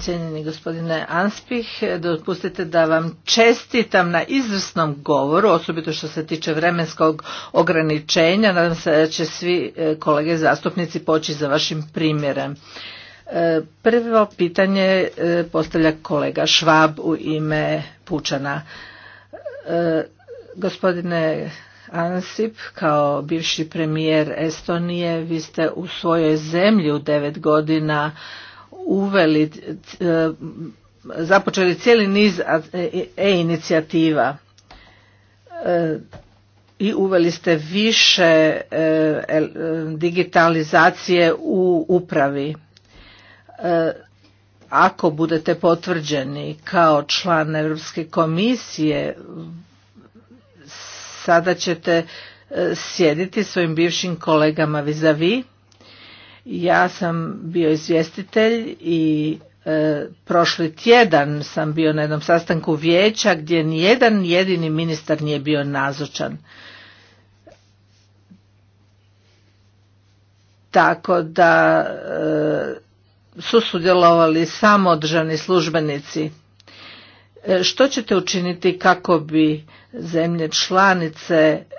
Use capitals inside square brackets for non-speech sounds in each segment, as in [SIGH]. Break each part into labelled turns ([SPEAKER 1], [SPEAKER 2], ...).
[SPEAKER 1] Cijenjeni gospodine Anspih, dopustite da vam čestitam na izvrsnom govoru, osobito što se tiče vremenskog ograničenja. Nadam se da će svi e, kolege zastupnici poći za vašim primjerom. E, prvo pitanje e, postavlja kolega Švab u ime Pučana. Gospodine Ansip, kao bivši premijer Estonije, vi ste u svojoj zemlji u devet godina uveli, e, započeli cijeli niz e-inicijativa e, e, i uveli ste više digitalizacije u upravi. Ako budete potvrđeni kao član Europske komisije, sada ćete e, sjediti svojim bivšim kolegama a vizavi. Ja sam bio izvjestitelj i e, prošli tjedan sam bio na jednom sastanku vijeća gdje nijedan jedini ministar nije bio nazočan. Tako da e, su sudjelovali samo državni službenici E, što ćete učiniti kako bi zemlje članice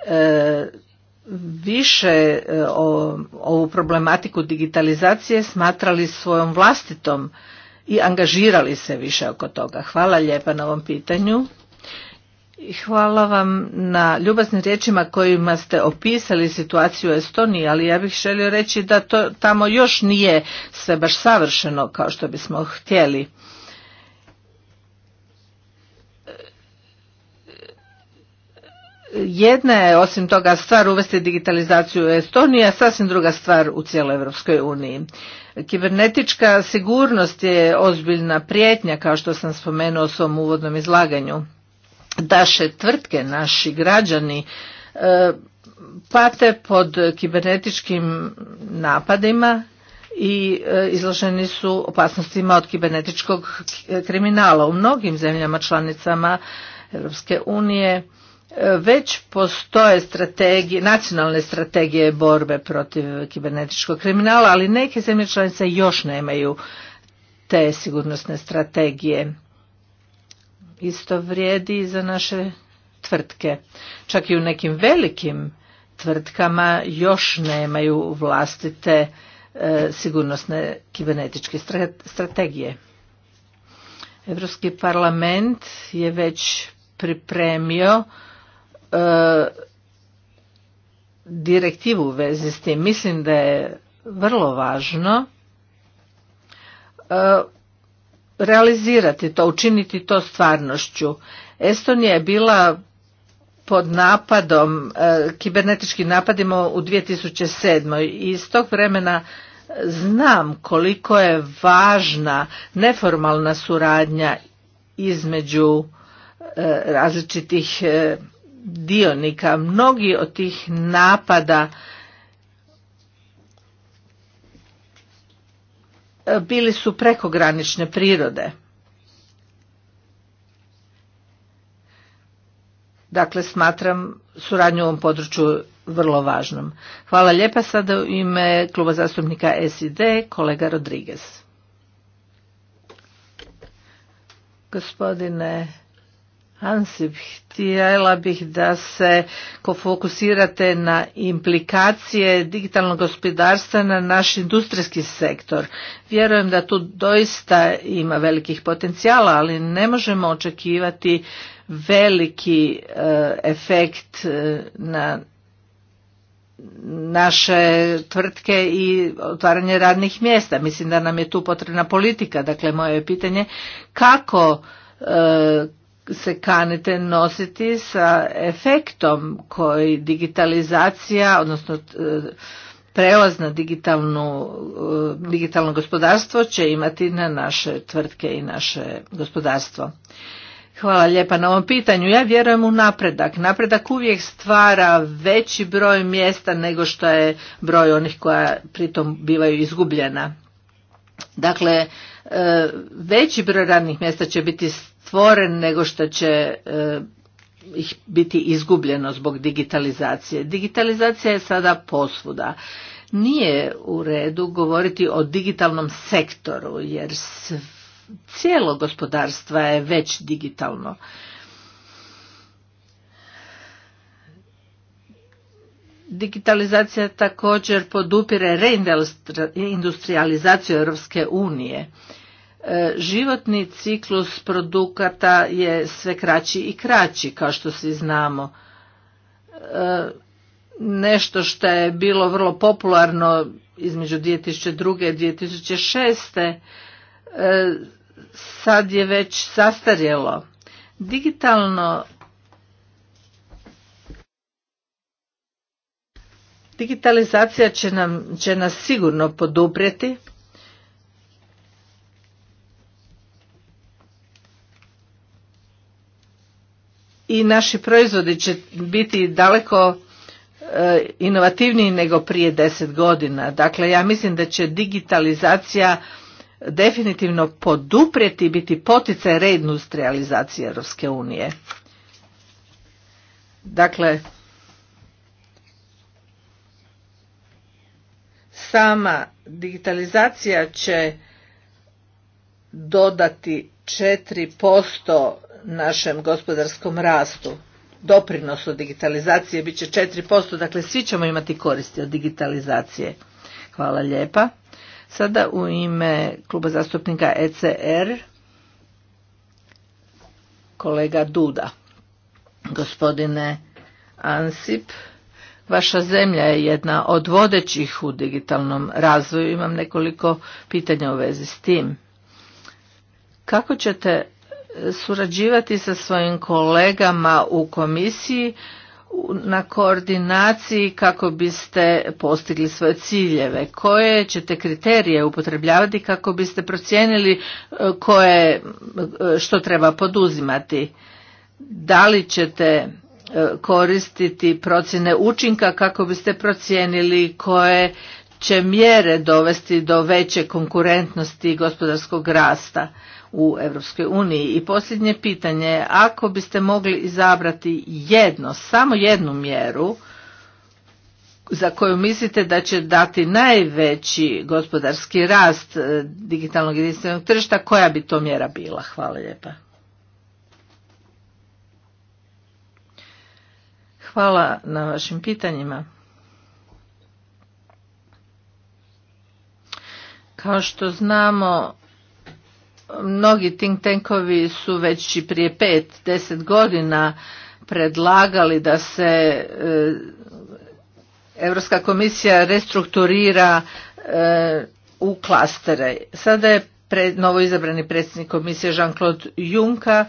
[SPEAKER 1] e, više e, ovu problematiku digitalizacije smatrali svojom vlastitom i angažirali se više oko toga. Hvala lijepa na ovom pitanju. I hvala vam na ljubaznim riječima kojima ste opisali situaciju u Estoniji, ali ja bih želio reći da to tamo još nije sve baš savršeno kao što bismo htjeli. jedna je osim toga stvar uvesti digitalizaciju u Estoniji, a sasvim druga stvar u cijeloj Europskoj uniji. Kibernetička sigurnost je ozbiljna prijetnja, kao što sam spomenuo u svom uvodnom izlaganju. Daše tvrtke, naši građani, e, pate pod kibernetičkim napadima i e, izloženi su opasnostima od kibernetičkog kriminala. U mnogim zemljama članicama Europske unije već postoje strategije, nacionalne strategije borbe protiv kibernetičkog kriminala, ali neke zemlje članice još nemaju te sigurnosne strategije. Isto vrijedi i za naše tvrtke. Čak i u nekim velikim tvrtkama još nemaju vlastite e, sigurnosne kibernetičke strategije. Europski parlament je već pripremio direktivu u vezi s tim. Mislim da je vrlo važno e, realizirati to, učiniti to stvarnošću. Estonija je bila pod napadom, e, kibernetičkim napadima u 2007. i iz tog vremena znam koliko je važna neformalna suradnja između e, različitih dionika. Mnogi od tih napada e, bili su prekogranične prirode. Dakle, smatram suradnju u ovom području vrlo važnom. Hvala lijepa sada u ime kluba zastupnika SID, kolega Rodriguez. Gospodine Ansip, htjela bih da se fokusirate na implikacije digitalnog gospodarstva na naš industrijski sektor. Vjerujem da tu doista ima velikih potencijala, ali ne možemo očekivati veliki e, efekt e, na naše tvrtke i otvaranje radnih mjesta. Mislim da nam je tu potrebna politika. Dakle, moje je pitanje kako e, se kanite nositi sa efektom koji digitalizacija, odnosno e, prelaz na digitalnu, e, digitalno gospodarstvo će imati na naše tvrtke i naše gospodarstvo. Hvala lijepa na ovom pitanju. Ja vjerujem u napredak. Napredak uvijek stvara veći broj mjesta nego što je broj onih koja pritom bivaju izgubljena. Dakle, veći broj radnih mjesta će biti stvoren nego što će e, ih biti izgubljeno zbog digitalizacije. Digitalizacija je sada posvuda. Nije u redu govoriti o digitalnom sektoru jer cijelo gospodarstva je već digitalno. Digitalizacija također podupire reindustrializaciju Europske unije. E, životni ciklus produkata je sve kraći i kraći, kao što svi znamo. E, nešto što je bilo vrlo popularno između 2002. i 2006. E, sad je već zastarjelo. Digitalno Digitalizacija će, nam, će nas sigurno poduprijeti. I naši proizvodi će biti daleko e, inovativniji nego prije deset godina. Dakle, ja mislim da će digitalizacija definitivno poduprijeti i biti poticaj reindustrializacije Europske unije. Dakle, sama digitalizacija će dodati 4% našem gospodarskom rastu. Doprinos od digitalizacije bit će 4%, dakle svi ćemo imati koristi od digitalizacije. Hvala lijepa. Sada u ime kluba zastupnika ECR kolega Duda. Gospodine Ansip, Vaša zemlja je jedna od vodećih u digitalnom razvoju. Imam nekoliko pitanja u vezi s tim. Kako ćete surađivati sa svojim kolegama u komisiji na koordinaciji kako biste postigli svoje ciljeve? Koje ćete kriterije upotrebljavati kako biste procijenili e, koje, e, što treba poduzimati? Da li ćete E, koristiti procjene učinka kako biste procijenili koje će mjere dovesti do veće konkurentnosti gospodarskog rasta u Europskoj uniji. I posljednje pitanje, ako biste mogli izabrati jedno, samo jednu mjeru za koju mislite da će dati najveći gospodarski rast e, digitalnog jedinstvenog tržišta, koja bi to mjera bila? Hvala lijepa. Hvala na vašim pitanjima. Kao što znamo, mnogi think tankovi su već i prije pet, deset godina predlagali da se Europska komisija restrukturira e, u klastere. Sada je pred, novo izabrani predsjednik komisije Jean-Claude Juncker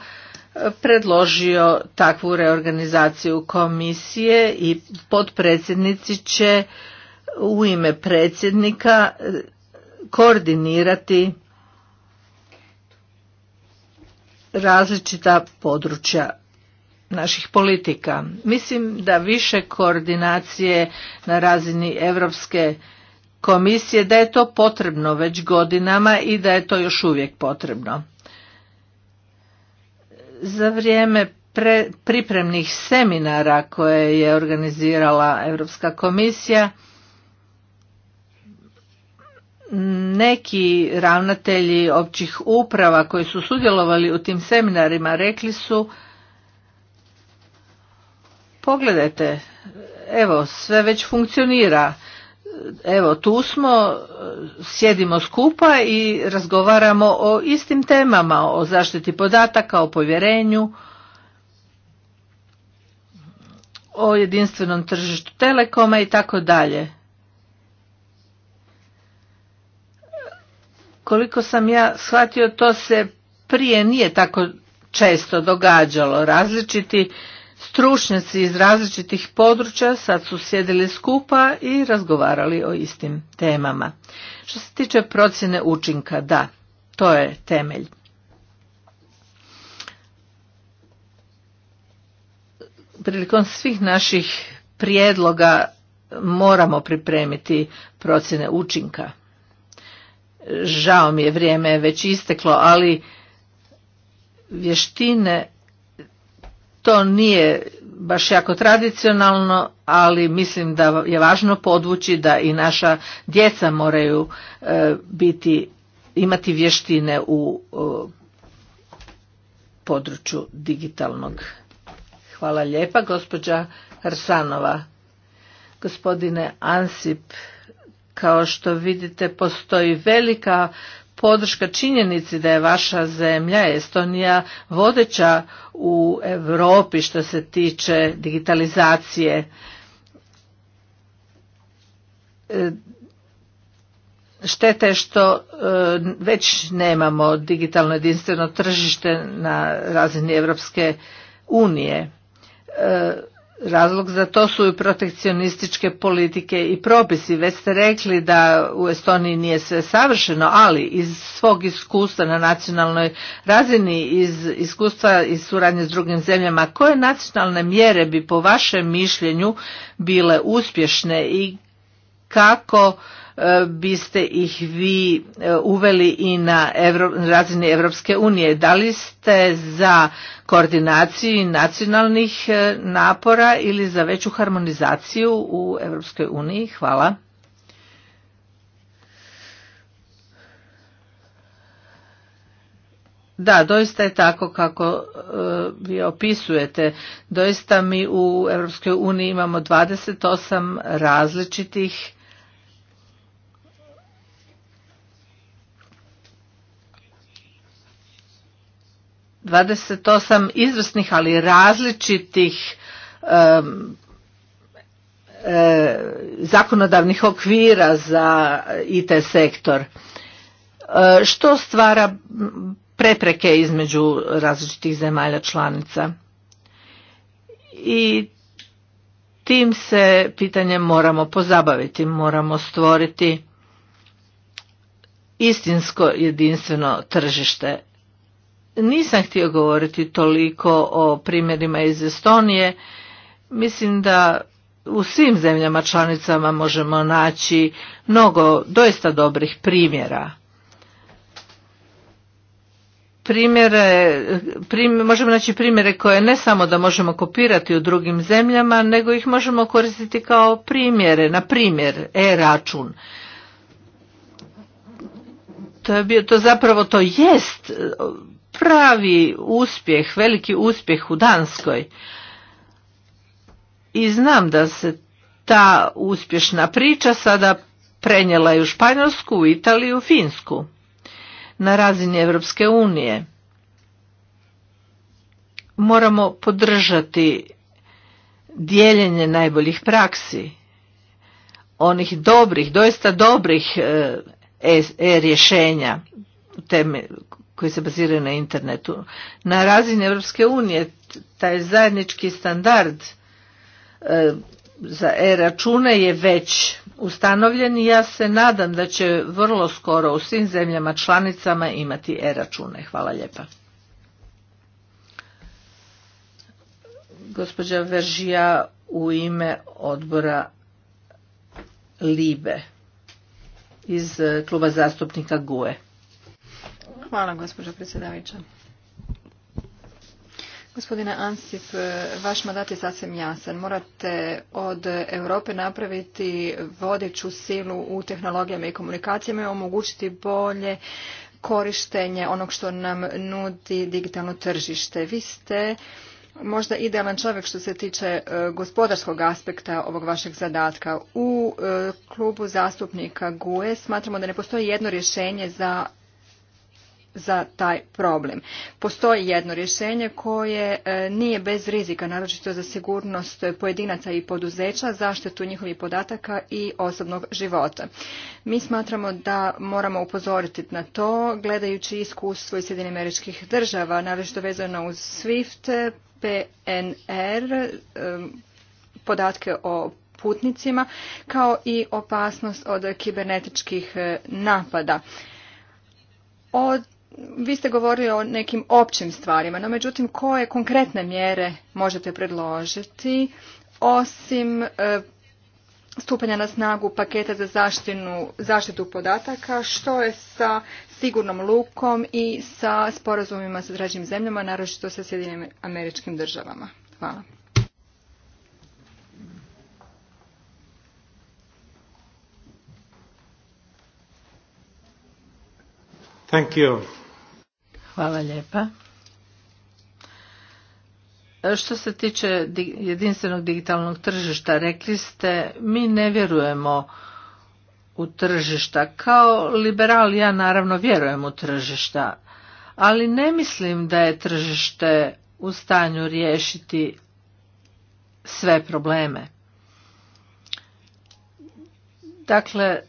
[SPEAKER 1] predložio takvu reorganizaciju komisije i potpredsjednici će u ime predsjednika e, koordinirati različita područja naših politika. Mislim da više koordinacije na razini Europske komisije da je to potrebno već godinama i da je to još uvijek potrebno. Za vrijeme pripremnih seminara koje je organizirala Europska komisija neki ravnatelji općih uprava koji su sudjelovali u tim seminarima rekli su pogledajte evo sve već funkcionira evo tu smo, e, sjedimo skupa i razgovaramo o istim temama, o zaštiti podataka, o povjerenju, o jedinstvenom tržištu telekoma i tako dalje. Koliko sam ja shvatio, to se prije nije tako često događalo. Različiti stručnjaci iz različitih područja sad su sjedili skupa i razgovarali o istim temama. Što se tiče procjene učinka, da, to je temelj. Prilikom svih naših prijedloga moramo pripremiti procjene učinka. Žao mi je vrijeme je već isteklo, ali vještine to nije baš jako tradicionalno, ali mislim da je važno podvući da i naša djeca moraju e, biti, imati vještine u području digitalnog. Hvala lijepa, gospođa Hrsanova. Gospodine Ansip, kao što vidite postoji velika podrška činjenici da je vaša zemlja Estonija vodeća u Europi što se tiče digitalizacije. E, Štete što e, već nemamo digitalno jedinstveno tržište na razini Evropske unije. E, Razlog za to su i protekcionističke politike i propisi. Već ste rekli da u Estoniji nije sve savršeno, ali iz svog iskustva na nacionalnoj razini, iz iskustva i suradnje s drugim zemljama, koje nacionalne mjere bi po vašem mišljenju bile uspješne i kako E, biste ih vi e, uveli i na razini Evropske unije. Da li ste za koordinaciju nacionalnih e, napora ili za veću harmonizaciju u Evropskoj uniji? Hvala. Da, doista je tako kako vi opisujete. Doista mi u Evropskoj uniji imamo 28 različitih 28 izvrsnih, ali različitih e, zakonodavnih okvira za IT sektor. E, što stvara prepreke između različitih zemalja članica? I tim se pitanjem moramo pozabaviti, moramo stvoriti istinsko jedinstveno tržište nisam htio govoriti toliko o primjerima iz Estonije. Mislim da u svim zemljama članicama možemo naći mnogo doista dobrih primjera. Primjere, možemo naći primjere koje ne samo da možemo kopirati u drugim zemljama, nego ih možemo koristiti kao primjere, na primjer e-račun. To bio, to zapravo to jest pravi uspjeh, veliki uspjeh u Danskoj. I znam da se ta uspješna priča sada prenijela i u Španjolsku, u Italiju, u Finsku na razini Europske unije. Moramo podržati dijeljenje najboljih praksi, onih dobrih, doista dobrih rješenja e rješenja koji se baziraju na internetu. Na razini Europske unije taj zajednički standard e, za e-račune je već ustanovljen i ja se nadam da će vrlo skoro u svim zemljama članicama imati e-račune. Hvala lijepa. Gospođa Veržija u ime odbora Libe iz kluba zastupnika GUE.
[SPEAKER 2] Hvala, gospođo predsjedavajuća. Gospodine Ansip, vaš mandat je sasvim jasan. Morate od Europe napraviti vodeću silu u tehnologijama i komunikacijama i omogućiti bolje korištenje onog što nam nudi digitalno tržište. Vi ste možda idealan čovjek što se tiče e, gospodarskog aspekta ovog vašeg zadatka. U e, klubu zastupnika GUE smatramo da ne postoji jedno rješenje za za taj problem. Postoji jedno rješenje koje e, nije bez rizika, naročito za sigurnost pojedinaca i poduzeća, zaštitu njihovih podataka i osobnog života. Mi smatramo da moramo upozoriti na to, gledajući iskustvo iz Sjedinim američkih država, naročito vezano uz SWIFT, PNR, e, podatke o putnicima, kao i opasnost od kibernetičkih e, napada. Od vi ste govorili o nekim općim stvarima, no međutim koje konkretne mjere možete predložiti osim e, stupanja na snagu paketa za zaštinu, zaštitu podataka, što je sa sigurnom lukom i sa sporazumima sa dražim zemljama, naročito sa Sjedinim američkim državama. Hvala.
[SPEAKER 3] Thank you.
[SPEAKER 1] Hvala lijepa. Što se tiče jedinstvenog digitalnog tržišta, rekli ste, mi ne vjerujemo u tržišta. Kao liberal ja naravno vjerujem u tržišta, ali ne mislim da je tržište u stanju riješiti sve probleme. Dakle,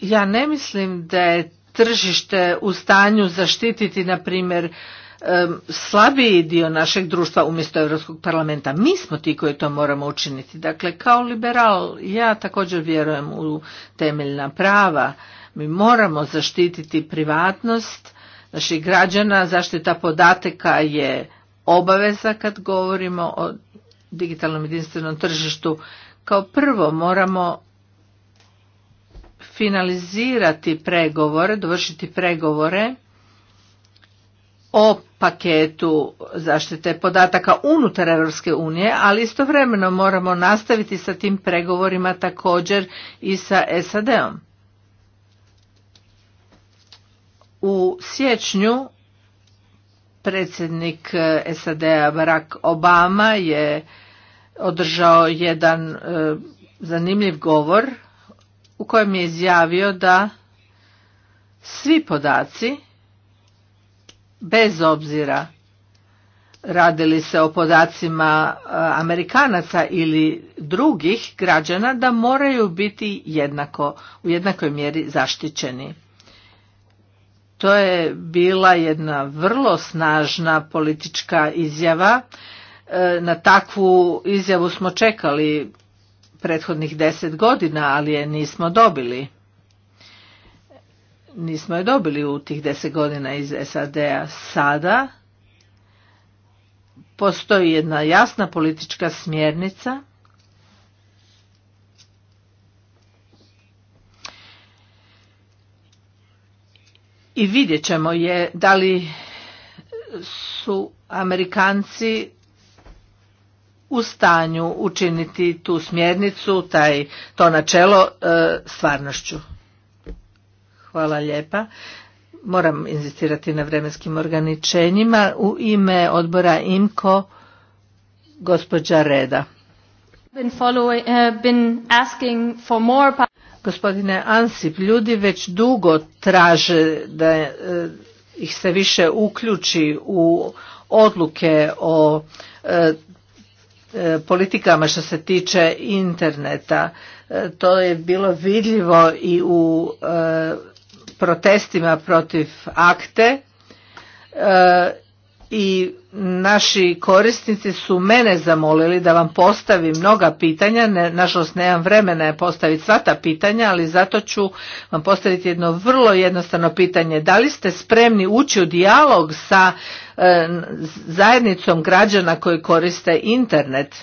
[SPEAKER 1] ja ne mislim da je tržište u stanju zaštititi, na primjer, slabiji dio našeg društva umjesto Europskog parlamenta. Mi smo ti koji to moramo učiniti. Dakle, kao liberal ja također vjerujem u temeljna prava. Mi moramo zaštititi privatnost naših građana. Zaštita podataka je obaveza kad govorimo o digitalnom jedinstvenom tržištu. Kao prvo moramo finalizirati pregovore, dovršiti pregovore o paketu zaštite podataka unutar Europske unije, ali istovremeno moramo nastaviti sa tim pregovorima također i sa SAD-om. U siječnju predsjednik SAD-a Barack Obama je održao jedan e, zanimljiv govor u kojem je izjavio da svi podaci, bez obzira radili se o podacima e, Amerikanaca ili drugih građana, da moraju biti jednako, u jednakoj mjeri zaštićeni. To je bila jedna vrlo snažna politička izjava. E, na takvu izjavu smo čekali prethodnih deset godina, ali je nismo dobili. Nismo je dobili u tih deset godina iz SAD-a. Sada postoji jedna jasna politička smjernica i vidjet ćemo je da li su Amerikanci u stanju učiniti tu smjernicu, taj, to načelo e, stvarnošću. Hvala lijepa. Moram inzistirati na vremenskim organičenjima. U ime odbora IMKO, gospođa Reda. Uh, pa- Gospodine Ansip, ljudi već dugo traže da e, ih se više uključi u odluke o e, E, politikama što se tiče interneta. E, to je bilo vidljivo i u e, protestima protiv akte i naši korisnici su mene zamolili da vam postavim mnoga pitanja, ne, nažalost nemam vremena je postaviti sva ta pitanja, ali zato ću vam postaviti jedno vrlo jednostavno pitanje. Da li ste spremni ući u dijalog sa e, zajednicom građana koji koriste internet?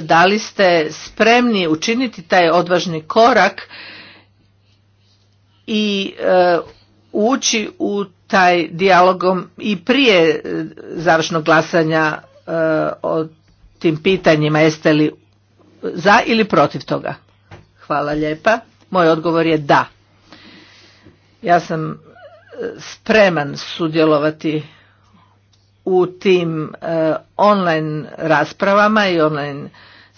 [SPEAKER 1] Da li ste spremni učiniti taj odvažni korak i e, ući u taj dijalogom i prije e, završnog glasanja e, o tim pitanjima jeste li za ili protiv toga? Hvala lijepa. Moj odgovor je da. Ja sam e, spreman sudjelovati u tim online raspravama i online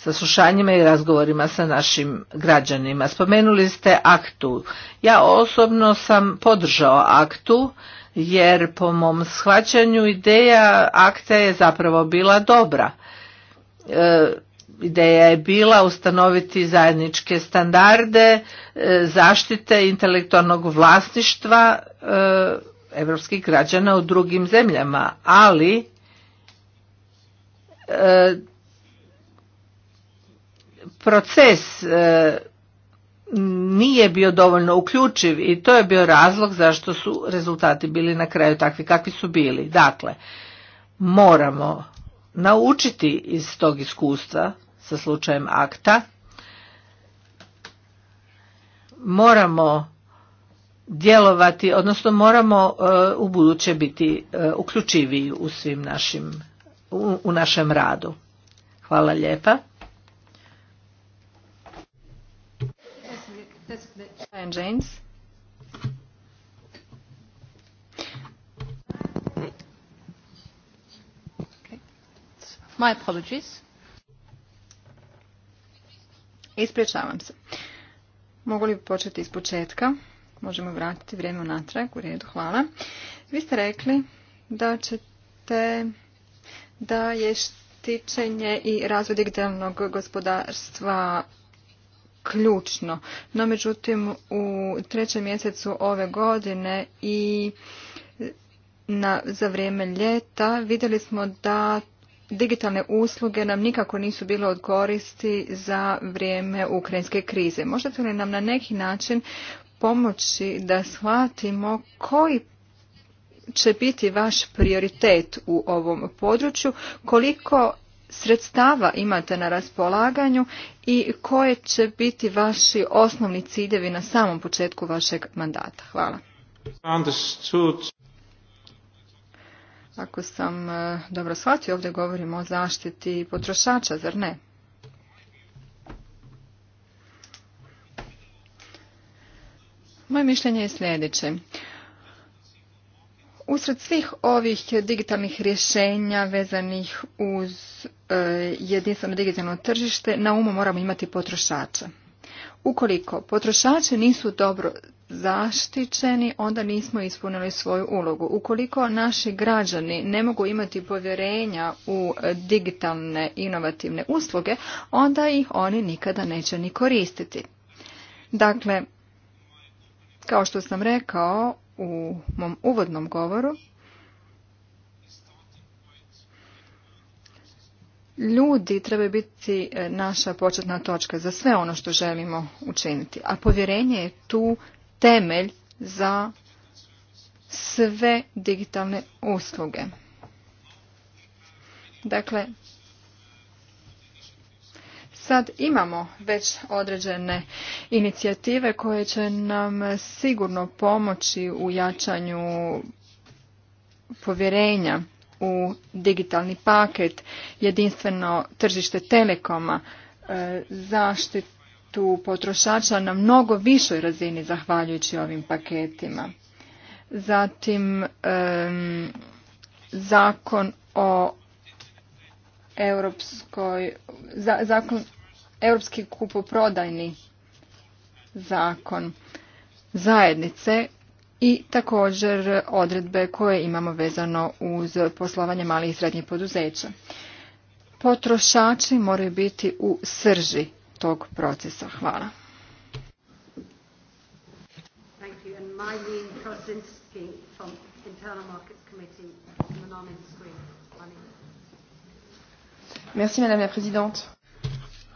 [SPEAKER 1] saslušanjima i razgovorima sa našim građanima. Spomenuli ste aktu. Ja osobno sam podržao aktu jer po mom shvaćanju ideja akta je zapravo bila dobra. E, ideja je bila ustanoviti zajedničke standarde e, zaštite intelektualnog vlasništva e, evropskih građana u drugim zemljama, ali e, proces e, nije bio dovoljno uključiv i to je bio razlog zašto su rezultati bili na kraju takvi kakvi su bili. Dakle, moramo naučiti iz tog iskustva sa slučajem akta. Moramo djelovati, odnosno moramo e, u buduće biti e, uključiviji u svim našim, u našem radu. Hvala lijepa.
[SPEAKER 2] Ispričavam se. Mogu li početi iz početka? Možemo vratiti vrijeme u natrag. U redu, hvala. Vi ste rekli da ćete da je štićenje i razvoj digitalnog gospodarstva ključno. No međutim u trećem mjesecu ove godine i na, za vrijeme ljeta vidjeli smo da digitalne usluge nam nikako nisu bile od koristi za vrijeme ukrajinske krize. Možete li nam na neki način pomoći da shvatimo koji će biti vaš prioritet u ovom području, koliko sredstava imate na raspolaganju i koje će biti vaši osnovni ciljevi na samom početku vašeg mandata. Hvala. Ako sam e, dobro shvatio, ovdje govorimo o zaštiti potrošača, zar ne? Moje mišljenje je sljedeće. Usred svih ovih digitalnih rješenja vezanih uz e, jedinstveno digitalno tržište, na umu moramo imati potrošača. Ukoliko potrošači nisu dobro zaštićeni, onda nismo ispunili svoju ulogu. Ukoliko naši građani ne mogu imati povjerenja u digitalne inovativne usluge, onda ih oni nikada neće ni koristiti. Dakle, kao što sam rekao, u mom uvodnom govoru, ljudi trebaju biti e, naša početna točka za sve ono što želimo učiniti. A povjerenje je tu temelj za sve digitalne usluge. Dakle, sad imamo već određene inicijative koje će nam sigurno pomoći u jačanju povjerenja u digitalni paket, jedinstveno tržište telekoma, e, zaštitu potrošača na mnogo višoj razini zahvaljujući ovim paketima. Zatim zakon o europskoj, zakon, europski kupoprodajni zakon zajednice i također odredbe koje imamo vezano uz poslovanje malih i srednjih poduzeća. Potrošači moraju biti u srži tog procesa. Hvala. Thank you. And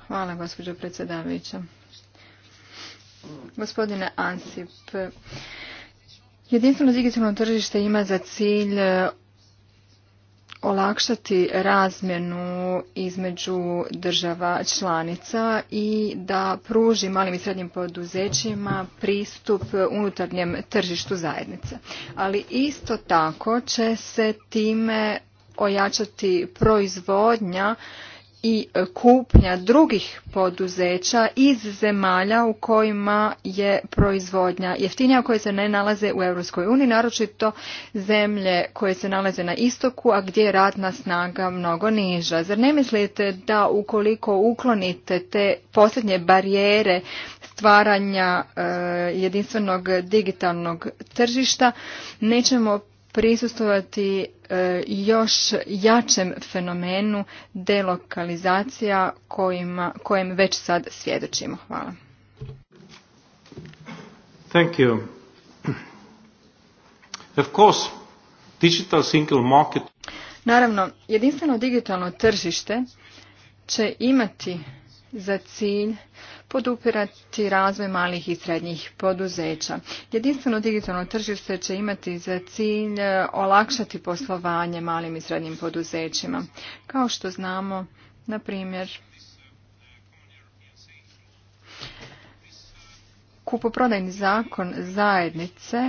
[SPEAKER 2] Hvala, gospođo predsjedavajuća. Gospodine Ansip, jedinstveno digitalno tržište ima za cilj e, olakšati razmjenu između država članica i da pruži malim i srednjim poduzećima pristup unutarnjem tržištu zajednice. Ali isto tako će se time ojačati proizvodnja i kupnja drugih poduzeća iz zemalja u kojima je proizvodnja jeftinija koje se ne nalaze u Europskoj uniji, naročito zemlje koje se nalaze na istoku, a gdje je radna snaga mnogo niža. Zar ne mislite da ukoliko uklonite te posljednje barijere stvaranja e, jedinstvenog digitalnog tržišta nećemo prisustovati e, još jačem fenomenu delokalizacija kojima, kojem već sad svjedočimo. Hvala.
[SPEAKER 3] Thank you. Of course, digital single market...
[SPEAKER 2] Naravno, jedinstveno digitalno tržište će imati za cilj podupirati razvoj malih i srednjih poduzeća. Jedinstveno digitalno tržište će imati za cilj e, olakšati poslovanje malim i srednjim poduzećima. Kao što znamo, na primjer, kupoprodajni zakon zajednice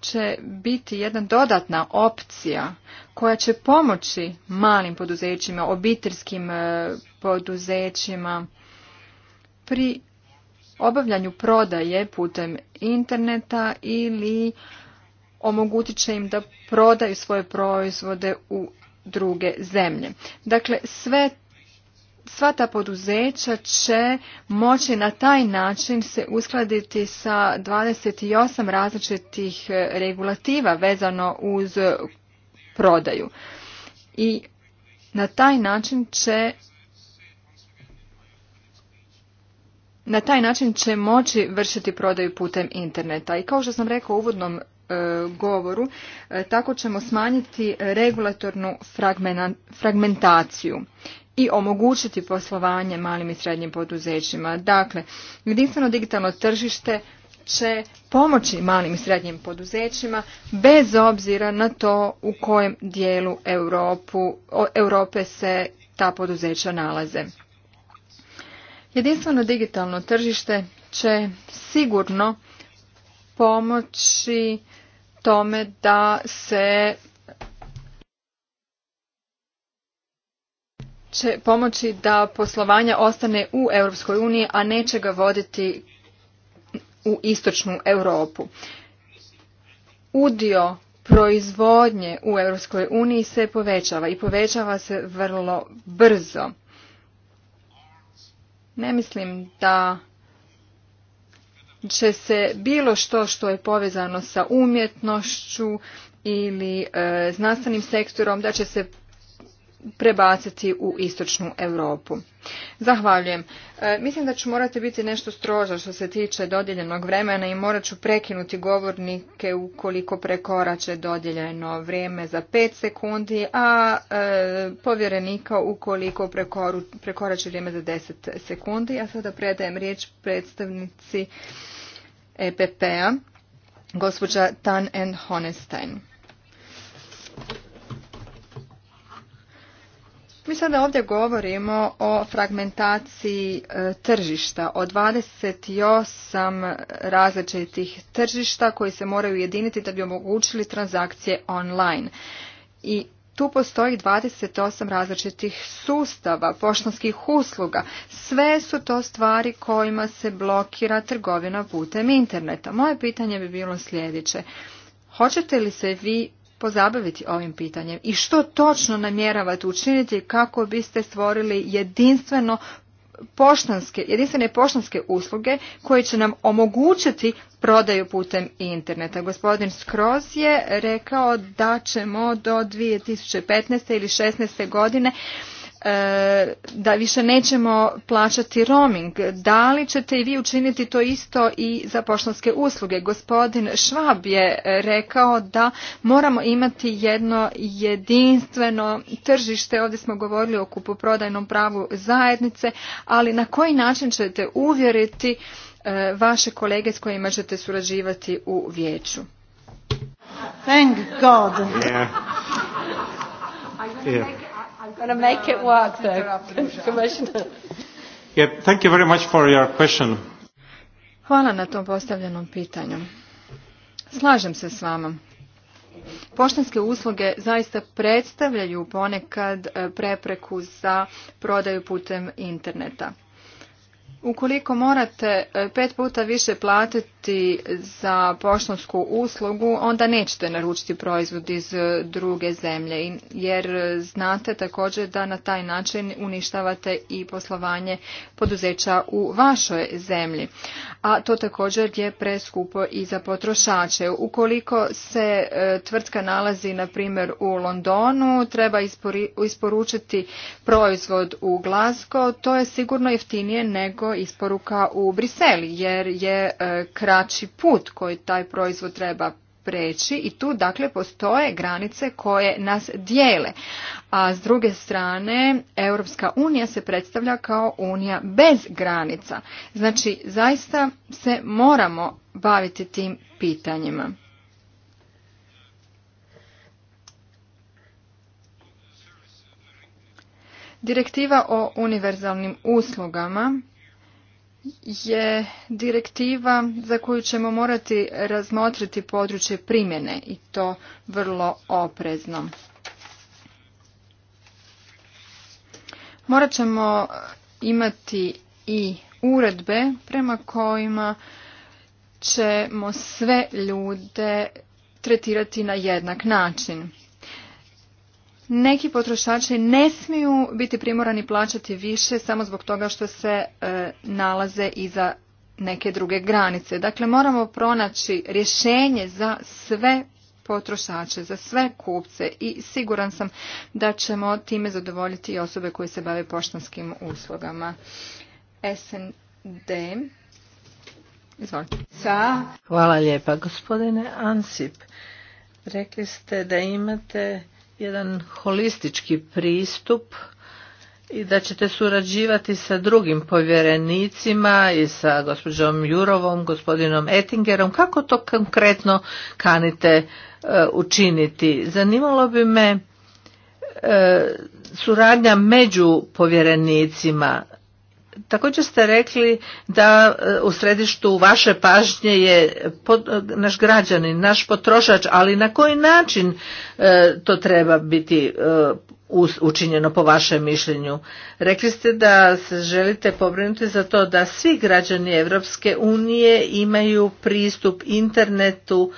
[SPEAKER 2] će biti jedna dodatna opcija koja će pomoći malim poduzećima, obiteljskim e, poduzećima pri obavljanju prodaje putem interneta ili omogućit će im da prodaju svoje proizvode u druge zemlje. Dakle, sve Sva ta poduzeća će moći na taj način se uskladiti sa 28 različitih e, regulativa vezano uz prodaju. I na taj način će na taj način će moći vršiti prodaju putem interneta. I kao što sam rekao u uvodnom e, govoru, e, tako ćemo smanjiti regulatornu fragmentaciju i omogućiti poslovanje malim i srednjim poduzećima. Dakle, jedinstveno digitalno tržište će pomoći malim i srednjim poduzećima bez obzira na to u kojem dijelu Europu, Europe se ta poduzeća nalaze. Jedinstveno digitalno tržište će sigurno pomoći tome da se će pomoći da poslovanja ostane u Europskoj uniji, a neće ga voditi u istočnu Europu. Udio proizvodnje u Europskoj uniji se povećava i povećava se vrlo brzo. Ne mislim da će se bilo što što je povezano sa umjetnošću ili e, znanstvenim sektorom da će se prebaciti u istočnu Europu. Zahvaljujem. E, mislim da ću morati biti nešto stroža što se tiče dodijeljenog vremena i morat ću prekinuti govornike ukoliko prekorače dodijeljeno vrijeme za 5 sekundi, a e, povjerenika ukoliko prekorače vrijeme za 10 sekundi. A sada predajem riječ predstavnici EPP-a, gospođa Tan and Honestein. Mi sada ovdje govorimo o fragmentaciji e, tržišta, o 28 različitih tržišta koji se moraju ujediniti da bi omogućili transakcije online. I tu postoji 28 različitih sustava, poštanskih usluga. Sve su to stvari kojima se blokira trgovina putem interneta. Moje pitanje bi bilo sljedeće. Hoćete li se vi pozabaviti ovim pitanjem i što točno namjeravate učiniti kako biste stvorili jedinstveno poštanske, jedinstvene poštanske usluge koje će nam omogućiti prodaju putem interneta. Gospodin Skroz je rekao da ćemo do 2015. ili 2016. godine E, da više nećemo plaćati roaming. Da li ćete i vi učiniti to isto i za poštanske usluge? Gospodin Švab je rekao da moramo imati jedno jedinstveno tržište. Ovdje smo govorili o kupoprodajnom pravu zajednice, ali na koji način ćete uvjeriti e, vaše kolege s kojima ćete surađivati u vijeću? Thank
[SPEAKER 1] God.
[SPEAKER 3] Yeah
[SPEAKER 2] going to make it work, [LAUGHS]
[SPEAKER 3] thank you very much for
[SPEAKER 2] your question. Hvala na tom postavljenom pitanju. Slažem se s vama. Poštanske usluge zaista predstavljaju ponekad e, prepreku za prodaju putem interneta. Ukoliko morate e, pet puta više platiti naručiti za poštansku uslugu, onda nećete naručiti proizvod iz e, druge zemlje, jer znate također da na taj način uništavate i poslovanje poduzeća u vašoj zemlji. A to također je preskupo i za potrošače. Ukoliko se e, tvrtka nalazi, na primjer, u Londonu, treba isporučiti proizvod u Glasgow, to je sigurno jeftinije nego isporuka u Briseli, jer je e, kraj znači put koji taj proizvod treba preći i tu dakle postoje granice koje nas dijele. A s druge strane, Europska unija se predstavlja kao unija bez granica. Znači, zaista se moramo baviti tim pitanjima. Direktiva o univerzalnim uslugama je direktiva za koju ćemo morati razmotriti područje primjene i to vrlo oprezno. Morat ćemo imati i uredbe prema kojima ćemo sve ljude tretirati na jednak način neki potrošači ne smiju biti primorani plaćati više samo zbog toga što se e, nalaze iza neke druge granice. Dakle, moramo pronaći rješenje za sve potrošače, za sve kupce i siguran sam da ćemo time zadovoljiti i osobe koje se bave poštanskim uslugama. SND.
[SPEAKER 1] Izvolite. Hvala lijepa, gospodine Ansip. Rekli ste da imate jedan holistički pristup i da ćete surađivati sa drugim povjerenicima i sa gospođom Jurovom, gospodinom Ettingerom. Kako to konkretno kanite e, učiniti? Zanimalo bi me e, suradnja među povjerenicima Također ste rekli da e, u središtu vaše pažnje je e, naš građanin, naš potrošač, ali na koji način e, to treba biti učinjeno po vašem mišljenju. Rekli ste da se želite pobrinuti za to da svi građani Europske unije imaju pristup internetu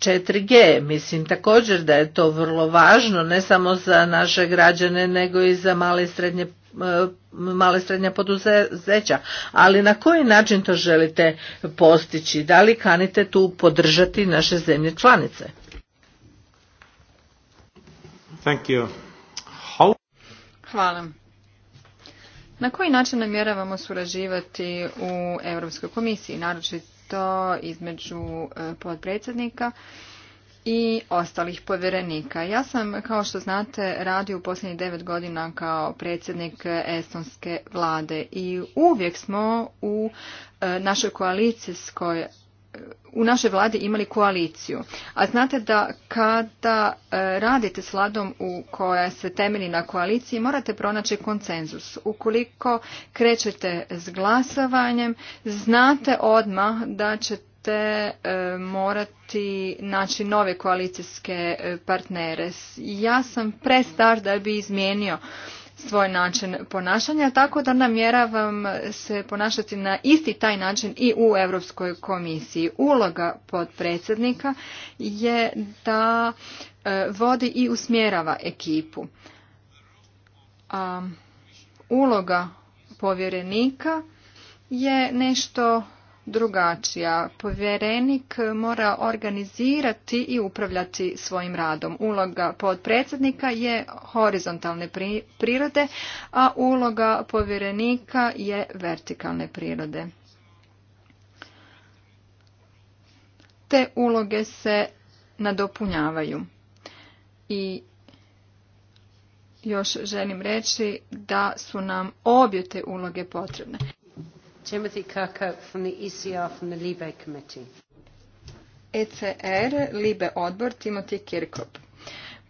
[SPEAKER 1] 4G. Mislim također da je to vrlo važno ne samo za naše građane nego i za male i srednje E, male srednja poduzeća, ali na koji način to želite postići? Da li kanite tu podržati naše zemlje članice? Thank you. How...
[SPEAKER 2] Hvala. Na koji način namjeravamo surađivati u Europskoj komisiji, naročito između e, podpredsjednika i ostalih povjerenika. Ja sam, kao što znate, radio u posljednjih devet godina kao predsjednik Estonske vlade i uvijek smo u e, našoj koalicijskoj e, u našoj vladi imali koaliciju. A znate da kada e, radite s vladom u koja se temelji na koaliciji, morate pronaći konsenzus. Ukoliko krećete s glasovanjem, znate odmah da ćete ćete e, morati naći nove koalicijske e, partnere. Ja sam prestar da bi izmijenio svoj način ponašanja, tako da namjeravam se ponašati na isti taj način i u Europskoj komisiji. Uloga podpredsjednika je da e, vodi i usmjerava ekipu. A uloga povjerenika je nešto drugačija. Povjerenik mora organizirati i upravljati svojim radom. Uloga podpredsjednika je horizontalne prirode, a uloga povjerenika je vertikalne prirode. Te uloge se nadopunjavaju. I još želim reći da su nam obje te uloge potrebne. Timothy Kirkhope from the ECR from the Libe Committee. ECR, Libe odbor, Timothy Kirkhope.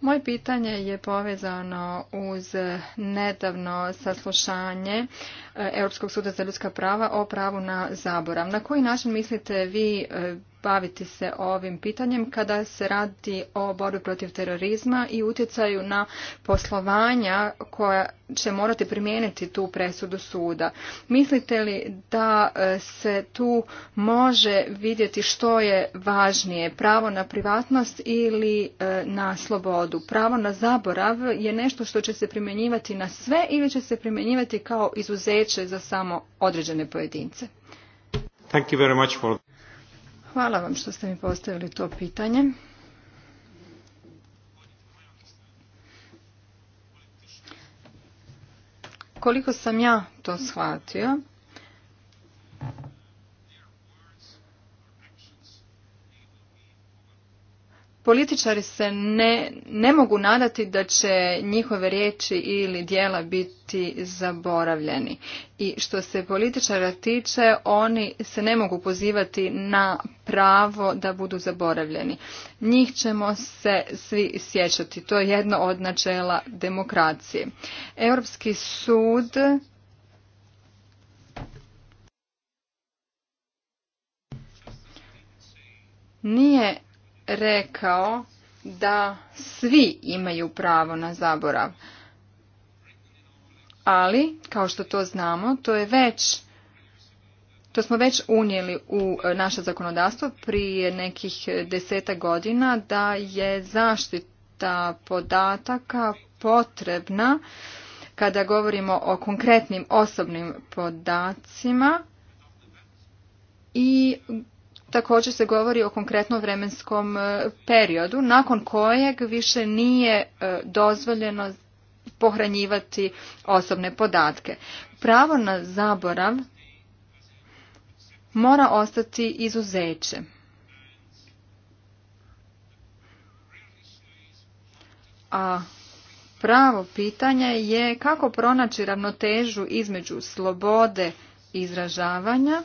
[SPEAKER 2] Moje pitanje je povezano uz nedavno saslušanje E, Europskog suda za ljudska prava o pravu na zaborav. Na koji način mislite vi e, baviti se ovim pitanjem kada se radi o borbi protiv terorizma i utjecaju na poslovanja koja će morati primijeniti tu presudu suda. Mislite li da e, se tu može vidjeti što je važnije, pravo na privatnost ili na slobodu? Pravo na zaborav je nešto što će se primjenjivati na sve ili će se primjenjivati kao izuzetnost vijeće za samo određene pojedince.
[SPEAKER 3] Thank you very much for...
[SPEAKER 2] Hvala vam što ste mi postavili to pitanje. Koliko sam ja to shvatio, Političari se ne, ne mogu nadati da će njihove riječi ili dijela biti zaboravljeni. I što se političara tiče, oni se ne mogu pozivati na pravo da budu zaboravljeni. Njih ćemo se svi sjećati. To je jedno od načela demokracije. Europski sud nije rekao da svi imaju pravo na zaborav. Ali, kao što to znamo, to je već to smo već unijeli u naše zakonodavstvo prije nekih deseta godina da je zaštita podataka potrebna kada govorimo o konkretnim osobnim podacima i Također se govori o konkretnom vremenskom e, periodu nakon kojeg više nije e, dozvoljeno pohranjivati osobne podatke. Pravo na zaborav mora ostati izuzeće. A pravo pitanje je kako pronaći ravnotežu između slobode izražavanja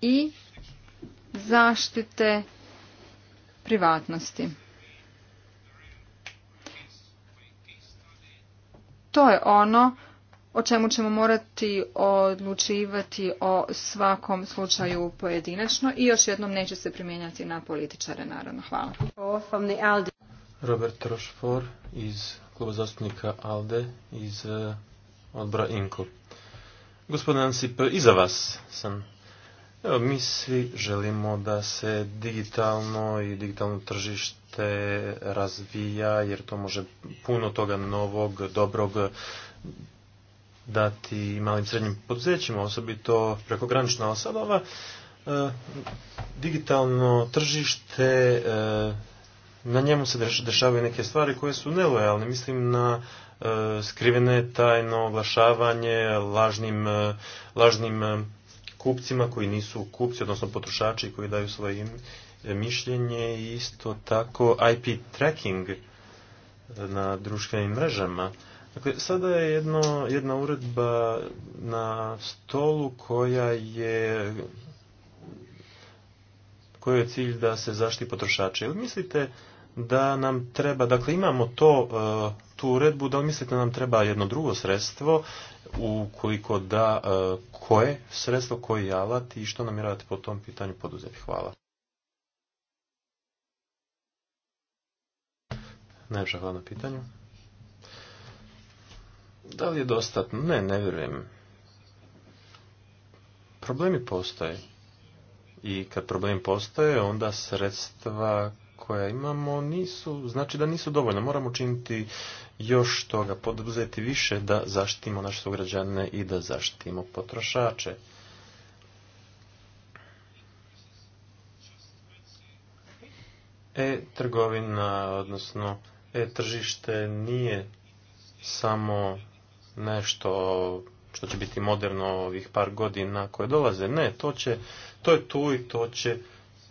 [SPEAKER 2] i zaštite privatnosti. To je ono o čemu ćemo morati odlučivati o svakom slučaju pojedinačno i još jednom neće se primjenjati na političare, naravno. Hvala.
[SPEAKER 3] Robert Rošfor iz kluba zastupnika ALDE iz eh, odbora INKO. Gospodin Ansip, iza vas sam Evo, mi svi želimo da se digitalno i digitalno tržište razvija, jer to može puno toga novog, dobrog dati malim srednjim poduzećima, osobito prekogranična osadova. E, digitalno tržište, e, na njemu se dešavaju neke stvari koje su nelojalne. Mislim na e, skrivene tajno oglašavanje, lažnim, lažnim kupcima koji nisu kupci, odnosno potrošači koji daju svoje mišljenje. Isto tako IP tracking na društvenim mrežama. Dakle, sada je jedno, jedna uredba na stolu koja je koji je cilj da se zaštiti potrošače. Ili mislite da nam treba, dakle imamo to, e, tu uredbu, da li mislite da nam treba jedno drugo sredstvo ukoliko da e, koje sredstvo, koji alat i što namjeravate po tom pitanju poduzeti. Hvala. Najljepša hvala na pitanju. Da li je dostatno? Ne, ne vjerujem. Problemi postoje. I kad problemi postoje, onda sredstva koja imamo nisu, znači da nisu dovoljna. Moramo učiniti još toga, poduzeti više da zaštitimo naše sugrađane i da zaštitimo potrošače. E-trgovina, odnosno e-tržište nije samo nešto što će biti moderno ovih par godina koje dolaze. Ne, to, će, to je tu i to će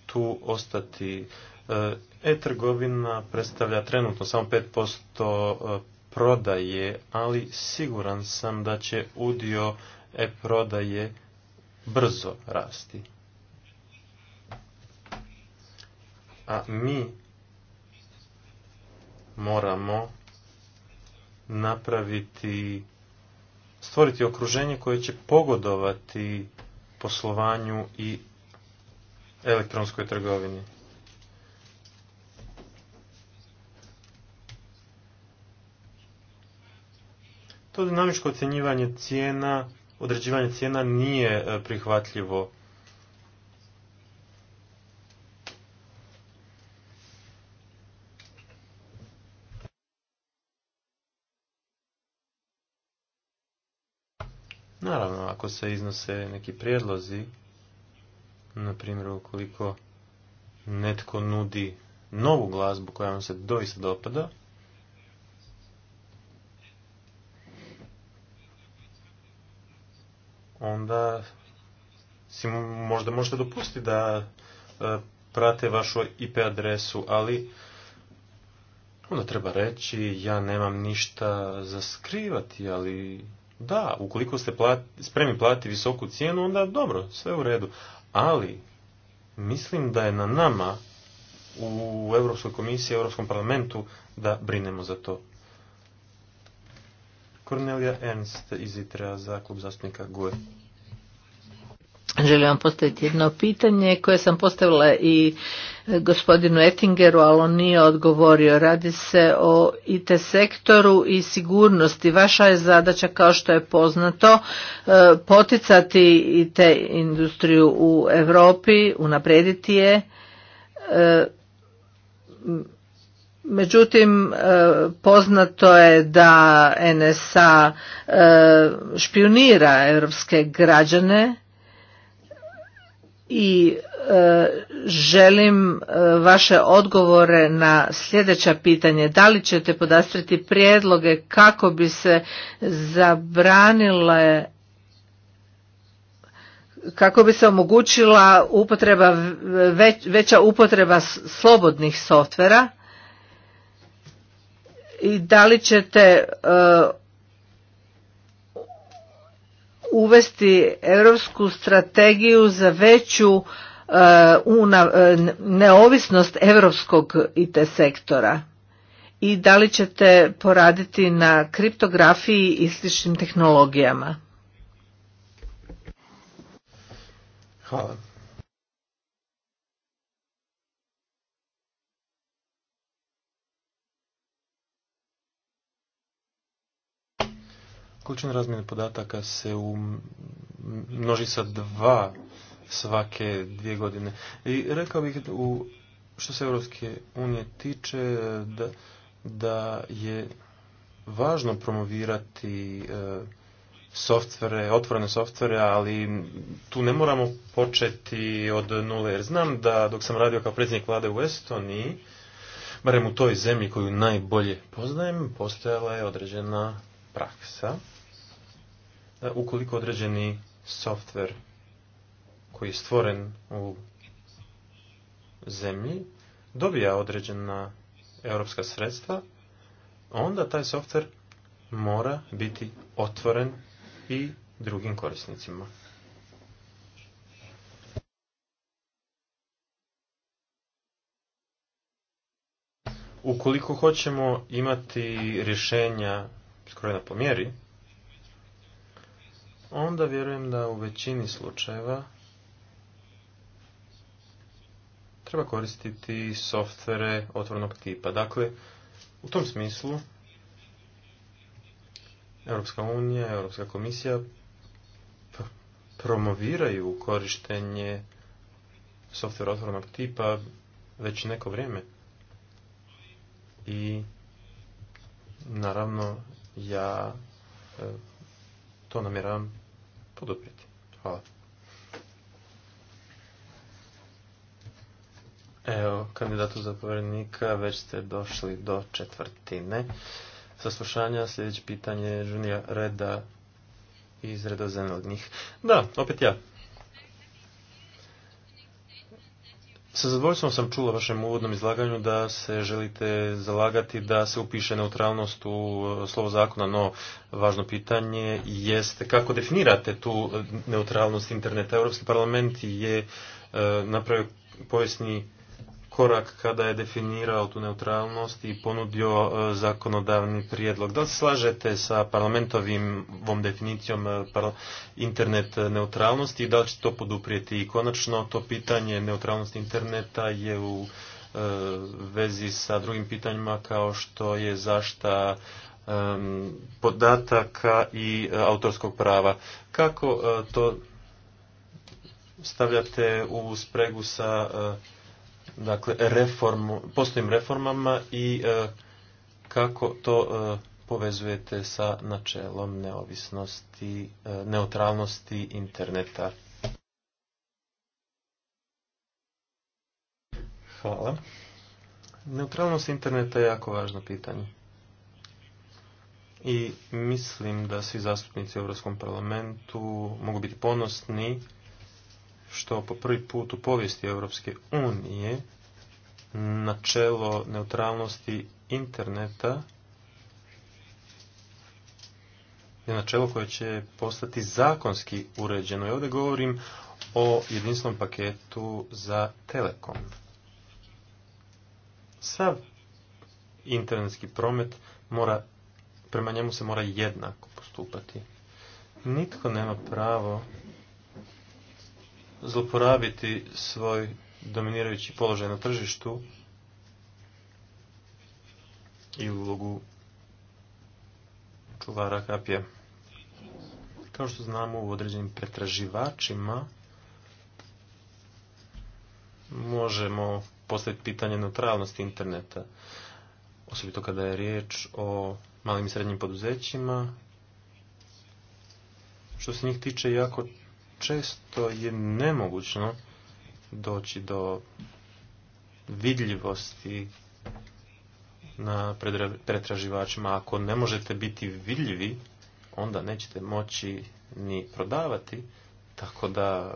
[SPEAKER 3] tu ostati. E, e-trgovina predstavlja trenutno samo 5% e, prodaje, ali siguran sam da će udio e-prodaje brzo rasti. A mi moramo napraviti, stvoriti okruženje koje će pogodovati poslovanju i elektronskoj trgovini. To dinamičko ocjenjivanje cijena, određivanje cijena nije e, prihvatljivo. Naravno, ako se iznose neki prijedlozi, na primjer ukoliko netko nudi novu glazbu koja vam se doista dopada, onda si možda možete dopustiti da e, prate vašu IP adresu, ali onda treba reći ja nemam ništa za skrivati, ali da, ukoliko ste plati, spremni platiti visoku cijenu, onda dobro, sve u redu. Ali mislim da je na nama u Europskoj komisiji, Europskom parlamentu da brinemo za to. Cornelia Ernst iz Itra za klub zastupnika GUE.
[SPEAKER 1] Želim vam postaviti jedno pitanje koje sam postavila i e, gospodinu Ettingeru, ali on nije odgovorio. Radi se o IT sektoru i sigurnosti. Vaša je zadaća, kao što je poznato, e, poticati IT industriju u Europi, unaprediti je e, Međutim, e, poznato je da NSA e, špionira europske građane i e, želim vaše odgovore na sljedeća pitanje. Da li ćete podastriti prijedloge kako bi se zabranile kako bi se omogućila upotreba, veća upotreba slobodnih softvera i da li ćete e, uvesti europsku strategiju za veću e, e, neovisnost europskog IT sektora i da li ćete poraditi na kriptografiji i sličnim tehnologijama?
[SPEAKER 3] Hvala. Količina razmjene podataka se množi sa dva svake dvije godine. I rekao bih u, što se Europske unije tiče da, da je važno promovirati e, softvere, otvorene softvere, ali tu ne moramo početi od nule. Jer znam da dok sam radio kao predsjednik vlade u Estoniji, barem u toj zemlji koju najbolje poznajem, postojala je određena praksa E, ukoliko određeni softver koji je stvoren u zemlji dobija određena europska sredstva, onda taj softver mora biti otvoren i drugim korisnicima. Ukoliko hoćemo imati rješenja skoro na pomjeri, onda vjerujem da u većini slučajeva treba koristiti softvere otvornog tipa. Dakle, u tom smislu Europska unija, Europska komisija promoviraju korištenje softvera otvornog tipa već neko vrijeme. I naravno ja e, to namjeram poduprijeti. Hvala. Evo, kandidatu za povjerenika, već ste došli do četvrtine. Saslušanja, sljedeće pitanje je Reda iz Reda njih Da, opet ja. Sa zadovoljstvom sam čula vašem uvodnom izlaganju da se želite zalagati da se upiše neutralnost u e, slovo zakona, no važno pitanje jeste kako definirate tu e, neutralnost interneta. Europski parlament je e, napravio povijesni korak kada je definirao tu neutralnost i ponudio e, zakonodavni prijedlog. Da li slažete sa parlamentovim ovom definicijom e, internet neutralnosti i da li će to poduprijeti? I konačno to pitanje neutralnosti interneta je u e, vezi sa drugim pitanjima kao što je zašta podataka i autorskog prava. Kako to stavljate u spregu sa dakle, reformu, postojim reformama i e, kako to e, povezujete sa načelom neovisnosti, e, neutralnosti interneta. Hvala. Neutralnost interneta je jako važno pitanje. I mislim da svi zastupnici u Europskom parlamentu mogu biti ponosni što po prvi put u povijesti Europske unije načelo neutralnosti interneta je načelo koje će postati zakonski uređeno. I ovdje govorim o jedinstvenom paketu za telekom. Sav internetski promet mora, prema njemu se mora jednako postupati. Nitko nema pravo zloporabiti svoj dominirajući položaj na tržištu i ulogu čuvara kapije. Kao što znamo u određenim pretraživačima možemo postaviti pitanje neutralnosti interneta, osobito kada je riječ o malim i srednjim poduzećima. Što se njih tiče, jako često je nemogućno doći do vidljivosti na pretraživačima. Ako ne možete biti vidljivi, onda nećete moći ni prodavati, tako da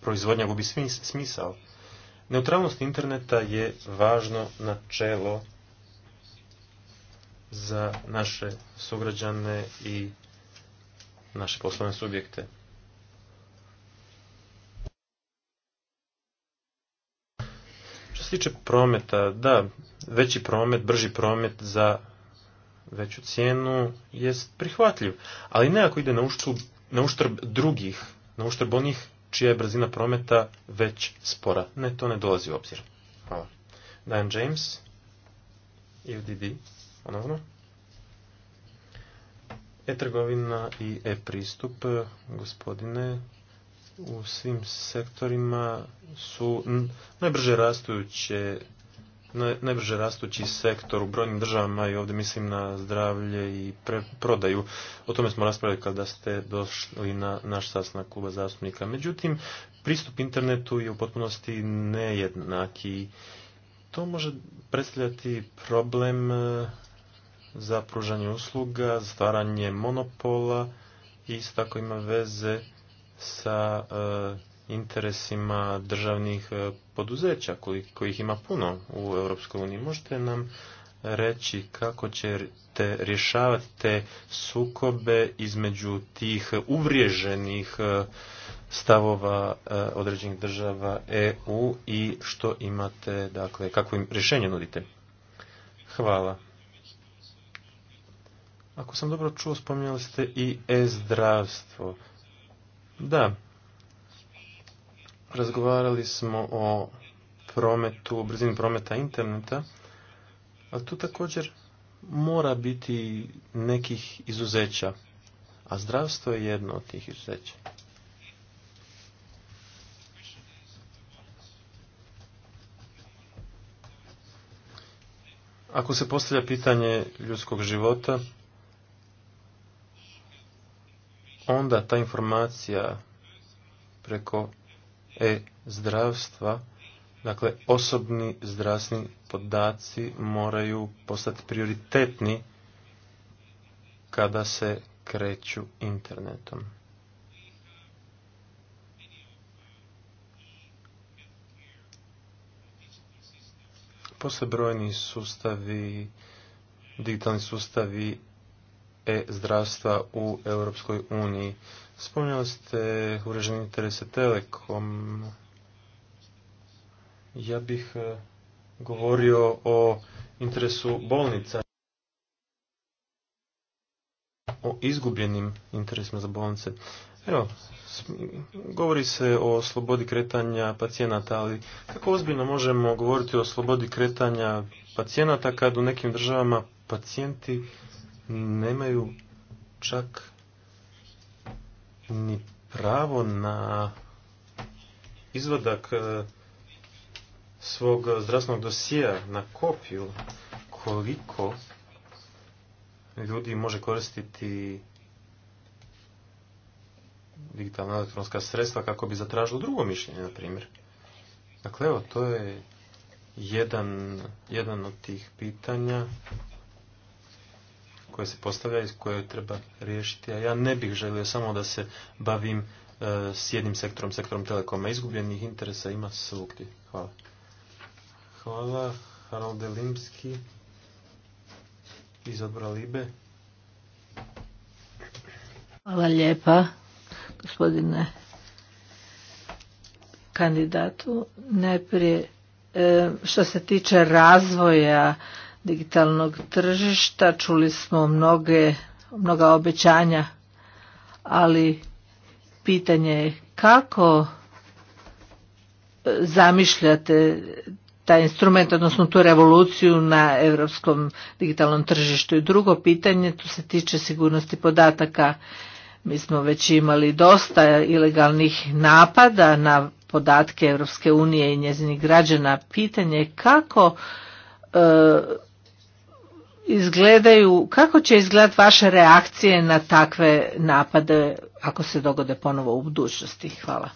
[SPEAKER 3] proizvodnja gubi smisao. Neutralnost interneta je važno načelo za naše sugrađane i naše poslovne subjekte. tiče prometa, da, veći promet, brži promet za veću cijenu jest prihvatljiv, ali ne ako ide na uštrb, drugih, na uštrb onih čija je brzina prometa već spora. Ne, to ne dolazi u obzir. Hvala. Dan James, e UDD, ponovno. E-trgovina i e-pristup, gospodine u svim sektorima su najbrže rastuće najbrže rastući sektor u brojnim državama i ovdje mislim na zdravlje i prodaju. O tome smo raspravili kada ste došli na naš sastanak kluba zastupnika. Međutim, pristup internetu je u potpunosti nejednaki. to može predstavljati problem e, za pružanje usluga, stvaranje monopola i isto tako ima veze sa e, interesima državnih e, poduzeća kojih ima puno u Europskoj uniji. Možete nam reći kako ćete rješavati te sukobe između tih uvriježenih e, stavova određenih država EU i što imate, dakle, kako im rješenje nudite? Hvala. Ako sam dobro čuo, spominjali ste i e-zdravstvo. Da, razgovarali smo o prometu, o brzini prometa interneta, ali tu također mora biti nekih izuzeća, a zdravstvo je jedno od tih izuzeća. Ako se postavlja pitanje ljudskog života, onda ta informacija preko e-zdravstva, dakle osobni zdravstveni podaci moraju postati prioritetni kada se kreću internetom. Posle brojni sustavi, digitalni sustavi e-zdravstva u Europskoj uniji. Spominjali ste uređenje interese Telekom. Ja bih e, govorio o interesu bolnica, o izgubljenim interesima za bolnice. Evo, govori se o slobodi kretanja pacijenata, ali kako ozbiljno možemo govoriti o slobodi kretanja pacijenata kad u nekim državama pacijenti nemaju čak ni pravo na izvadak e, svog zdravstvenog dosija na kopiju koliko ljudi može koristiti digitalna elektronska sredstva kako bi zatražilo drugo mišljenje, na primjer. Dakle, evo, to je jedan od tih pitanja koje se postavljaju i koje treba riješiti. A ja ne bih želio samo da se bavim e, s jednim sektorom, sektorom telekoma. Izgubljenih interesa ima svugdje. Hvala. Hvala. Harald Limski iz odbora Libe.
[SPEAKER 1] Hvala lijepa gospodine kandidatu. Najprije e, što se tiče razvoja digitalnog tržišta. Čuli smo mnoge, mnoga obećanja, ali pitanje je kako e, zamišljate taj instrument, odnosno tu revoluciju na europskom digitalnom tržištu. I drugo pitanje, tu se tiče sigurnosti podataka. Mi smo već imali dosta ilegalnih napada na podatke Europske unije i njezinih građana. Pitanje je kako e, izgledaju, kako će izgledati vaše reakcije na takve napade ako se dogode ponovo u budućnosti? Hvala.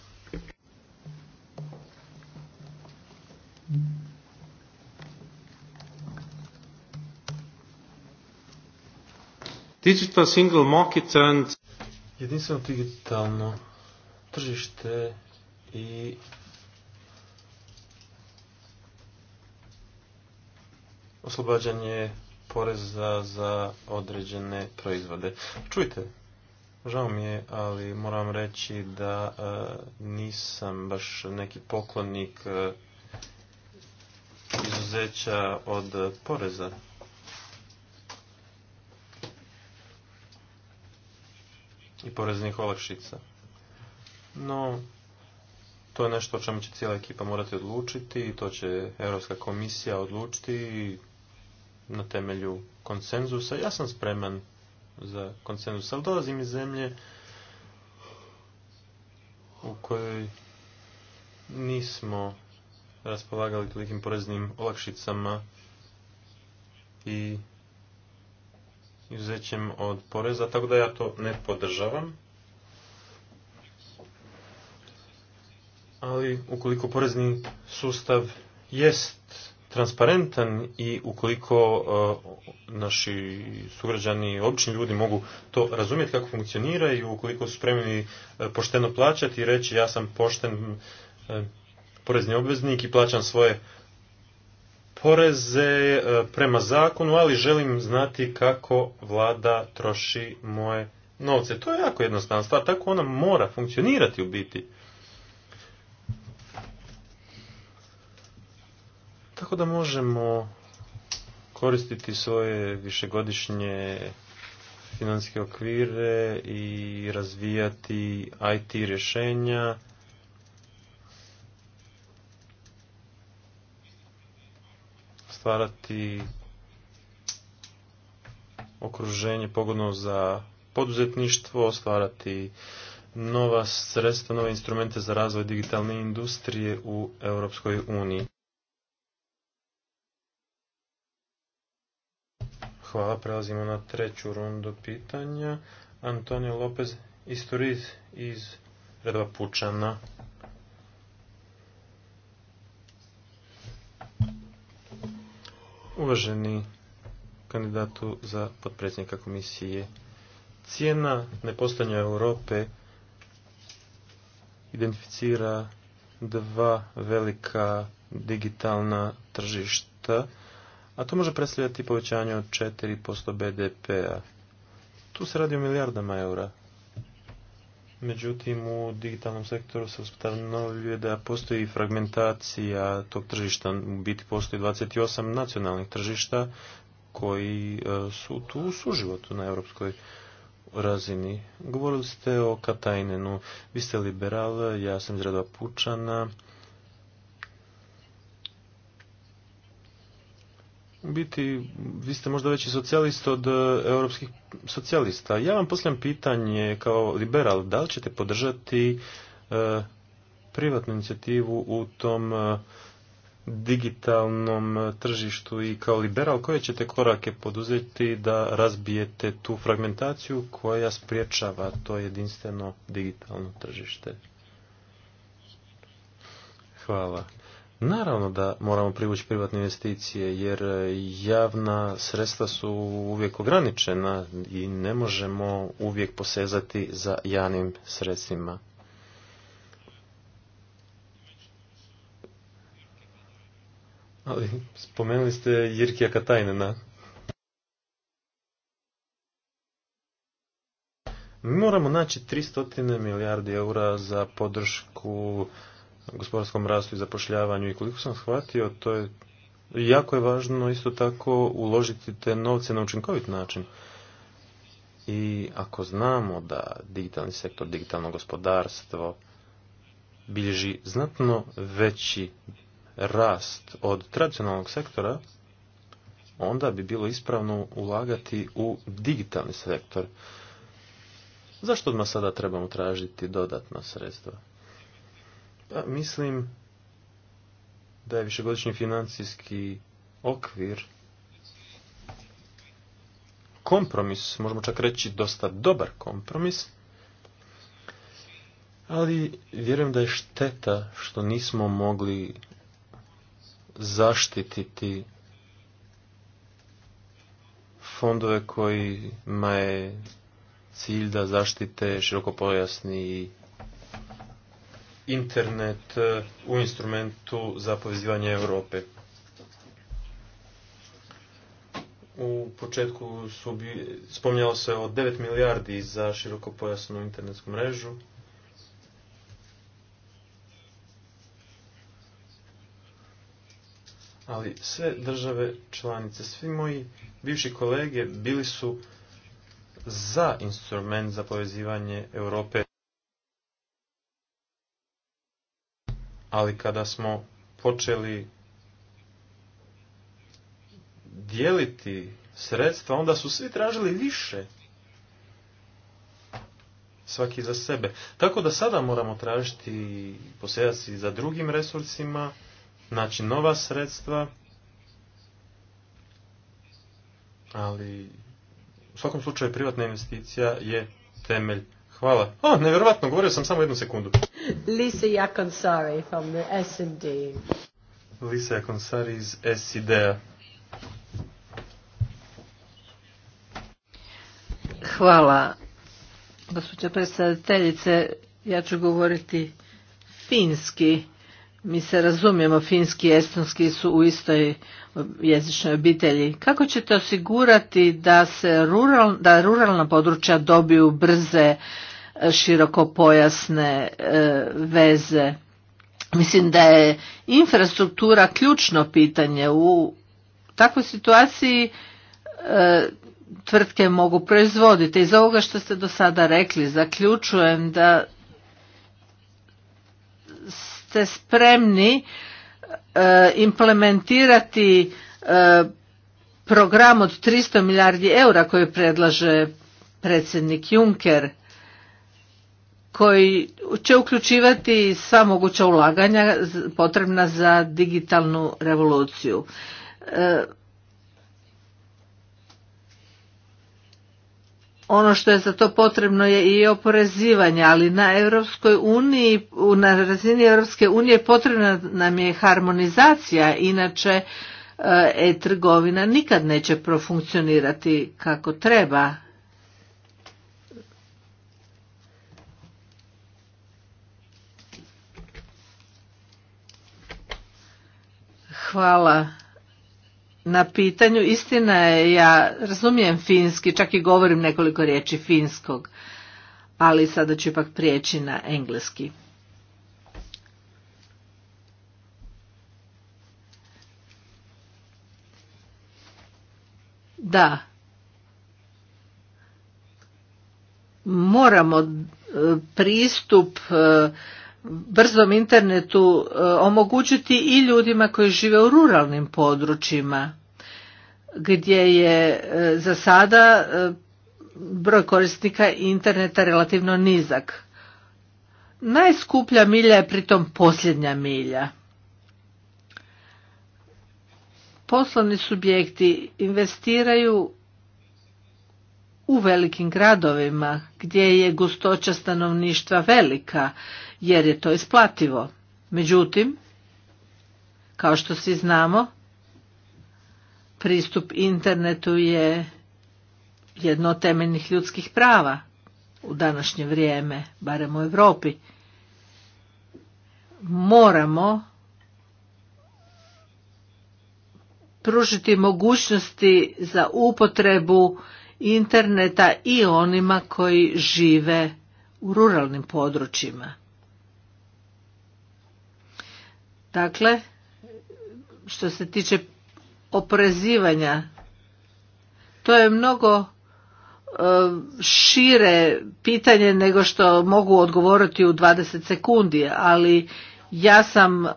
[SPEAKER 3] Digital single market and... Jedinstveno digitalno tržište i oslobađanje poreza za određene proizvode. Čujte, žao mi je, ali moram reći da e, nisam baš neki poklonik e, izuzeća od poreza. i poreznih olakšica. No, to je nešto o čemu će cijela ekipa morati odlučiti i to će Europska komisija odlučiti i na temelju konsenzusa. Ja sam spreman za konsenzus, ali dolazim iz zemlje u kojoj nismo raspolagali tolikim poreznim olakšicama i izuzećem od poreza, tako da ja to ne podržavam. Ali ukoliko porezni sustav jest transparentan i ukoliko eh, naši sugrađani, obični ljudi mogu to razumjeti kako funkcionira i ukoliko su spremni eh, pošteno plaćati i reći ja sam pošten eh, porezni obveznik i plaćam svoje poreze prema zakonu, ali želim znati kako vlada troši moje novce. To je jako jednostavna stvar, tako ona mora funkcionirati u biti. Svakako da možemo koristiti svoje višegodišnje financijske okvire i razvijati IT rješenja. Stvarati okruženje pogodno za poduzetništvo, stvarati nova sredstva, nove instrumente za razvoj digitalne industrije u Europskoj uniji. Hvala, prelazimo na treću rundu pitanja. Antonio Lopez turiz iz redova Pučana. Uvaženi kandidatu za potpredsjednika komisije, cijena nepostanja Europe identificira dva velika digitalna tržišta a to može predstavljati povećanje od 4% BDP-a. Tu se radi o milijardama eura. Međutim, u digitalnom sektoru se ustanovio da postoji fragmentacija tog tržišta. U biti postoji 28 nacionalnih tržišta koji e, su tu u suživotu na europskoj razini. Govorili ste o Katajnenu. Vi ste liberal, ja sam iz Pučana. biti, vi ste možda veći socijalist od e, europskih socijalista. Ja vam posljedam pitanje kao liberal, da li ćete podržati e, privatnu inicijativu u tom e, digitalnom tržištu i kao liberal koje ćete korake poduzeti da razbijete tu fragmentaciju koja spriječava to jedinstveno digitalno tržište? Hvala. Naravno da moramo privući privatne investicije jer e, javna sredstva su uvijek ograničena i ne možemo uvijek posezati za javnim sredstvima. Ali spomenuli ste Jirkija Katajnena. Mi moramo naći 300 milijardi eura za podršku gospodarskom rastu i zapošljavanju i koliko sam shvatio, to je jako je važno isto tako uložiti te novce na učinkovit način. I ako znamo da digitalni sektor, digitalno gospodarstvo bilježi znatno veći rast od tradicionalnog sektora, onda bi bilo ispravno ulagati u digitalni sektor. Zašto odmah sada trebamo tražiti dodatna sredstva? Pa mislim da je višegodišnji financijski okvir kompromis, možemo čak reći dosta dobar kompromis, ali vjerujem da je šteta što nismo mogli zaštititi fondove kojima je cilj da zaštite širokopojasni internet e, u instrumentu za povezivanje Europe. U početku su bi, spominjalo se o 9 milijardi za široko pojasnu internetsku mrežu. Ali sve države članice, svi moji bivši kolege bili su za instrument za povezivanje Europe. ali kada smo počeli dijeliti sredstva, onda su svi tražili više. Svaki za sebe. Tako da sada moramo tražiti posljedaci za drugim resursima, znači nova sredstva, ali u svakom slučaju privatna investicija je temelj Hvala. O, nevjerovatno, govorio sam samo jednu sekundu.
[SPEAKER 1] Lisa Jakonsari from the S&D.
[SPEAKER 3] Lisa Jakonsari iz S&D.
[SPEAKER 1] Hvala, gospođa predstaviteljice. Ja ću govoriti finski mi se razumijemo, finski i estonski su u istoj jezičnoj obitelji. Kako ćete osigurati da se rural, da ruralna područja dobiju brze e, širokopojasne e, veze? Mislim da je infrastruktura ključno pitanje. U takvoj situaciji e, tvrtke mogu proizvoditi. Iz ovoga što ste do sada rekli zaključujem da ste spremni e, implementirati e, program od 300 milijardi eura koji predlaže predsjednik Juncker koji će uključivati sva moguća ulaganja potrebna za digitalnu revoluciju. E, ono što je za to potrebno je i oporezivanje, ali na Europskoj uniji, na razini Europske unije potrebna nam je harmonizacija, inače e, e-trgovina nikad neće profunkcionirati kako treba. Hvala na pitanju. Istina je, ja razumijem finski, čak i govorim nekoliko riječi finskog, ali sada ću ipak prijeći na engleski. Da. Moramo e, pristup e, brzom internetu e, omogućiti i ljudima koji žive u ruralnim područjima gdje je e, za sada e, broj korisnika interneta relativno nizak. Najskuplja milja je pritom posljednja milja. Poslovni subjekti investiraju u velikim gradovima gdje je gustoća stanovništva velika jer je to isplativo. Međutim, kao što svi znamo, pristup internetu je jedno od temeljnih ljudskih prava u današnje vrijeme, barem u Europi. Moramo pružiti mogućnosti za upotrebu interneta i onima koji žive u ruralnim područjima. Dakle, što se tiče oprezivanja, to je mnogo e, šire pitanje nego što mogu odgovoriti u 20 sekundi, ali ja sam, e,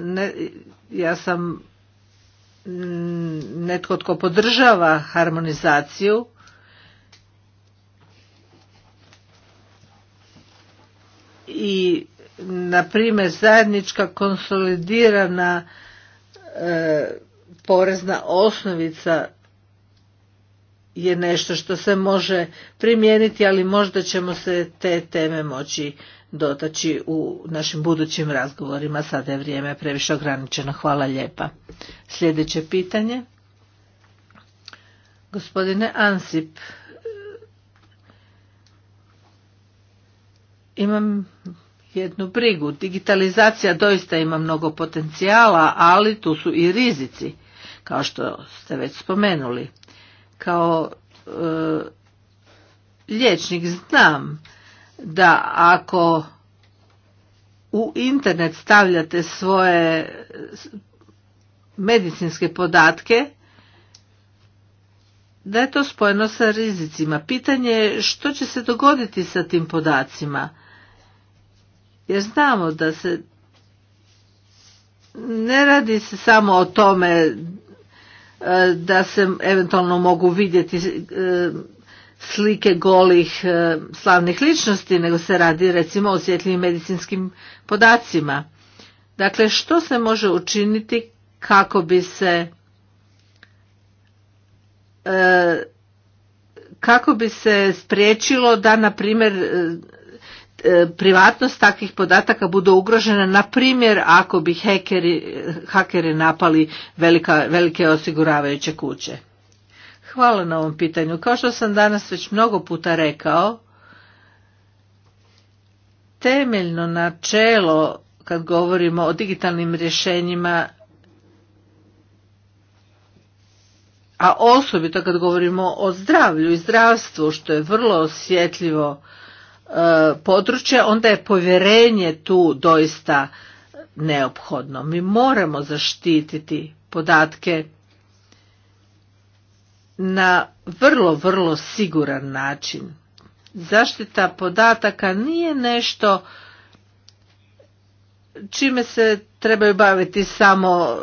[SPEAKER 1] ne, ja sam mm, netko tko podržava harmonizaciju i na primjer zajednička konsolidirana e, porezna osnovica je nešto što se može primijeniti, ali možda ćemo se te teme moći dotaći u našim budućim razgovorima. Sada je vrijeme previše ograničeno. Hvala lijepa. Sljedeće pitanje. Gospodine Ansip, imam jednu brigu. Digitalizacija doista ima mnogo potencijala, ali tu su i rizici, kao što ste već spomenuli. Kao e, liječnik znam da ako u internet stavljate svoje medicinske podatke, da je to spojeno sa rizicima. Pitanje je što će se dogoditi sa tim podacima. Jer znamo da se ne radi se samo o tome e, da se eventualno mogu vidjeti e, slike golih e, slavnih ličnosti, nego se radi recimo o osjetljivim medicinskim podacima. Dakle, što se može učiniti kako bi se kako bi se spriječilo da, na primjer, E, privatnost takvih podataka bude ugrožena, na primjer ako bi hekeri, hakeri napali velika, velike osiguravajuće kuće. Hvala na ovom pitanju. Kao što sam danas već mnogo puta rekao, temeljno načelo kad govorimo o digitalnim rješenjima a osobito kad govorimo o zdravlju i zdravstvu što je vrlo osjetljivo E, područje onda je povjerenje tu doista neophodno. Mi moramo zaštititi podatke na vrlo, vrlo siguran način. Zaštita podataka nije nešto čime se trebaju baviti samo e,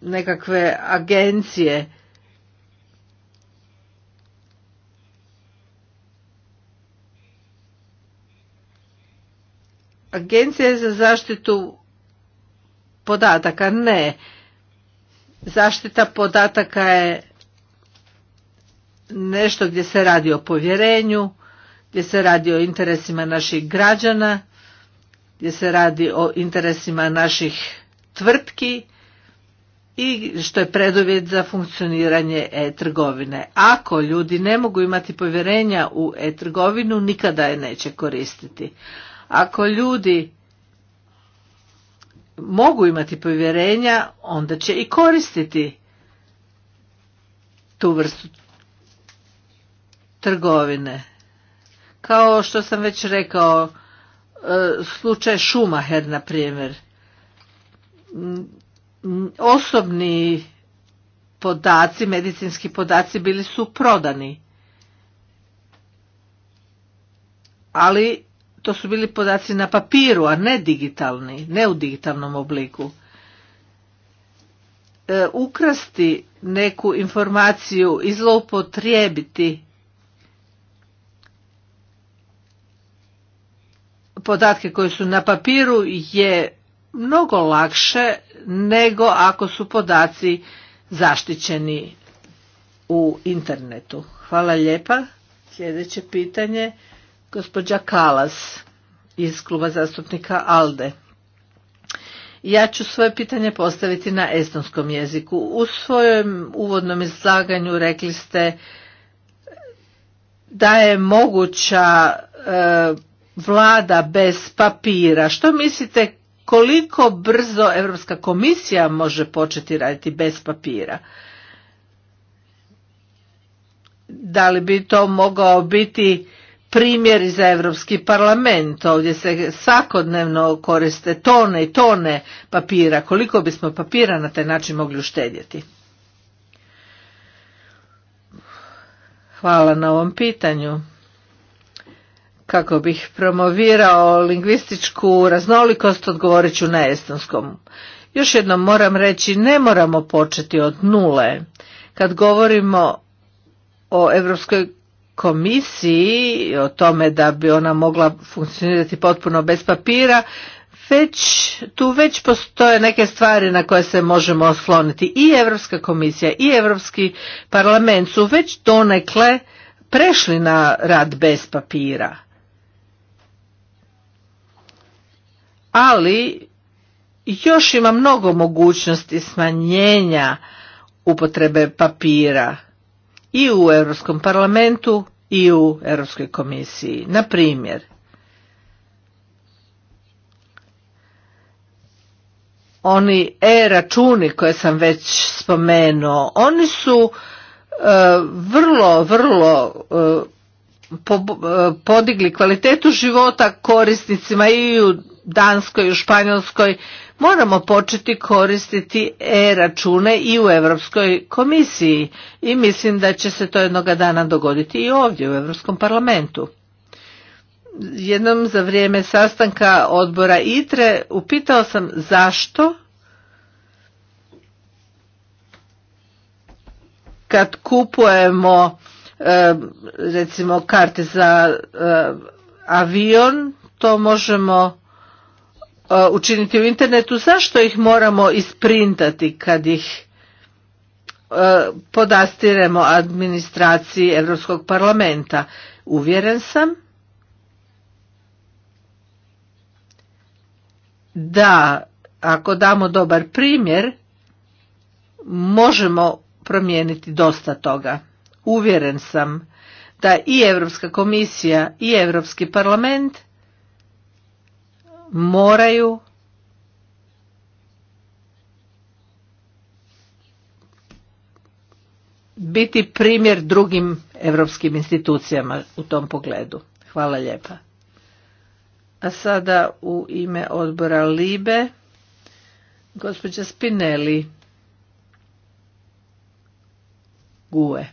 [SPEAKER 1] nekakve agencije Agencija za zaštitu podataka ne. Zaštita podataka je nešto gdje se radi o povjerenju, gdje se radi o interesima naših građana, gdje se radi o interesima naših tvrtki i što je preduvjet za funkcioniranje e-trgovine. Ako ljudi ne mogu imati povjerenja u e-trgovinu, nikada je neće koristiti. Ako ljudi mogu imati povjerenja, onda će i koristiti tu vrstu trgovine. Kao što sam već rekao, e, slučaj Šumaher, na primjer. Osobni podaci, medicinski podaci bili su prodani. Ali to su bili podaci na papiru, a ne digitalni, ne u digitalnom obliku. E, ukrasti neku informaciju i zloupotrijebiti podatke koje su na papiru je mnogo lakše nego ako su podaci zaštićeni u internetu. Hvala lijepa. Sljedeće pitanje gospođa Kalas iz kluba zastupnika ALDE. Ja ću svoje pitanje postaviti na estonskom jeziku. U svojem uvodnom izlaganju rekli ste da je moguća e, vlada bez papira. Što mislite koliko brzo Europska komisija može početi raditi bez papira? Da li bi to mogao biti primjeri za Europski parlament. Ovdje se svakodnevno koriste tone i tone papira. Koliko bismo papira na taj način mogli uštedjeti? Hvala na ovom pitanju. Kako bih promovirao lingvističku raznolikost, odgovorit ću na estonskom. Još jednom moram reći, ne moramo početi od nule. Kad govorimo o Europskoj komisiji o tome da bi ona mogla funkcionirati potpuno bez papira, već, tu već postoje neke stvari na koje se možemo osloniti. I Europska komisija i Europski parlament su već donekle prešli na rad bez papira. Ali još ima mnogo mogućnosti smanjenja upotrebe papira i u Europskom parlamentu i u Europskoj komisiji. Na primjer, oni e-računi koje sam već spomenuo, oni su e, vrlo, vrlo e, e, podigli kvalitetu života korisnicima i u Danskoj i u Španjolskoj moramo početi koristiti e-račune i u Europskoj komisiji i mislim da će se to jednoga dana dogoditi i ovdje u Europskom parlamentu. Jednom za vrijeme sastanka odbora ITRE upitao sam zašto kad kupujemo e, recimo karte za e, avion to možemo Uh, učiniti u internetu, zašto ih moramo isprintati kad ih uh, podastiremo administraciji Europskog parlamenta. Uvjeren sam da ako damo dobar primjer, možemo promijeniti dosta toga. Uvjeren sam da i Europska komisija i Europski parlament moraju biti primjer drugim europskim institucijama u tom pogledu. Hvala lijepa. A sada u ime odbora Libe, gospođa Spinelli Gue.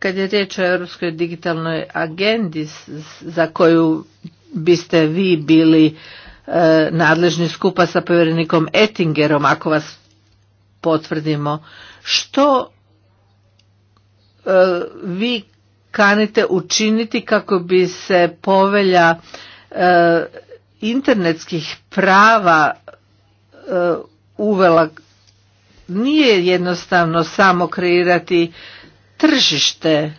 [SPEAKER 1] Kad je riječ o Europskoj digitalnoj agendi za koju biste vi bili e, nadležni skupa sa povjerenikom Ettingerom, ako vas potvrdimo, što e, vi kanite učiniti kako bi se povelja e, internetskih prava uvela nije jednostavno samo kreirati tržište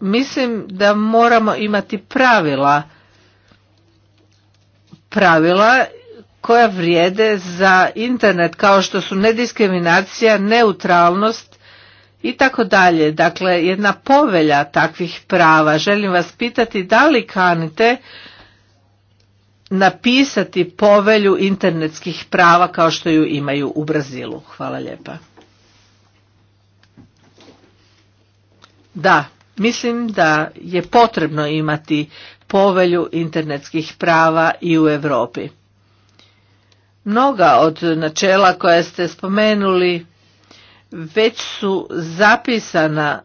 [SPEAKER 1] mislim da moramo imati pravila pravila koja vrijede za internet kao što su nediskriminacija, neutralnost i tako dalje. Dakle, jedna povelja takvih prava. Želim vas pitati da li kanite napisati povelju internetskih prava kao što ju imaju u Brazilu. Hvala lijepa. Da, mislim da je potrebno imati povelju internetskih prava i u Europi. Mnoga od načela koja ste spomenuli već su zapisana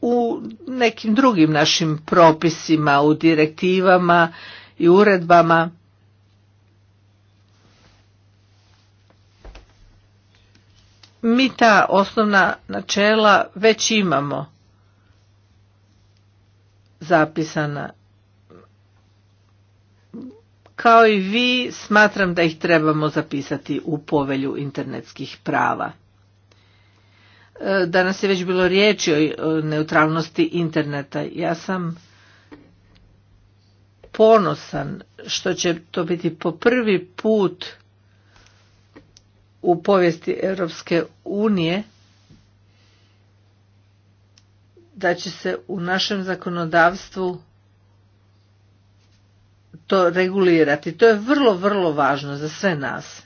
[SPEAKER 1] u nekim drugim našim propisima, u direktivama i uredbama. Mi ta osnovna načela već imamo zapisana. Kao i vi smatram da ih trebamo zapisati u povelju internetskih prava. E, danas je već bilo riječi o neutralnosti interneta. Ja sam ponosan što će to biti po prvi put u povijesti Europske unije da će se u našem zakonodavstvu to regulirati. To je vrlo, vrlo važno za sve nas.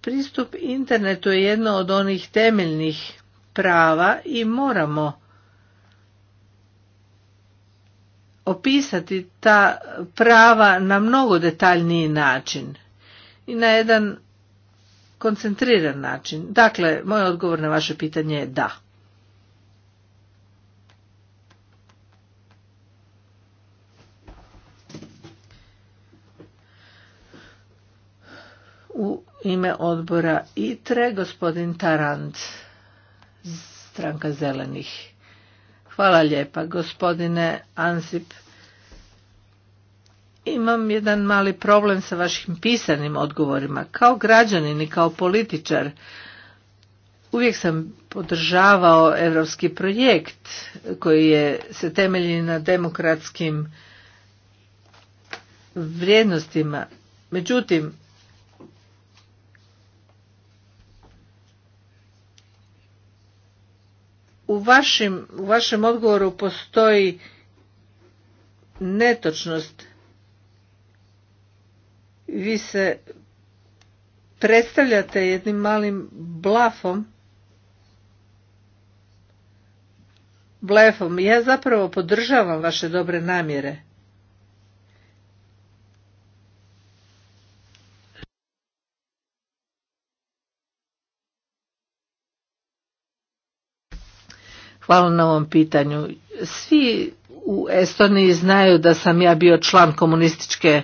[SPEAKER 1] Pristup internetu je jedno od onih temeljnih prava i moramo opisati ta prava na mnogo detaljniji način i na jedan koncentriran način. Dakle, moj odgovor na vaše pitanje je da. U ime odbora ITRE gospodin Tarant, stranka zelenih. Hvala lijepa, gospodine Ansip. Imam jedan mali problem sa vašim pisanim odgovorima. Kao građanin i kao političar uvijek sam podržavao europski projekt koji je, se temelji na demokratskim vrijednostima. Međutim, u vašem, u vašem odgovoru postoji netočnost. Vi se predstavljate jednim malim blafom. Blefom. Ja zapravo podržavam vaše dobre namjere. Hvala na ovom pitanju. Svi u Estoniji znaju da sam ja bio član komunističke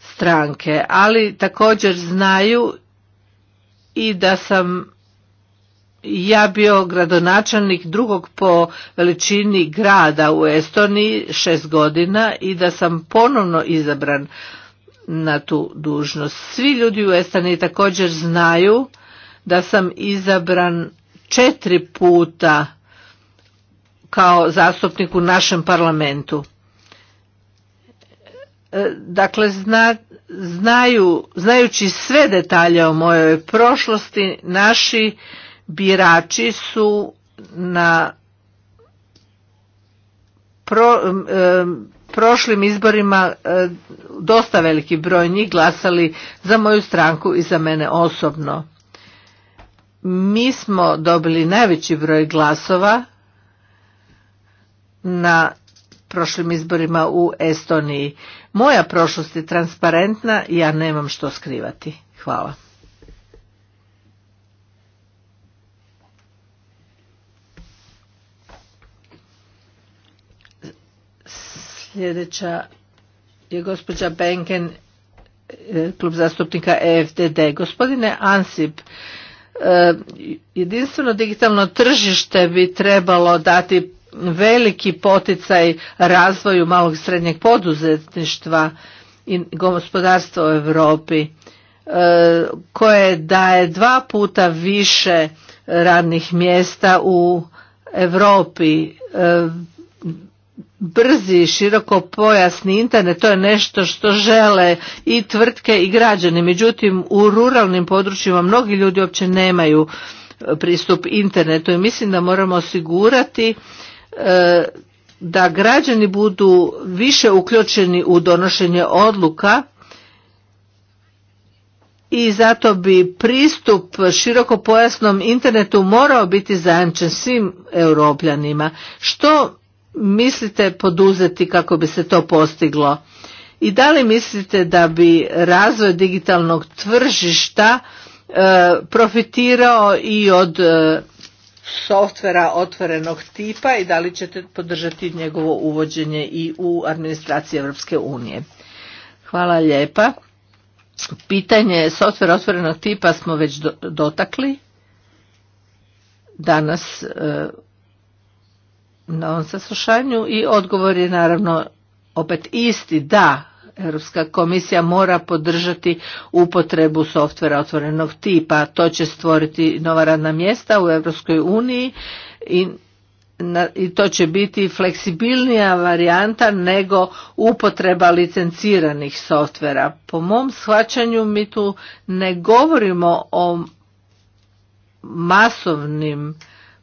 [SPEAKER 1] stranke, ali također znaju i da sam ja bio gradonačelnik drugog po veličini grada u Estoniji šest godina i da sam ponovno izabran na tu dužnost. Svi ljudi u Estoniji također znaju da sam izabran četiri puta kao zastupnik u našem parlamentu. E, dakle, znaju, znajući sve detalje o mojoj prošlosti, naši birači su na e, prošlim izborima e, dosta veliki broj njih glasali za moju stranku i za mene osobno. Mi smo dobili najveći broj glasova na prošlim izborima u Estoniji. Moja prošlost je transparentna i ja nemam što skrivati. Hvala. Sljedeća je gospođa Benken, e, klub zastupnika EFDD. Gospodine Ansip, e, jedinstveno digitalno tržište bi trebalo dati veliki poticaj razvoju malog i srednjeg poduzetništva i gospodarstva u Europi e, koje daje dva puta više radnih mjesta u Europi e, brzi široko pojasni internet to je nešto što žele i tvrtke i građani međutim u ruralnim područjima mnogi ljudi uopće nemaju e, pristup internetu i mislim da moramo osigurati E, da građani budu više uključeni u donošenje odluka i zato bi pristup širokopojasnom internetu morao biti zajamčen svim europljanima. Što mislite poduzeti kako bi se to postiglo? I da li mislite da bi razvoj digitalnog tržišta e, profitirao i od e, softvera otvorenog tipa i da li ćete podržati njegovo uvođenje i u administraciji Europske unije. Hvala lijepa. Pitanje softvera otvorenog tipa smo već dotakli danas eh, na ovom saslušanju i odgovor je naravno opet isti, da, Europska komisija mora podržati upotrebu softvera otvorenog tipa. To će stvoriti nova radna mjesta u Europskoj uniji i i to će biti fleksibilnija varijanta nego upotreba licenciranih softvera. Po mom shvaćanju mi tu ne govorimo o masovnim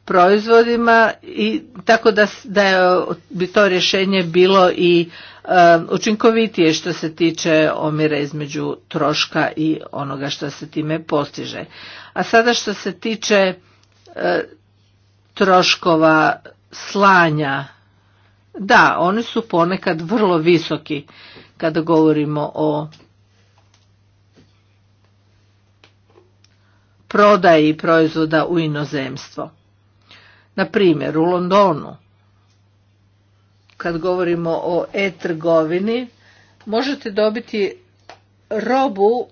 [SPEAKER 1] proizvodima i tako da, da bi to rješenje bilo i E, učinkovitije što se tiče omjera između troška i onoga što se time postiže. A sada što se tiče e, troškova slanja, da, oni su ponekad vrlo visoki kada govorimo o prodaji proizvoda u inozemstvo. Na primjer, u Londonu kad govorimo o e-trgovini, možete dobiti robu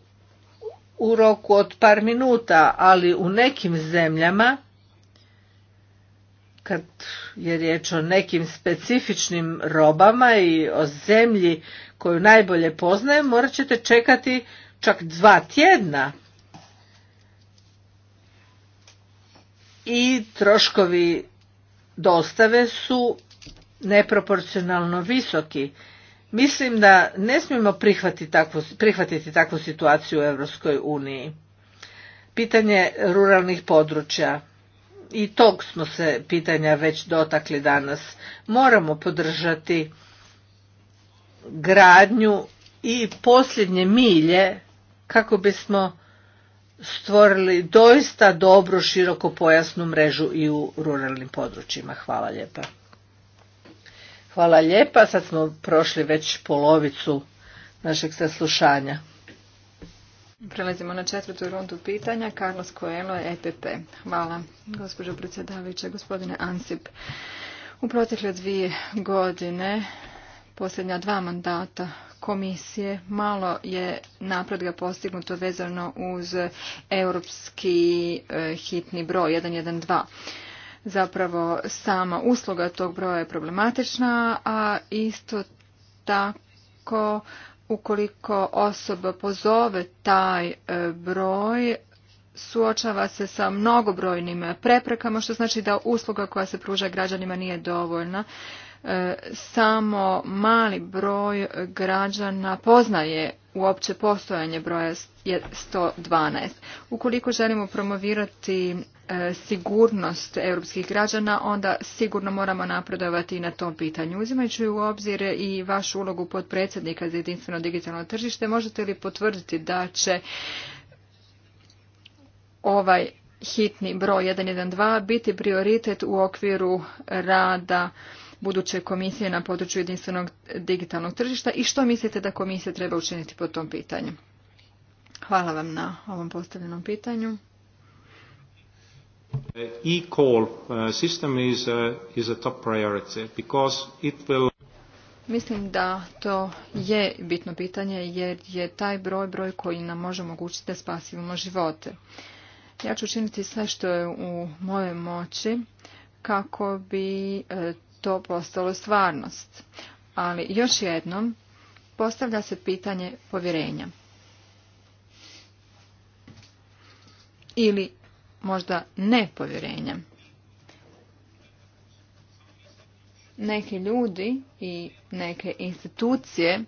[SPEAKER 1] u roku od par minuta, ali u nekim zemljama, kad je riječ o nekim specifičnim robama i o zemlji koju najbolje poznajem, morat ćete čekati čak dva tjedna. I troškovi dostave su neproporcionalno visoki. Mislim da ne smijemo prihvatiti takvu, prihvatiti takvu situaciju u Europskoj uniji. Pitanje ruralnih područja. I tog smo se pitanja već dotakli danas. Moramo podržati gradnju i posljednje milje kako bismo stvorili doista dobru širokopojasnu mrežu i u ruralnim područjima. Hvala lijepa. Hvala lijepa, sad smo prošli već polovicu našeg saslušanja.
[SPEAKER 2] Prelazimo na četvrtu rundu pitanja. Carlos Coelho, EPP. Hvala, gospođo predsjedavajuće gospodine Ansip. U protekle dvije godine, posljednja dva mandata komisije, malo je napredga postignuto vezano uz europski e, hitni broj 112. Zapravo sama usluga tog broja je problematična, a isto tako ukoliko osoba pozove taj e, broj, suočava se sa mnogobrojnim preprekama, što znači da usluga koja se pruža građanima nije dovoljna E, samo mali broj građana poznaje uopće postojanje broja 112. Ukoliko želimo promovirati e, sigurnost europskih građana, onda sigurno moramo napredovati i na tom pitanju. Uzimajući u obzir i vašu ulogu potpredsjednika za jedinstveno digitalno tržište, možete li potvrditi da će ovaj hitni broj 112 biti prioritet u okviru rada buduće komisije na području jedinstvenog digitalnog tržišta i što mislite da komisija treba učiniti po tom pitanju? Hvala vam na ovom postavljenom pitanju.
[SPEAKER 3] E, e-call e, system is is a top priority because it will...
[SPEAKER 2] Mislim da to je bitno pitanje jer je taj broj broj koji nam može omogućiti da spasimo živote. Ja ću učiniti sve što je u mojoj moći kako bi e, to postalo stvarnost. Ali još jednom postavlja se pitanje povjerenja. Ili možda nepovjerenja. Neki ljudi i neke institucije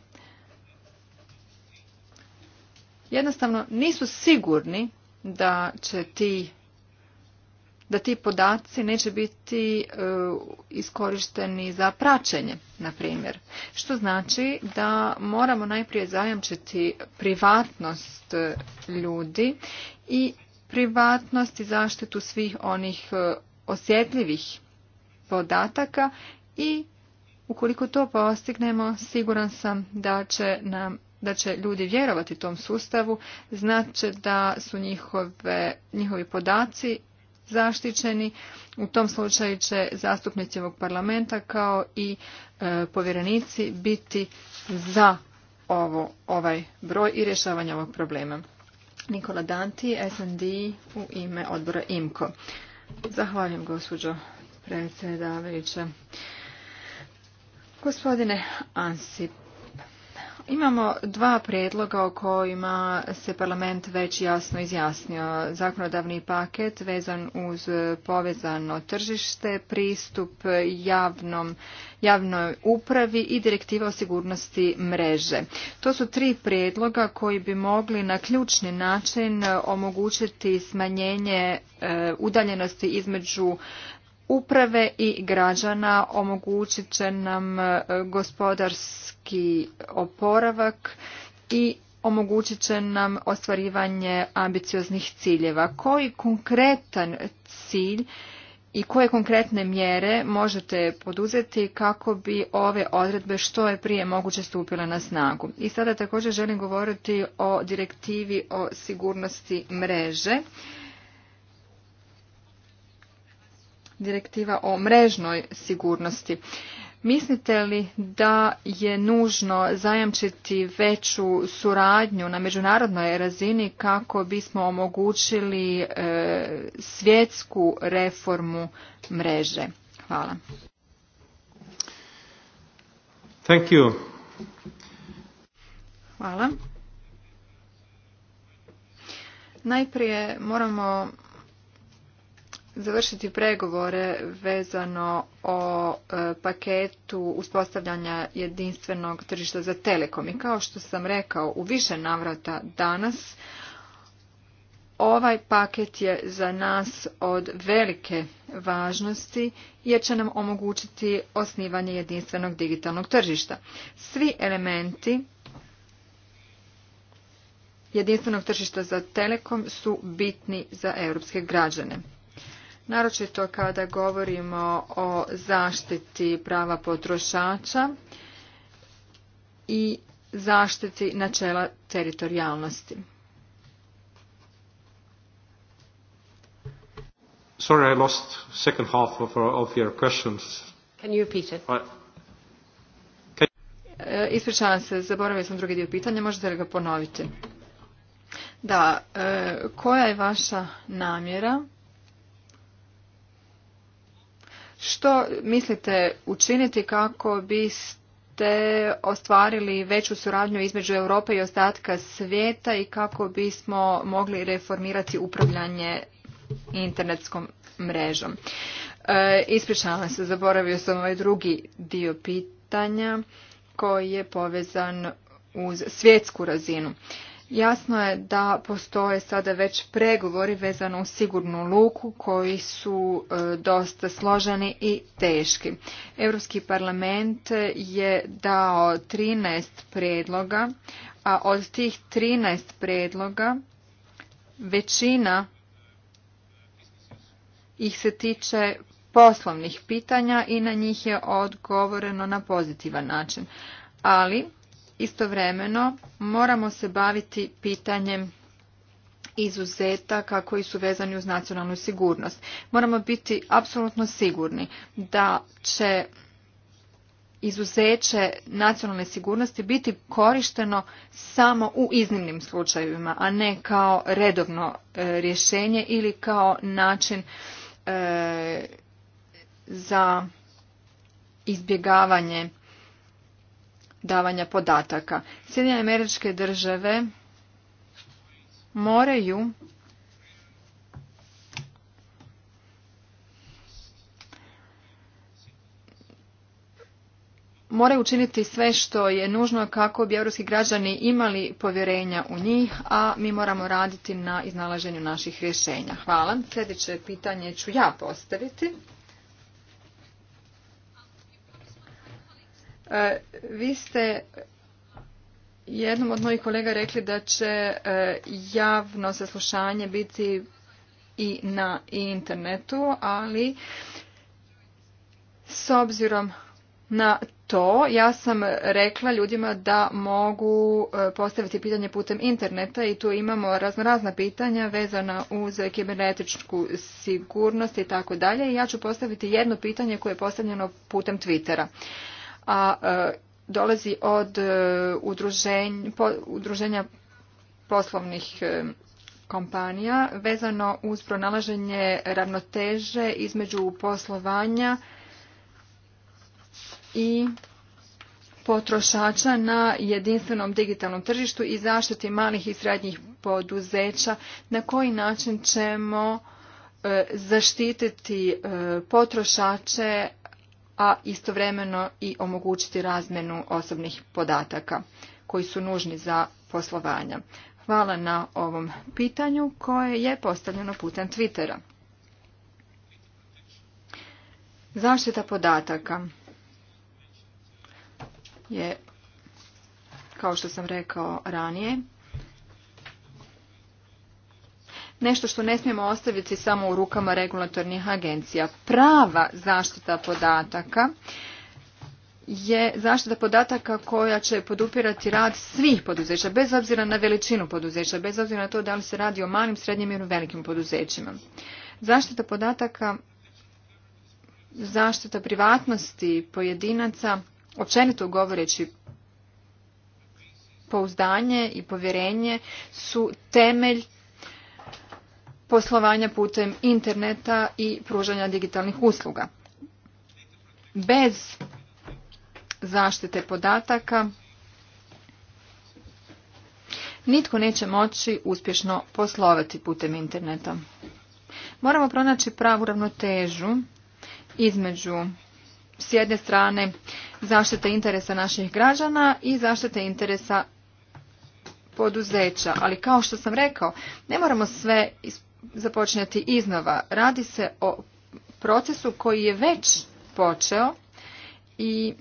[SPEAKER 2] jednostavno nisu sigurni da će ti da ti podaci neće biti e, iskorišteni za praćenje, na primjer. Što znači da moramo najprije zajamčiti privatnost e, ljudi i privatnost i zaštitu svih onih e, osjetljivih podataka i ukoliko to postignemo, siguran sam da će nam da će ljudi vjerovati tom sustavu, znači da su njihove, njihovi podaci zaštićeni. U tom slučaju će zastupnici ovog parlamenta kao i e, povjerenici biti za ovo, ovaj broj i rješavanje ovog problema. Nikola Danti, SND u ime odbora IMKO. Zahvaljujem gospođo predsjedavajuća. Gospodine Ansip, Imamo dva prijedloga o kojima se parlament već jasno izjasnio. Zakonodavni paket vezan uz povezano tržište, pristup javnom, javnoj upravi i direktiva o sigurnosti mreže. To su tri prijedloga koji bi mogli na ključni način omogućiti smanjenje e, udaljenosti između uprave i građana omogućit će nam e, gospodarski oporavak i omogućit će nam ostvarivanje ambicioznih ciljeva. Koji konkretan cilj i koje konkretne mjere možete poduzeti kako bi ove odredbe što je prije moguće stupile na snagu. I sada također želim govoriti o direktivi o sigurnosti mreže. direktiva o mrežnoj sigurnosti. Mislite li da je nužno zajamčiti veću suradnju na međunarodnoj razini kako bismo omogućili e, svjetsku reformu mreže? Hvala. Thank you. Hvala. Najprije moramo završiti pregovore vezano o e, paketu uspostavljanja jedinstvenog tržišta za telekom. I kao što sam rekao u više navrata danas, ovaj paket je za nas od velike važnosti jer će nam omogućiti osnivanje jedinstvenog digitalnog tržišta. Svi elementi jedinstvenog tržišta za telekom su bitni za europske građane naročito kada govorimo o zaštiti prava potrošača i zaštiti načela teritorijalnosti.
[SPEAKER 3] Sorry, lost second half of, your questions.
[SPEAKER 2] Can you repeat e, ispričavam se, zaboravio sam drugi dio pitanja, možete li ga ponoviti? Da, e, koja je vaša namjera što mislite učiniti kako biste ostvarili veću suradnju između Europe i ostatka svijeta i kako bismo mogli reformirati upravljanje internetskom mrežom? E, ispričavam se, zaboravio sam ovaj drugi dio pitanja koji je povezan uz svjetsku razinu. Jasno je da postoje sada već pregovori vezano u sigurnu luku koji su e, dosta složeni i teški. Europski parlament je dao 13 predloga, a od tih 13 predloga većina ih se tiče poslovnih pitanja i na njih je odgovoreno na pozitivan način. Ali Istovremeno moramo se baviti pitanjem izuzetaka koji su vezani uz nacionalnu sigurnost. Moramo biti apsolutno sigurni da će izuzeće nacionalne sigurnosti biti korišteno samo u iznimnim slučajevima, a ne kao redovno e, rješenje ili kao način e, za izbjegavanje davanja podataka. Sjedinjene američke države moraju moraju učiniti sve što je nužno kako bi europski građani imali povjerenja u njih, a mi moramo raditi na iznalaženju naših rješenja. Hvala. Sljedeće pitanje ću ja postaviti. E, vi ste jednom od mojih kolega rekli da će e, javno saslušanje biti i na internetu, ali s obzirom na to, ja sam rekla ljudima da mogu e, postaviti pitanje putem interneta i tu imamo razno razna pitanja vezana uz kibernetičku sigurnost i tako dalje. Ja ću postaviti jedno pitanje koje je postavljeno putem Twittera a e, dolazi od e, udruženja, poslovnih e, kompanija vezano uz pronalaženje ravnoteže između poslovanja i potrošača na jedinstvenom digitalnom tržištu i zaštiti malih i srednjih poduzeća na koji način ćemo zaštititi potrošače a istovremeno i omogućiti razmjenu osobnih podataka koji su nužni za poslovanja. Hvala na ovom pitanju koje je postavljeno putem Twittera. Zaštita podataka je, kao što sam rekao ranije, nešto što ne smijemo ostaviti samo u rukama regulatornih agencija. Prava zaštita podataka je zaštita podataka koja će podupirati rad svih poduzeća, bez obzira na veličinu poduzeća, bez obzira na to da li se radi o malim, srednjim ili velikim poduzećima. Zaštita podataka, zaštita privatnosti pojedinaca, općenito govoreći pouzdanje i povjerenje su temelj poslovanja putem interneta i pružanja digitalnih usluga. Bez zaštite podataka nitko neće moći uspješno poslovati putem interneta. Moramo pronaći pravu ravnotežu između s jedne strane zaštite interesa naših građana i zaštite interesa poduzeća. Ali kao što sam rekao, ne moramo sve započinjati iznova. Radi se o procesu koji je već počeo i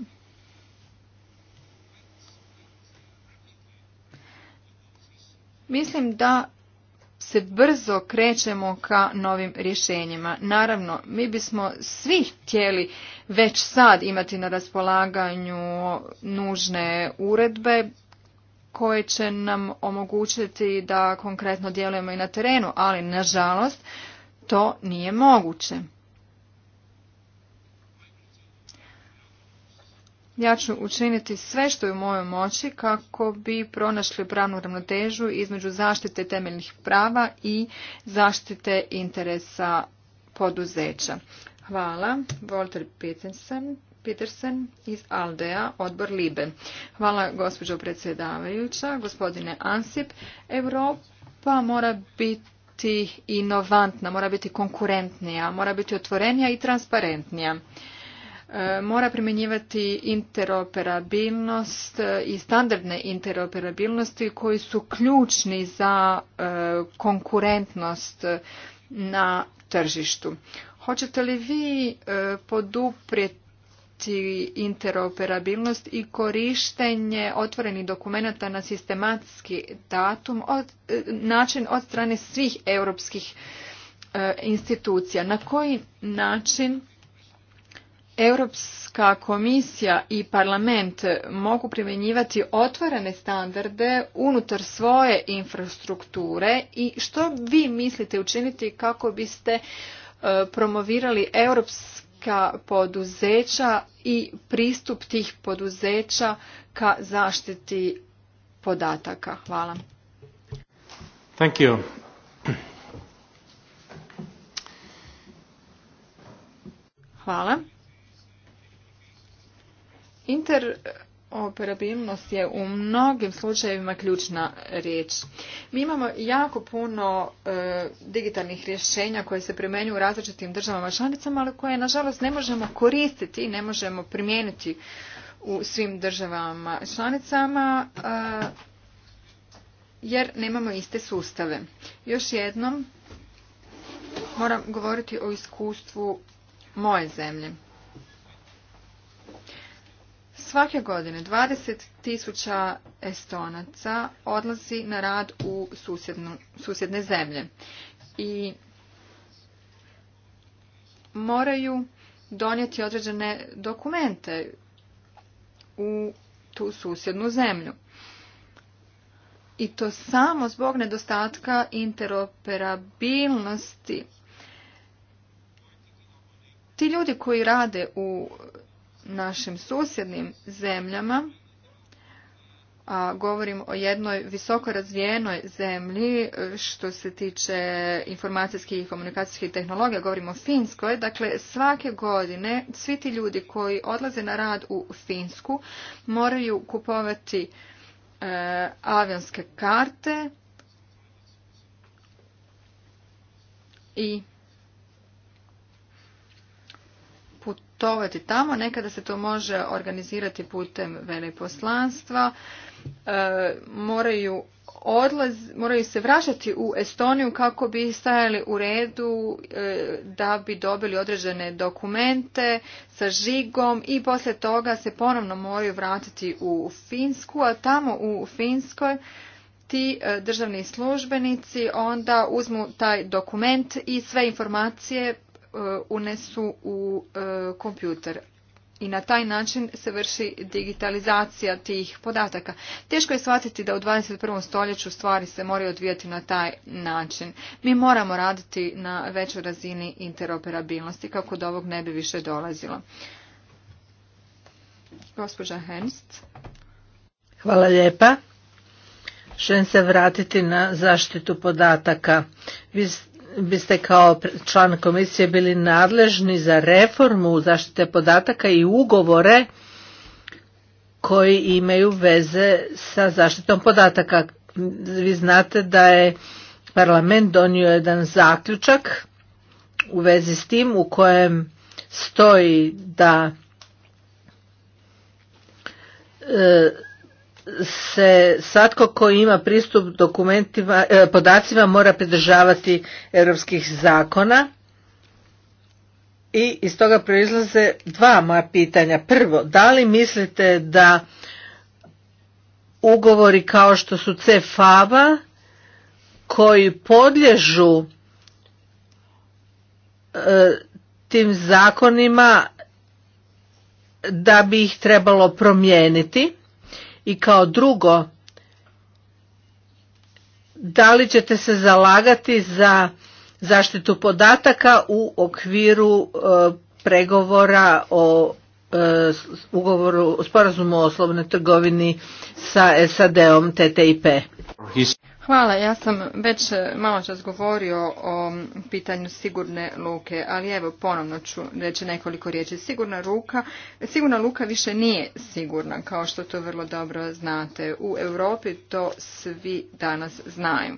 [SPEAKER 2] mislim da se brzo krećemo ka novim rješenjima. Naravno, mi bismo svi htjeli već sad imati na raspolaganju nužne uredbe, koje će nam omogućiti da konkretno djelujemo i na terenu, ali nažalost to nije moguće. Ja ću učiniti sve što je u mojoj moći kako bi pronašli pravnu ravnotežu između zaštite temeljnih prava i zaštite interesa poduzeća. Hvala. Walter Petersen, Petersen iz Aldea, odbor Libe. Hvala gospođo predsjedavajuća, gospodine Ansip. Europa mora biti inovantna, mora biti konkurentnija, mora biti otvorenija i transparentnija. E, mora primjenjivati interoperabilnost i standardne interoperabilnosti koji su ključni za e, konkurentnost na tržištu. Hoćete li vi e, poduprijeti interoperabilnost i korištenje otvorenih dokumenata na sistematski datum od, e, način od strane svih europskih e, institucija. Na koji način Europska komisija i parlament mogu primjenjivati otvorene standarde unutar svoje infrastrukture i što vi mislite učiniti kako biste e, promovirali europski neka poduzeća i pristup tih poduzeća ka zaštiti podataka. Hvala. Thank you. Hvala. Inter Operabilnost je u mnogim slučajevima ključna riječ. Mi imamo jako puno e, digitalnih rješenja koje se primjenjuju u različitim državama članicama, ali koje nažalost ne možemo koristiti i ne možemo primijeniti u svim državama članicama jer nemamo iste sustave. Još jednom moram govoriti o iskustvu moje zemlje. Svake godine 20.000 estonaca odlazi na rad u susjedne zemlje i moraju donijeti određene dokumente u tu susjednu zemlju. I to samo zbog nedostatka interoperabilnosti. Ti ljudi koji rade u našim susjednim zemljama, a govorim o jednoj visoko razvijenoj zemlji e, što se tiče informacijskih i komunikacijskih tehnologija, govorim o Finskoj, dakle svake godine svi ti ljudi koji odlaze na rad u Finsku moraju kupovati e, avionske karte i putovati tamo. Nekada se to može organizirati putem veleposlanstva. E, moraju odlaz, moraju se vraćati u Estoniju kako bi stajali u redu e, da bi dobili određene dokumente sa žigom i poslije toga se ponovno moraju vratiti u Finsku, a tamo u Finskoj ti e, državni službenici onda uzmu taj dokument i sve informacije E, unesu u e, kompjuter i na taj način se vrši digitalizacija tih podataka. Teško je shvatiti da u 21. stoljeću stvari se moraju odvijati na taj način. Mi moramo raditi na većoj razini interoperabilnosti kako do ovog ne bi više dolazilo. Gospođa Henst.
[SPEAKER 1] Hvala lijepa. Želim se vratiti na zaštitu podataka. Vi biste kao član komisije bili nadležni za reformu zaštite podataka i ugovore koji imaju veze sa zaštitom podataka. Vi znate da je parlament donio jedan zaključak u vezi s tim u kojem stoji da e, se svatko tko ima pristup dokumentima, e, podacima mora pridržavati europskih zakona. I iz toga proizlaze dva moja pitanja. Prvo, da li mislite da ugovori kao što su CFABA koji podlježu e, tim zakonima da bi ih trebalo promijeniti? I kao drugo, da li ćete se zalagati za zaštitu podataka u okviru e, pregovora o e, ugovoru, sporazumu o slobodnoj trgovini sa SAD-om TTIP.
[SPEAKER 2] Hvala, ja sam već e, malo čas govorio o pitanju sigurne luke, ali evo ponovno ću reći nekoliko riječi. Sigurna, ruka, sigurna luka više nije sigurna, kao što to vrlo dobro znate. U Europi to svi danas znaju.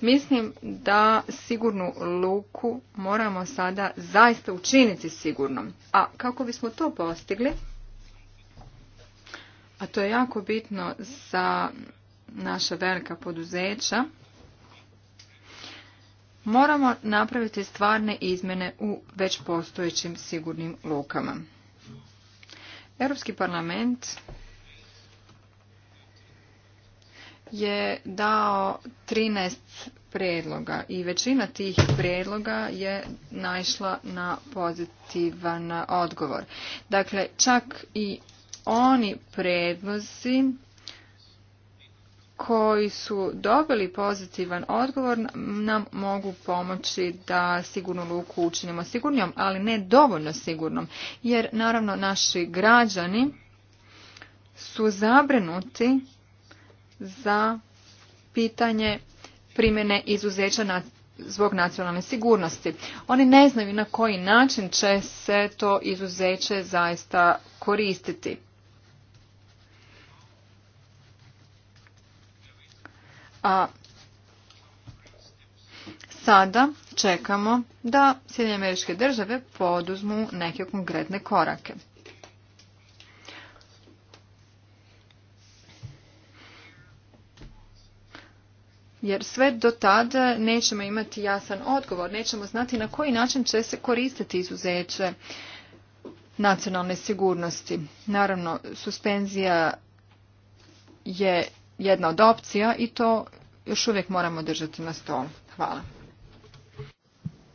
[SPEAKER 2] Mislim da sigurnu luku moramo sada zaista učiniti sigurnom. A kako bismo to postigli, a to je jako bitno za naša velika poduzeća, moramo napraviti stvarne izmjene u već postojećim sigurnim lukama. Europski parlament je dao 13 predloga i većina tih predloga je naišla na pozitivan odgovor. Dakle, čak i oni predlozi koji su dobili pozitivan odgovor nam mogu pomoći da sigurnu luku učinimo sigurnijom, ali ne dovoljno sigurnom, jer naravno naši građani su zabrinuti za pitanje primjene izuzeća zbog nacionalne sigurnosti. Oni ne znaju na koji način će se to izuzeće zaista koristiti. A sada čekamo da Sjedinje američke države poduzmu neke konkretne korake. Jer sve do tada nećemo imati jasan odgovor, nećemo znati na koji način će se koristiti izuzeće nacionalne sigurnosti. Naravno, suspenzija je jedna od opcija i to još uvijek moramo držati na stolu. Hvala.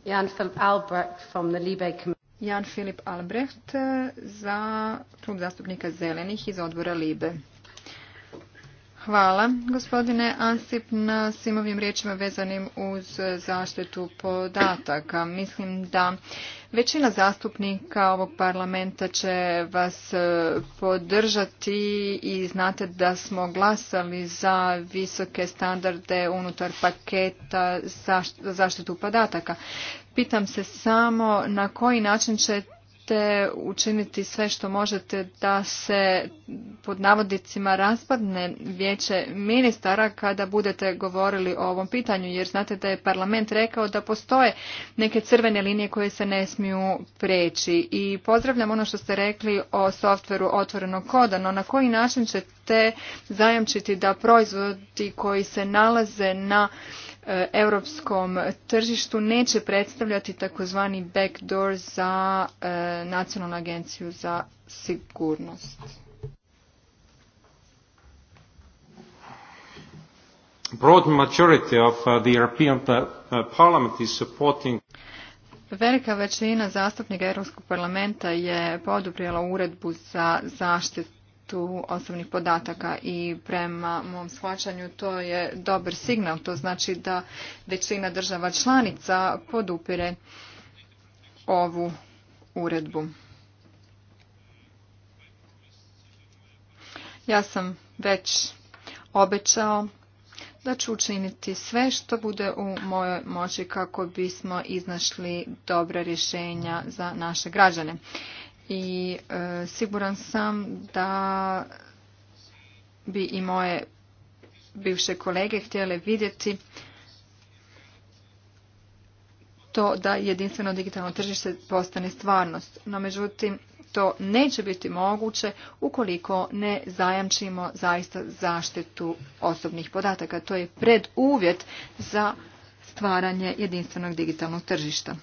[SPEAKER 2] Jan Filip Albrecht, from the Jan Filip Albrecht eh, za klub zastupnika zelenih iz odbora Libe. Hvala gospodine Ansip na svim ovim riječima vezanim uz zaštitu podataka. Mislim da većina zastupnika ovog parlamenta će vas e, podržati i znate da smo glasali za visoke standarde unutar paketa za zaštitu podataka. Pitam se samo na koji način će možete učiniti sve što možete da se pod navodicima raspadne vijeće ministara kada budete govorili o ovom pitanju jer znate da je parlament rekao da postoje neke crvene linije koje se ne smiju preći i pozdravljam ono što ste rekli o softveru otvorenog koda no na koji način ćete zajamčiti da proizvodi koji se nalaze na E, europskom tržištu neće predstavljati takozvani backdoor za e, Nacionalnu agenciju za sigurnost.
[SPEAKER 3] Broad majority of uh, the European uh, uh, Parliament is supporting
[SPEAKER 2] Velika većina zastupnika Europskog parlamenta je poduprijela uredbu za zaštitu zaštitu osobnih podataka i prema mom shvaćanju to je dobar signal. To znači da većina država članica podupire ovu uredbu. Ja sam već obećao da ću učiniti sve što bude u mojoj moći kako bismo iznašli dobra rješenja za naše građane i e, siguran sam da bi i moje bivše kolege htjele vidjeti to da jedinstveno digitalno tržište postane stvarnost. No međutim, to neće biti moguće ukoliko ne zajamčimo zaista zaštitu osobnih podataka. To je preduvjet za stvaranje jedinstvenog digitalnog tržišta.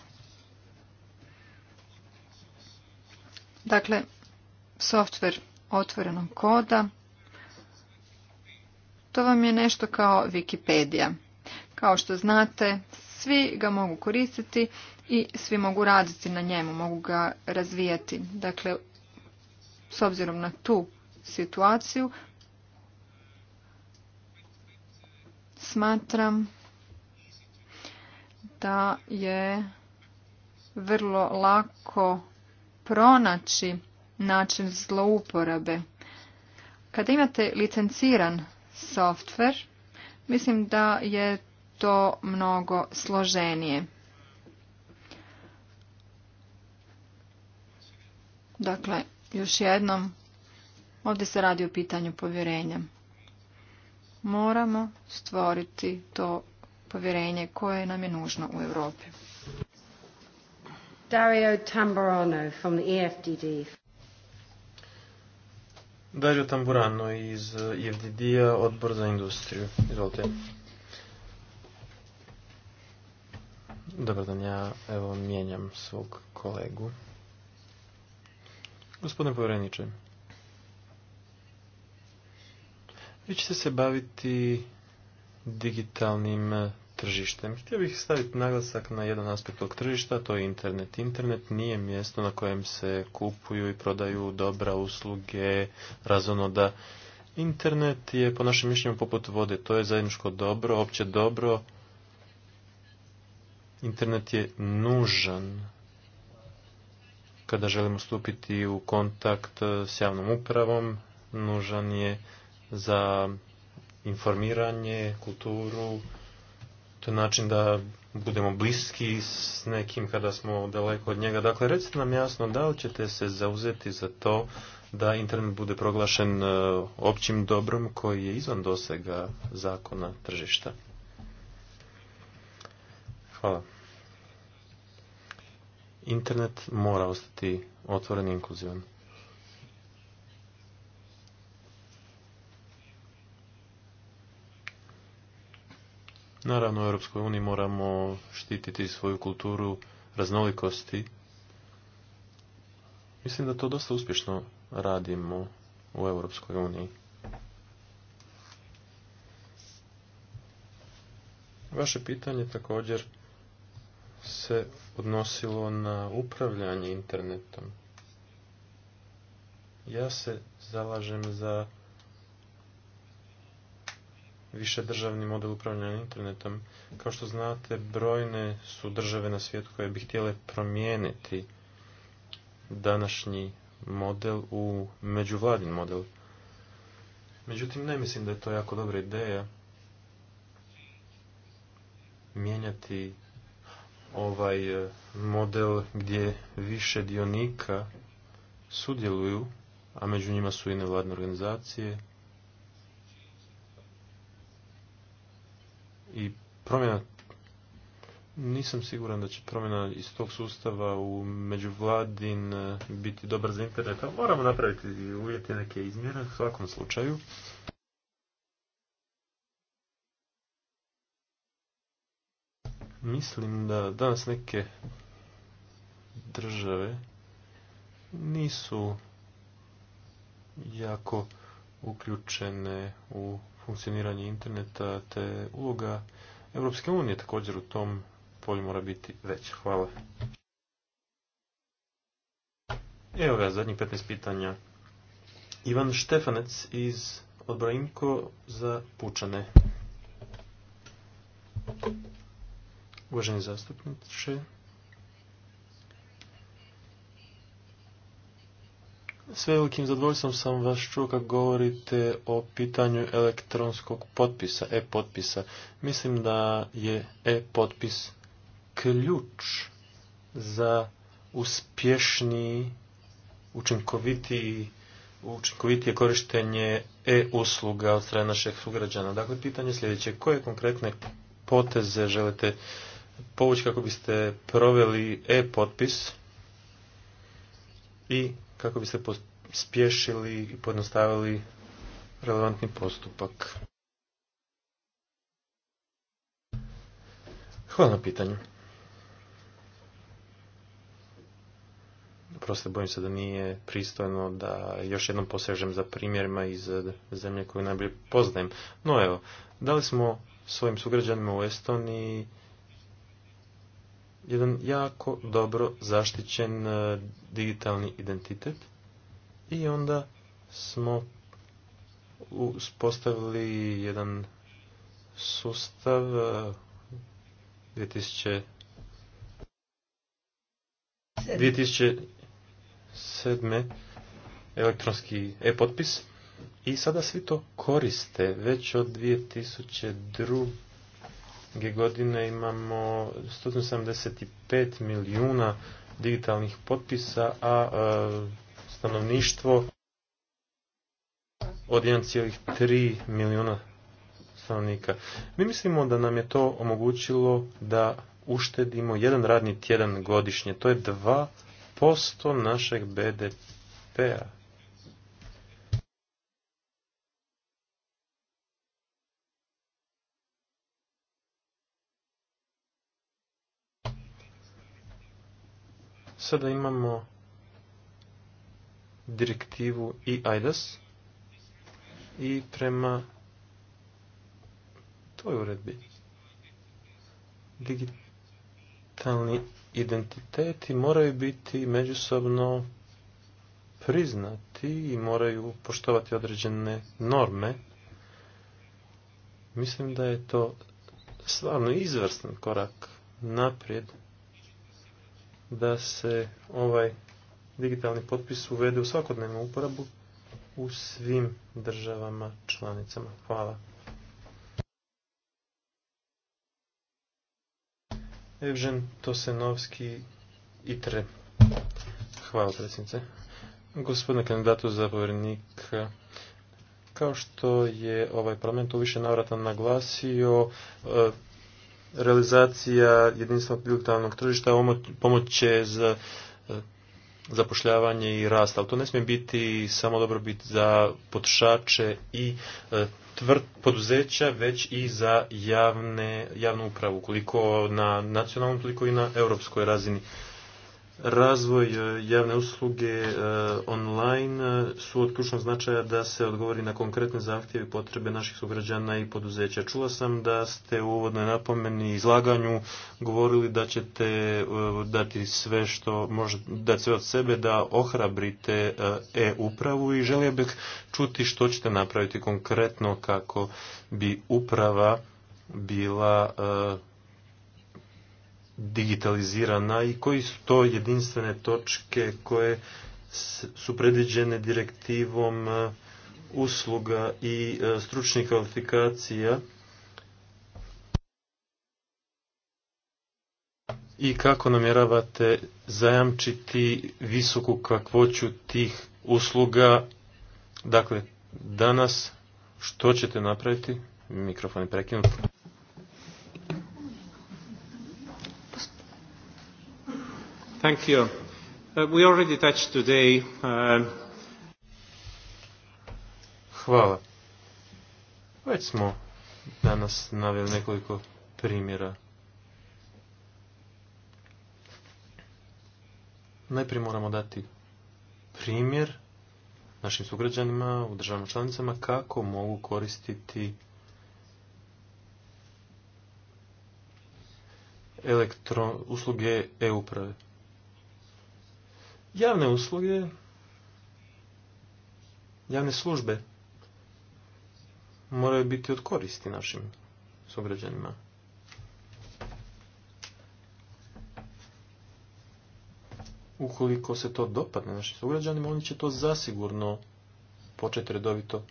[SPEAKER 2] Dakle, softver otvorenog koda, to vam je nešto kao Wikipedia. Kao što znate, svi ga mogu koristiti i svi mogu raditi na njemu, mogu ga razvijati. Dakle, s obzirom na tu situaciju, smatram da je vrlo lako pronaći način zlouporabe. Kada imate licenciran softver, mislim da je to mnogo složenije. Dakle, još jednom, ovdje se radi o pitanju povjerenja. Moramo stvoriti to povjerenje koje nam je nužno u Europi. Dario Tamburano from e
[SPEAKER 3] iz EFDD-a, eh, e odbor za industriju. Izvolite. Dobar ja evo mijenjam svog kolegu. Gospodine povjereniče, vi ćete se baviti digitalnim eh, tržištem. Htio bih staviti naglasak na jedan aspekt tog tržišta, to je internet. Internet nije mjesto na kojem se kupuju i prodaju dobra usluge, razumno da internet je po našem mišljenju poput vode, to je zajedničko dobro, opće dobro. Internet je nužan kada želimo stupiti u kontakt s javnom upravom, nužan je za informiranje, kulturu, to način da budemo bliski s nekim kada smo daleko od njega. Dakle, recite nam jasno da li ćete se zauzeti za to da internet bude proglašen e, općim dobrom koji je izvan dosega zakona tržišta. Hvala. Internet mora ostati otvoren i inkluzivan. Naravno, u Europskoj uniji moramo štititi svoju kulturu raznolikosti. Mislim da to dosta uspješno radimo u Europskoj uniji. Vaše pitanje također se odnosilo na upravljanje internetom. Ja se zalažem za više državni model upravljanja internetom. Kao što znate, brojne su države na svijetu koje bi htjele promijeniti današnji model u međuvladin model. Međutim, ne mislim da je to jako dobra ideja mijenjati ovaj e, model gdje više dionika sudjeluju, a među njima su i nevladne organizacije, i promjena nisam siguran da će promjena iz tog sustava u međuvladin eh, biti dobar za internet, moramo napraviti uvjeti neke izmjene u svakom slučaju. Mislim da danas neke države nisu jako uključene u funkcioniranje interneta, te uloga Europske unije također u tom polju mora biti veća. Hvala. Evo ga, zadnjih 15 pitanja. Ivan Štefanec iz odbora za Pučane. Uvaženi zastupniče, S velikim zadovoljstvom sam vas čuo kako govorite o pitanju elektronskog potpisa, e-potpisa. Mislim da je e-potpis ključ za uspješniji, učinkovitiji, učinkovitije korištenje e-usluga od strane našeg sugrađana. Dakle, pitanje sljedeće. Koje konkretne poteze želite povući kako biste proveli e-potpis i kako bi se spješili i pojednostavili relevantni postupak. Hvala na pitanju. Proste, bojim se da nije pristojno da još jednom posežem za primjerima iz zemlje koju najbolje poznajem. No evo, da li smo svojim sugrađanima u Estoniji jedan jako dobro zaštićen e, digitalni identitet i onda smo uspostavili jedan sustav 2007. E, elektronski e-potpis i sada svi to koriste već od 2002 godine imamo 175 milijuna digitalnih potpisa, a e, stanovništvo od 1,3 milijuna stanovnika. Mi mislimo da nam je to omogućilo da uštedimo jedan radni tjedan godišnje. To je 2% našeg BDP-a. Sada imamo direktivu i IDAS i prema
[SPEAKER 2] toj uredbi
[SPEAKER 3] digitalni identiteti moraju biti međusobno priznati i moraju poštovati određene norme. Mislim da je to stvarno izvrstan korak naprijed da se ovaj digitalni potpis uvede u svakodnevnu uporabu u svim državama članicama. Hvala. Evžen Tosenovski ITRE. Hvala predsjednice. Gospodine kandidatu za povjerenika, kao što je ovaj parlament u više navrata naglasio, realizacija jedinstvenog digitalnog tržišta pomoć će za eh, zapošljavanje i rast, ali to ne smije biti samo dobrobit za potrošače i eh, tvrt poduzeća, već i za javne, javnu upravu, koliko na nacionalnom, koliko i na europskoj razini razvoj e, javne usluge e, online e, su od ključnog značaja da se odgovori na konkretne zahtjeve i potrebe naših sugrađana i poduzeća. Čula sam da ste u uvodnoj napomeni izlaganju govorili da ćete dati sve što možete dati sve od sebe da ohrabrite e-upravu i želio bih čuti što ćete napraviti konkretno kako bi uprava bila digitalizirana i koji su to jedinstvene točke koje su predviđene direktivom e, usluga i e, stručnih kvalifikacija i kako namjeravate zajamčiti visoku kakvoću tih usluga. Dakle, danas što ćete napraviti? Mikrofon je prekinut. Thank you. Uh, we today. Uh, Hvala. Već smo danas naveli nekoliko primjera. Najprije moramo dati primjer našim sugrađanima u državnom članicama kako mogu koristiti elektron, usluge e-uprave. Javne usluge, javne službe moraju biti od koristi našim sugrađanima. Ukoliko se to dopadne našim sugrađanima, oni će to zasigurno početi redovito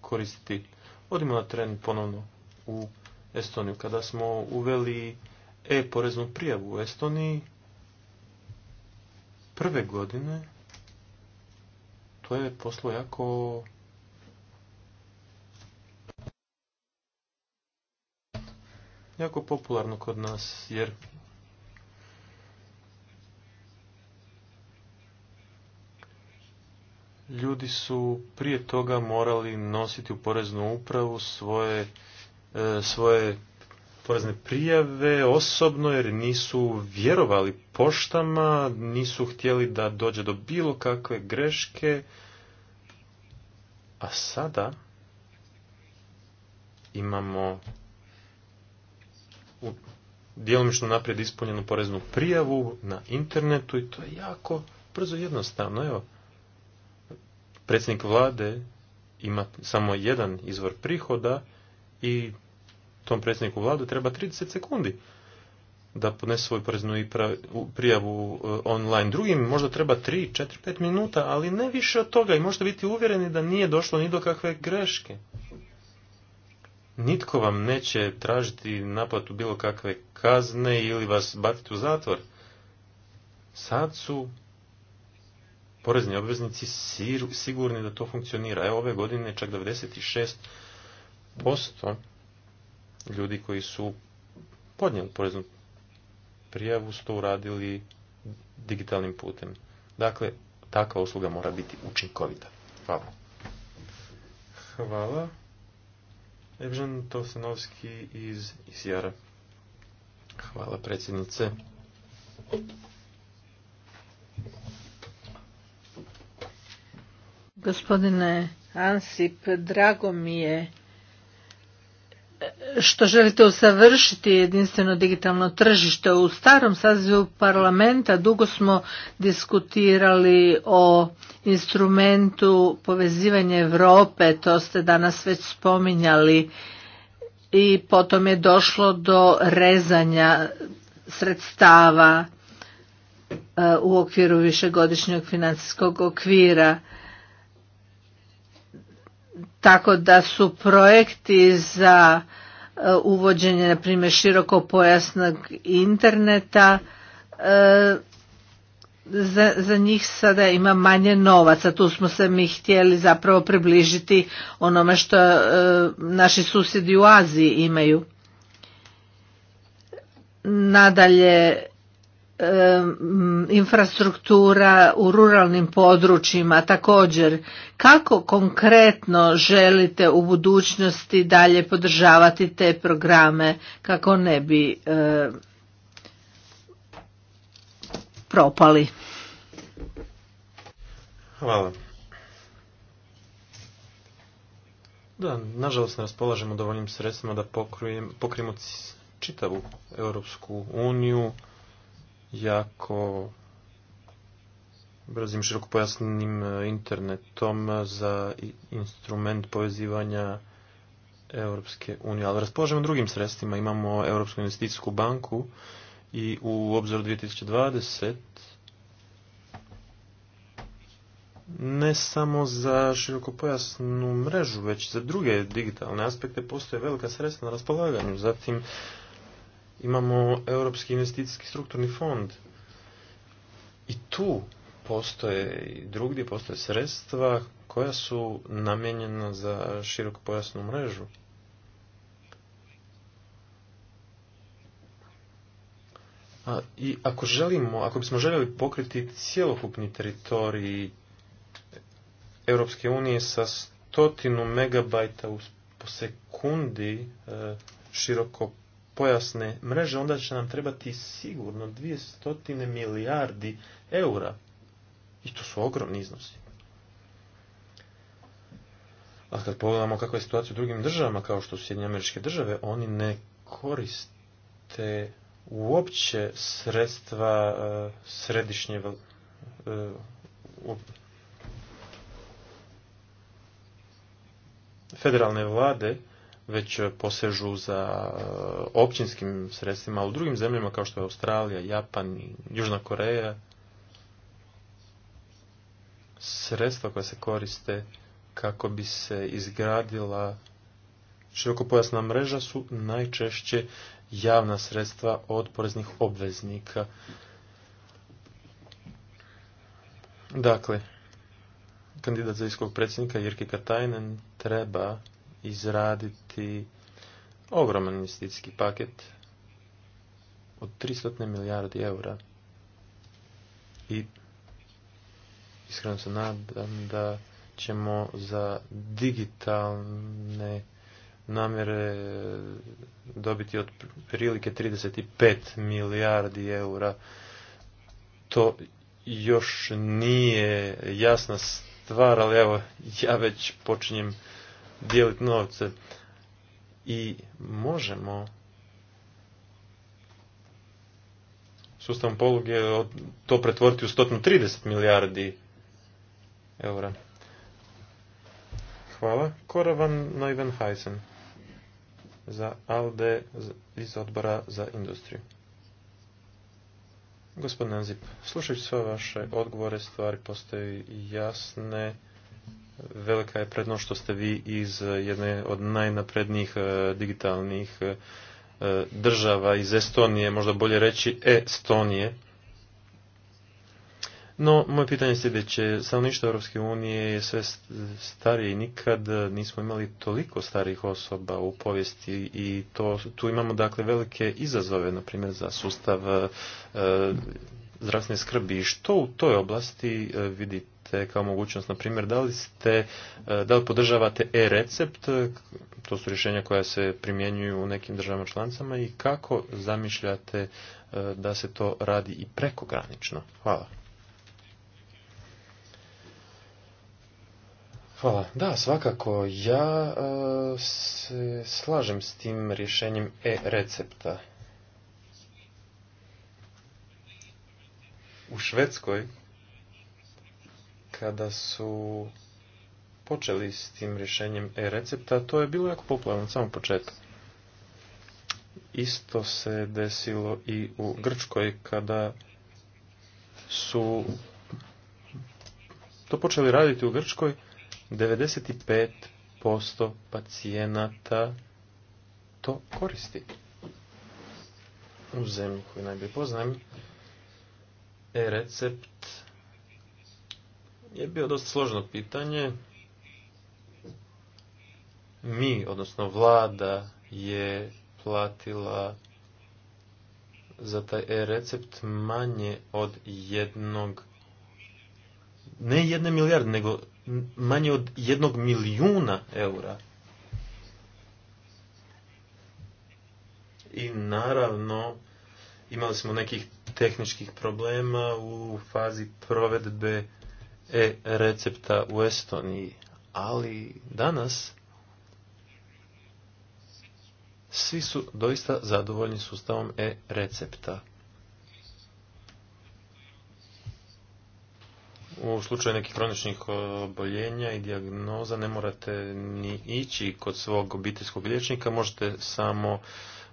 [SPEAKER 3] koristiti. Odimo na tren ponovno u Estoniju. Kada smo uveli e-poreznu prijavu u Estoniji, prve godine to je poslo jako jako popularno kod nas jer ljudi su prije toga morali nositi u poreznu upravu svoje, e, svoje porezne prijave osobno jer nisu vjerovali poštama, nisu htjeli da dođe do bilo kakve greške. A sada imamo u djelomično naprijed ispunjenu poreznu prijavu na internetu i to je jako brzo jednostavno. Evo, predsjednik vlade ima samo jedan izvor prihoda i tom predsjedniku vlade treba 30 sekundi da podnese svoju poreznu prijavu e, online. Drugim možda treba 3, 4, 5 minuta, ali ne više od toga i možete biti uvjereni da nije došlo ni do kakve greške. Nitko vam neće tražiti naplatu bilo kakve kazne ili vas baciti u zatvor. Sad su porezni obveznici sigurni da to funkcionira. Evo ove godine čak 96% ljudi koji su podnijeli poreznu prijavu su to uradili digitalnim putem. Dakle, takva usluga mora biti učinkovita. Hvala. Hvala. Evžan Tosanovski iz Isjara. Hvala predsjednice.
[SPEAKER 1] Gospodine Ansip, drago mi je što želite usavršiti jedinstveno digitalno tržište. U starom sazivu parlamenta dugo smo diskutirali o instrumentu povezivanja Europe, to ste danas već spominjali i potom je došlo do rezanja sredstava e, u okviru višegodišnjeg financijskog okvira tako da su projekti za uvođenje na primjer širokopojasnog interneta e, za, za njih sada ima manje novaca tu smo se mi htjeli zapravo približiti onome što e, naši susjedi u Aziji imaju nadalje infrastruktura u ruralnim područjima također kako konkretno želite u budućnosti dalje podržavati te programe kako ne bi propali
[SPEAKER 3] hvala da nažalost ne raspolažemo dovoljnim sredstvima da pokrijemo čitavu europsku uniju jako brzim širokopojasnim e, internetom za instrument povezivanja Europske unije. Ali raspolažemo drugim sredstvima. Imamo Europsku investicijsku banku i u obzoru 2020 ne samo za širokopojasnu mrežu, već za druge digitalne aspekte postoje velika sredstva na raspolaganju. Zatim Imamo Europski investicijski strukturni fond. I tu postoje i drugdje postoje sredstva koja su namijenjena za široko pojasnu mrežu. A, I ako želimo, ako bismo željeli pokriti cjelokupni teritorij Europske unije sa stotinu megabajta po sekundi e, široko pojasne mreže, onda će nam trebati sigurno 200 milijardi eura. I to su ogromni iznosi. A kad pogledamo kakva je situacija u drugim državama, kao što su Sjedinje američke države, oni ne koriste uopće sredstva e, središnje e, federalne vlade već e, posežu za e, općinskim sredstvima, u drugim zemljama kao što je Australija, Japan, Južna Koreja, sredstva koja se koriste kako bi se izgradila širokopojasna mreža su najčešće javna sredstva od poreznih obveznika. Dakle, kandidat za iskog predsjednika Jirke Katajnen treba izraditi ogroman investicijski paket od 300 milijardi eura. I iskreno se nadam da ćemo za digitalne namjere dobiti od prilike 35 milijardi eura. To još nije jasna stvar, ali evo, ja već počinjem dijeliti novce. I možemo sustavom poluge to pretvoriti u 130 milijardi eura. Hvala. Koravan Neuven Heisen za ALDE iz odbora za industriju. Gospodin Anzip, slušajući sve vaše odgovore, stvari postaju jasne velika je prednost što ste vi iz eh, jedne od najnaprednijih eh, digitalnih eh, država iz Estonije, možda bolje reći Estonije. No, moje pitanje je sljedeće. Stanovništvo Europske unije je sve starije i nikad nismo imali toliko starih osoba u povijesti i to, tu imamo dakle velike izazove, na primjer za sustav e, zdravstvene skrbi. Što u toj oblasti vidite? imate kao mogućnost, na primjer, da li, ste, e, da li podržavate e-recept, to su rješenja koja se primjenjuju u nekim državama članicama i kako zamišljate e, da se to radi i prekogranično? Hvala. Hvala. Da, svakako. Ja e, se slažem s tim rješenjem e-recepta. U Švedskoj, kada su počeli s tim rješenjem e-recepta, to je bilo jako popularno samo samog početka. Isto se desilo i u Grčkoj kada su to počeli raditi u Grčkoj 95% pacijenata to koristi. U zemlji koju najbolje poznajem e-recept je bio dosta složeno pitanje. Mi, odnosno vlada, je platila za taj e-recept manje od jednog, ne jedne milijarde, nego manje od jednog milijuna eura. I naravno, imali smo nekih tehničkih problema u fazi provedbe e-recepta u Estoniji, ali danas svi su doista zadovoljni sustavom e-recepta. U slučaju nekih kroničnih oboljenja i dijagnoza ne morate ni ići kod svog obiteljskog liječnika, možete samo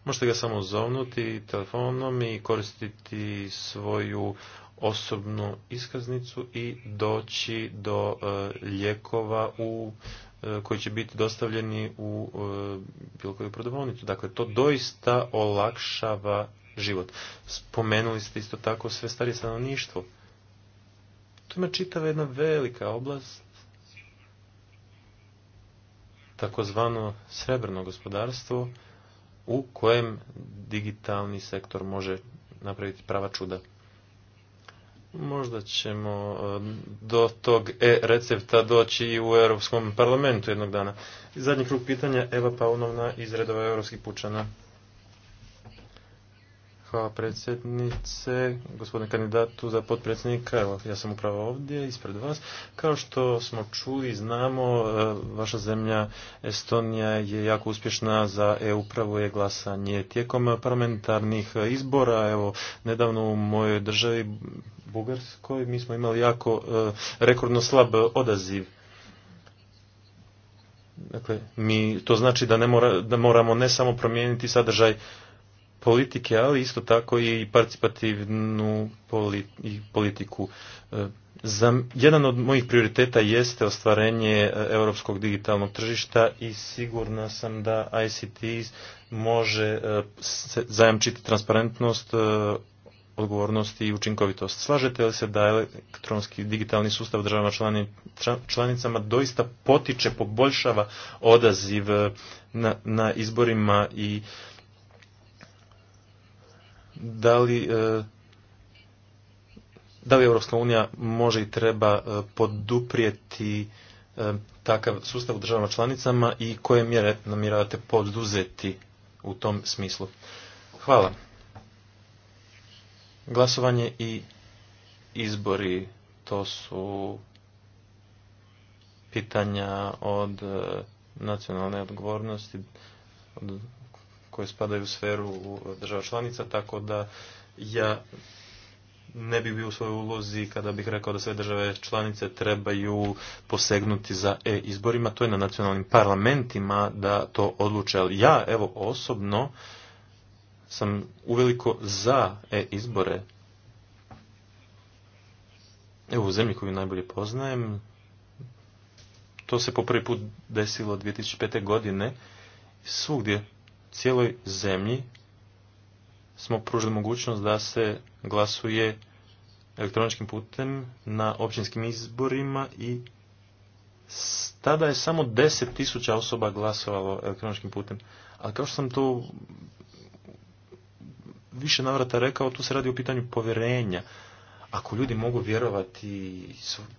[SPEAKER 3] Možete ga samo zovnuti telefonom i koristiti svoju osobnu iskaznicu i doći do e, lijekova u e, koji će biti dostavljeni u e, bilo koju prodavnicu. Dakle, to doista olakšava život. Spomenuli ste isto tako sve starije stanovništvo. To ima čitava jedna velika oblast takozvano srebrno gospodarstvo u kojem digitalni sektor može napraviti prava čuda. Možda ćemo eh, do tog e-recepta doći i u Europskom parlamentu jednog dana. Zadnji krug pitanja Eva Paunovna iz redova Europskih pučana. Hvala predsjednice, gospodine kandidatu za potpredsjednika, evo ja sam upravo ovdje ispred vas. Kao što smo čuli i znamo, e, vaša zemlja Estonija je jako uspješna za EU upravo je glasanje. Tijekom parlamentarnih izbora, evo nedavno u mojoj državi Bugarskoj mi smo imali jako e, rekordno slab odaziv. Dakle, mi, to znači da, ne mora, da moramo ne samo promijeniti sadržaj politike, ali isto tako i participativnu politiku. E, jedan od mojih prioriteta jeste ostvarenje e, europskog digitalnog tržišta i sigurna sam da ICT može e, zajamčiti transparentnost, odgovornost i učinkovitost. Slažete li se da elektronski digitalni sustav državama članicama doista potiče, poboljšava odaziv na izborima i da li e, da li Europska unija može i treba e, poduprijeti e, takav sustav u državama članicama i koje mjere namiravate poduzeti u tom smislu. Hvala. Glasovanje i izbori to su pitanja od nacionalne odgovornosti, od koje spadaju u sferu e, država članica, tako da ja ne bih bio u svojoj ulozi kada bih rekao da sve države članice trebaju posegnuti za e-izborima. To je na nacionalnim parlamentima da to odluče. Ali ja, evo, osobno sam uveliko za e-izbore. Evo, u zemlji koju najbolje poznajem, to se po prvi put desilo 2005. godine. Svugdje cijeloj zemlji smo pružili mogućnost da se glasuje elektroničkim putem na općinskim izborima i tada je samo 10.000 osoba glasovalo elektroničkim putem. Ali kao što sam to više navrata rekao, tu se radi o pitanju povjerenja ako ljudi mogu vjerovati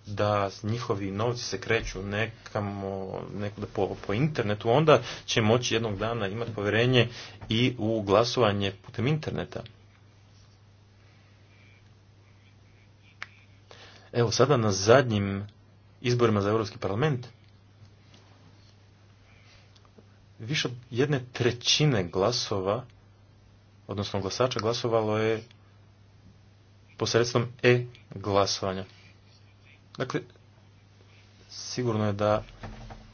[SPEAKER 3] da njihovi novci se kreću nekamo, nekuda po, po internetu, onda će moći jednog dana imati povjerenje i u glasovanje putem interneta. Evo sada na zadnjim izborima za Europski parlament više od jedne trećine glasova, odnosno glasača glasovalo je posredstvom e-glasovanja. Dakle, sigurno je da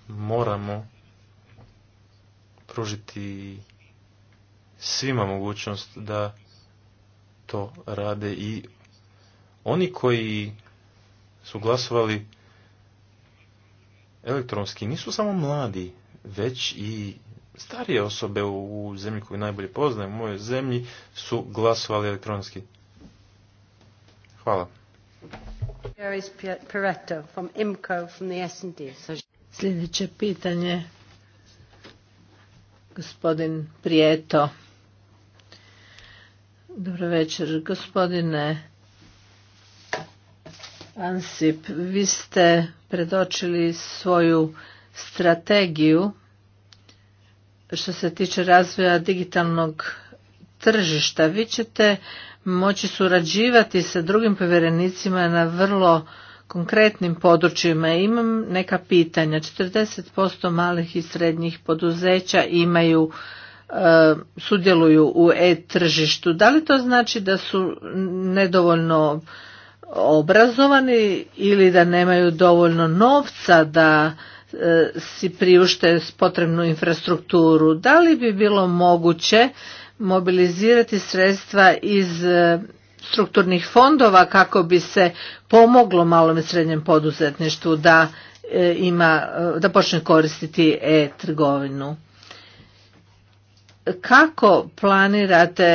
[SPEAKER 3] moramo pružiti svima mogućnost da to rade i oni koji su glasovali elektronski nisu samo mladi, već i starije osobe u zemlji koju najbolje poznajem, u mojoj zemlji, su glasovali elektronski. Hvala.
[SPEAKER 1] Sljedeće pitanje, gospodin Prijeto. Dobro večer, gospodine Ansip. Vi ste predočili svoju strategiju što se tiče razvoja digitalnog tržišta. Vi ćete moći surađivati sa drugim povjerenicima na vrlo konkretnim područjima. Imam neka pitanja. 40% malih i srednjih poduzeća imaju e, sudjeluju u e-tržištu. Da li to znači da su nedovoljno obrazovani ili da nemaju dovoljno novca da e, si priušte potrebnu infrastrukturu? Da li bi bilo moguće mobilizirati sredstva iz e, strukturnih fondova kako bi se pomoglo malom i srednjem poduzetništvu da e, ima, e, da počne koristiti e-trgovinu. Kako planirate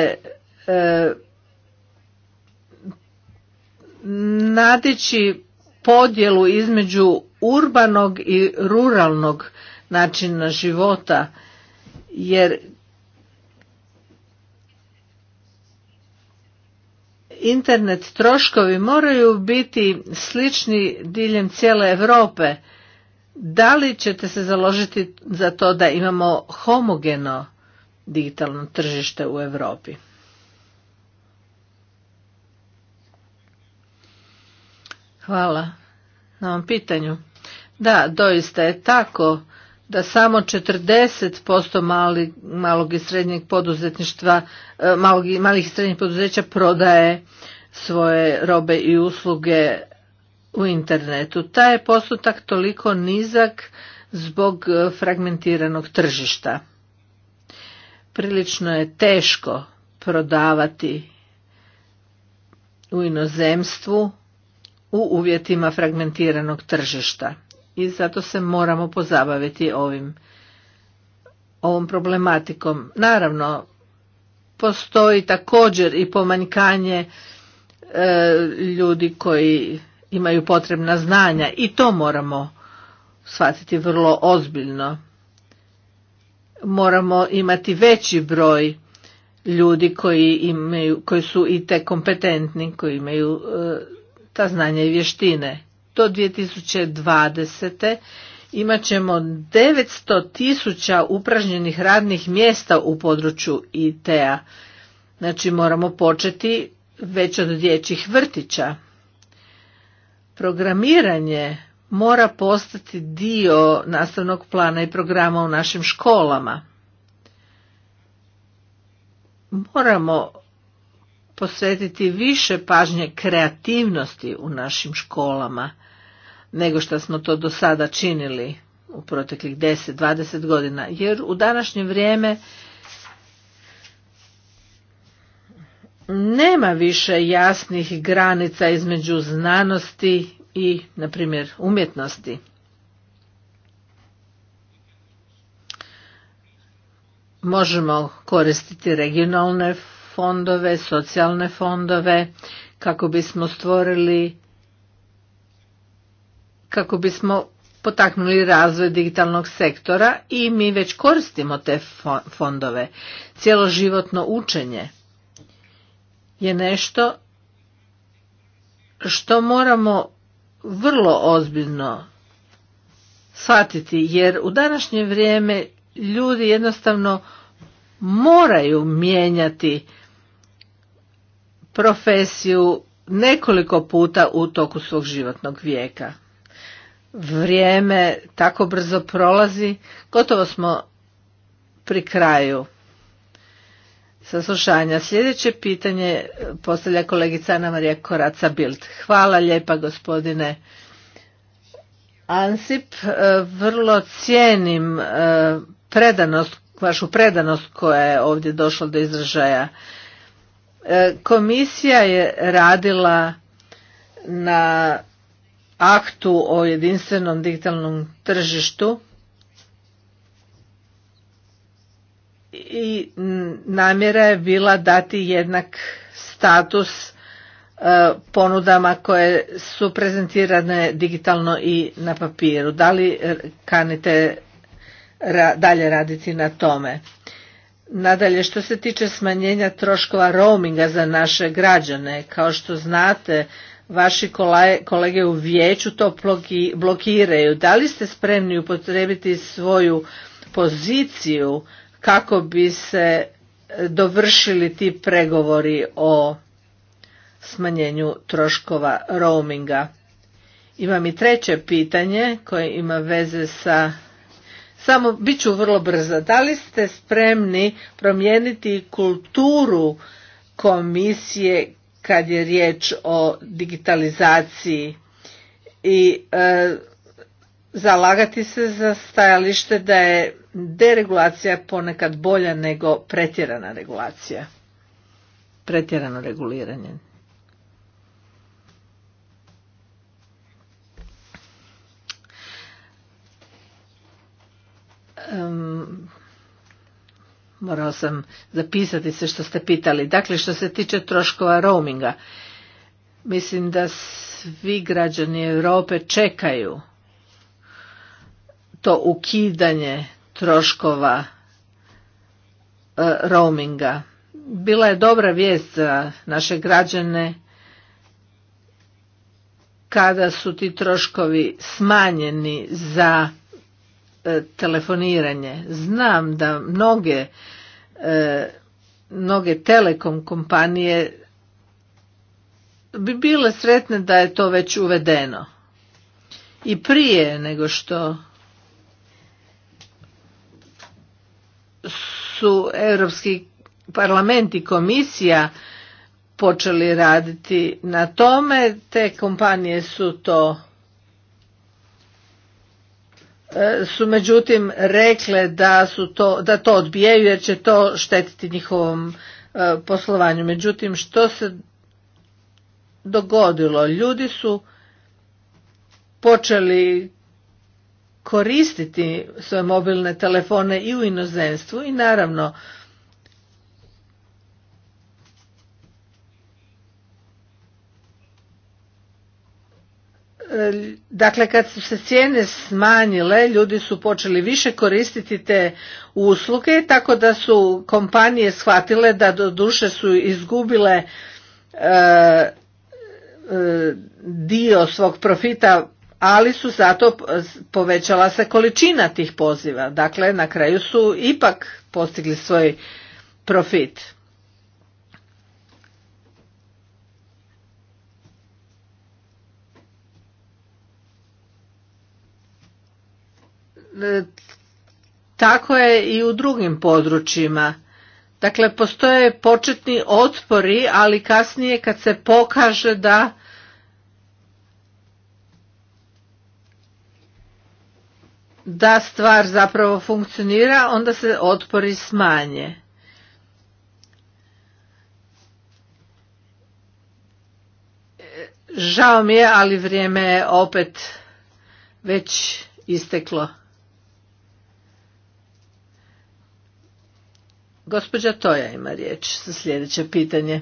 [SPEAKER 1] e, nadići podjelu između urbanog i ruralnog načina života jer internet troškovi moraju biti slični diljem cijele Europe. Da li ćete se založiti za to da imamo homogeno digitalno tržište u Europi? Hvala na ovom pitanju. Da, doista je tako da samo 40% mali, malog i srednjeg poduzetništva, e, malih i srednjih poduzeća prodaje svoje robe i usluge u internetu. Taj je postotak toliko nizak zbog e, fragmentiranog tržišta. Prilično je teško prodavati u inozemstvu u uvjetima fragmentiranog tržišta i zato se moramo pozabaviti ovim ovom problematikom. Naravno, postoji također i pomanjkanje e, ljudi koji imaju potrebna znanja i to moramo shvatiti vrlo ozbiljno. Moramo imati veći broj ljudi koji, imaju, koji su i te kompetentni, koji imaju e, ta znanja i vještine do 2020. imat ćemo 900 tisuća upražnjenih radnih mjesta u području IT-a. Znači moramo početi već od dječjih vrtića. Programiranje mora postati dio nastavnog plana i programa u našim školama. Moramo posvetiti više pažnje kreativnosti u našim školama nego što smo to do sada činili u proteklih 10-20 godina. Jer u današnje vrijeme nema više jasnih granica između znanosti i, na primjer, umjetnosti. Možemo koristiti regionalne fondove, socijalne fondove, kako bismo stvorili kako bismo potaknuli razvoj digitalnog sektora i mi već koristimo te fondove. Cjeloživotno učenje je nešto što moramo vrlo ozbiljno shvatiti jer u današnje vrijeme ljudi jednostavno moraju mijenjati profesiju nekoliko puta u toku svog životnog vijeka vrijeme tako brzo prolazi. Gotovo smo pri kraju saslušanja. Sljedeće pitanje postavlja kolegica Ana Marija Koraca Bild. Hvala lijepa gospodine Ansip. E, vrlo cijenim e, predanost, vašu predanost koja je ovdje došla do izražaja. E, komisija je radila na aktu o jedinstvenom digitalnom tržištu i namjera je bila dati jednak status e, ponudama koje su prezentirane digitalno i na papiru. Da li kanite dalje raditi na tome? Nadalje, što se tiče smanjenja troškova roaminga za naše građane, kao što znate, vaši kolege u vijeću to blokiraju. Da li ste spremni upotrebiti svoju poziciju kako bi se dovršili ti pregovori o smanjenju troškova roaminga? Imam i treće pitanje koje ima veze sa samo bit ću vrlo brza. Da li ste spremni promijeniti kulturu komisije kad je riječ o digitalizaciji i e, zalagati se za stajalište da je deregulacija ponekad bolja nego pretjerana regulacija pretjerano reguliranje um, morao sam zapisati se što ste pitali. Dakle, što se tiče troškova roaminga, mislim da svi građani Europe čekaju to ukidanje troškova e, roaminga. Bila je dobra vijest za naše građane kada su ti troškovi smanjeni za E, telefoniranje. Znam da mnoge e, mnoge telekom kompanije bi bile sretne da je to već uvedeno. I prije nego što su Europski parlament i komisija počeli raditi na tome, te kompanije su to E, su međutim rekle da, su to, da to odbijaju jer će to štetiti njihovom e, poslovanju. Međutim, što se dogodilo? Ljudi su počeli koristiti svoje mobilne telefone i u inozemstvu i naravno Dakle, kad su se cijene smanjile, ljudi su počeli više koristiti te usluge, tako da su kompanije shvatile da doduše su izgubile e, e, dio svog profita, ali su zato povećala se količina tih poziva. Dakle, na kraju su ipak postigli svoj profit. tako je i u drugim područjima. Dakle, postoje početni otpori, ali kasnije kad se pokaže da da stvar zapravo funkcionira, onda se otpori smanje. Žao mi je, ali vrijeme je opet već isteklo. Gospođa Toja ima riječ za sljedeće pitanje.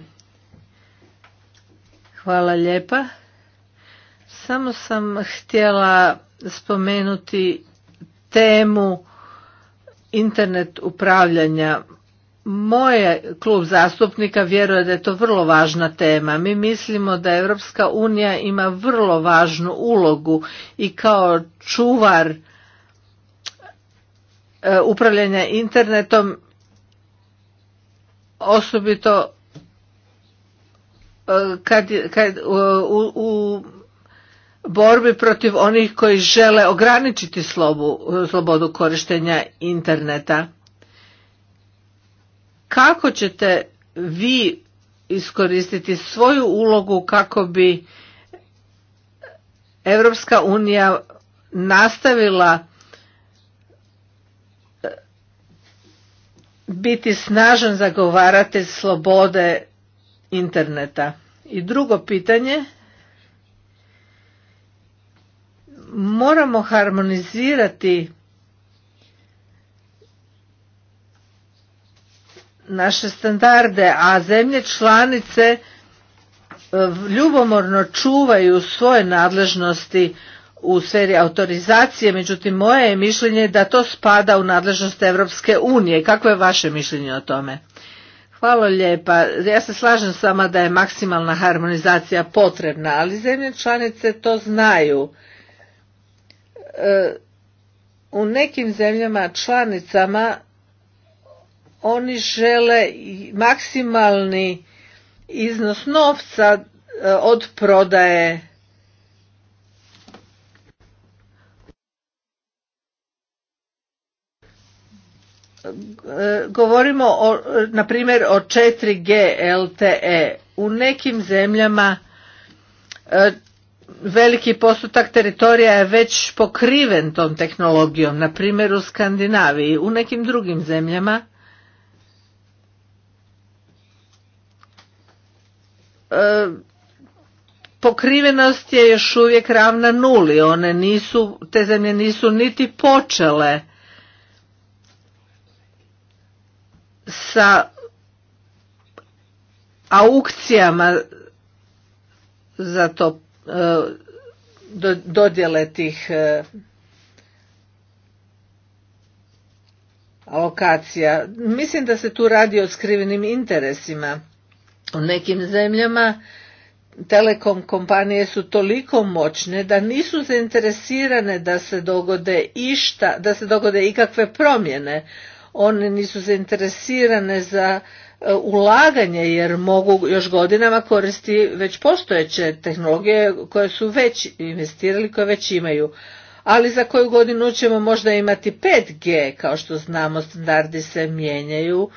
[SPEAKER 1] Hvala lijepa. Samo sam htjela spomenuti temu internet upravljanja. Moj klub zastupnika vjeruje da je to vrlo važna tema. Mi mislimo da Europska unija ima vrlo važnu ulogu i kao čuvar e, upravljanja internetom osobito e, kad, kad e, u, u borbi protiv onih koji žele ograničiti slobodu korištenja interneta. Kako ćete vi iskoristiti svoju ulogu kako bi Europska unija nastavila biti snažan zagovaratelj slobode interneta. I drugo pitanje, moramo harmonizirati naše standarde, a zemlje članice e, ljubomorno čuvaju svoje nadležnosti u sferi autorizacije, međutim moje je mišljenje da to spada u nadležnost Europske unije. Kako je vaše mišljenje o tome? Hvala lijepa. Ja se slažem s vama da je maksimalna harmonizacija potrebna, ali zemlje članice to znaju. E, u nekim zemljama članicama oni žele maksimalni iznos novca e, od prodaje govorimo o, na primjer o 4G LTE. U nekim zemljama e, veliki postotak teritorija je već pokriven tom tehnologijom, na primjer u Skandinaviji, u nekim drugim zemljama. E, pokrivenost je još uvijek ravna nuli, one nisu, te zemlje nisu niti počele sa aukcijama za to e, dodjele tih e, alokacija. Mislim da se tu radi o skrivenim interesima. U nekim zemljama telekom kompanije su toliko moćne da nisu zainteresirane da se dogode išta, da se dogode ikakve promjene one nisu zainteresirane za e, ulaganje jer mogu još godinama koristi već postojeće tehnologije koje su već investirali, koje već imaju. Ali za koju godinu ćemo možda imati 5G, kao što znamo standardi se mijenjaju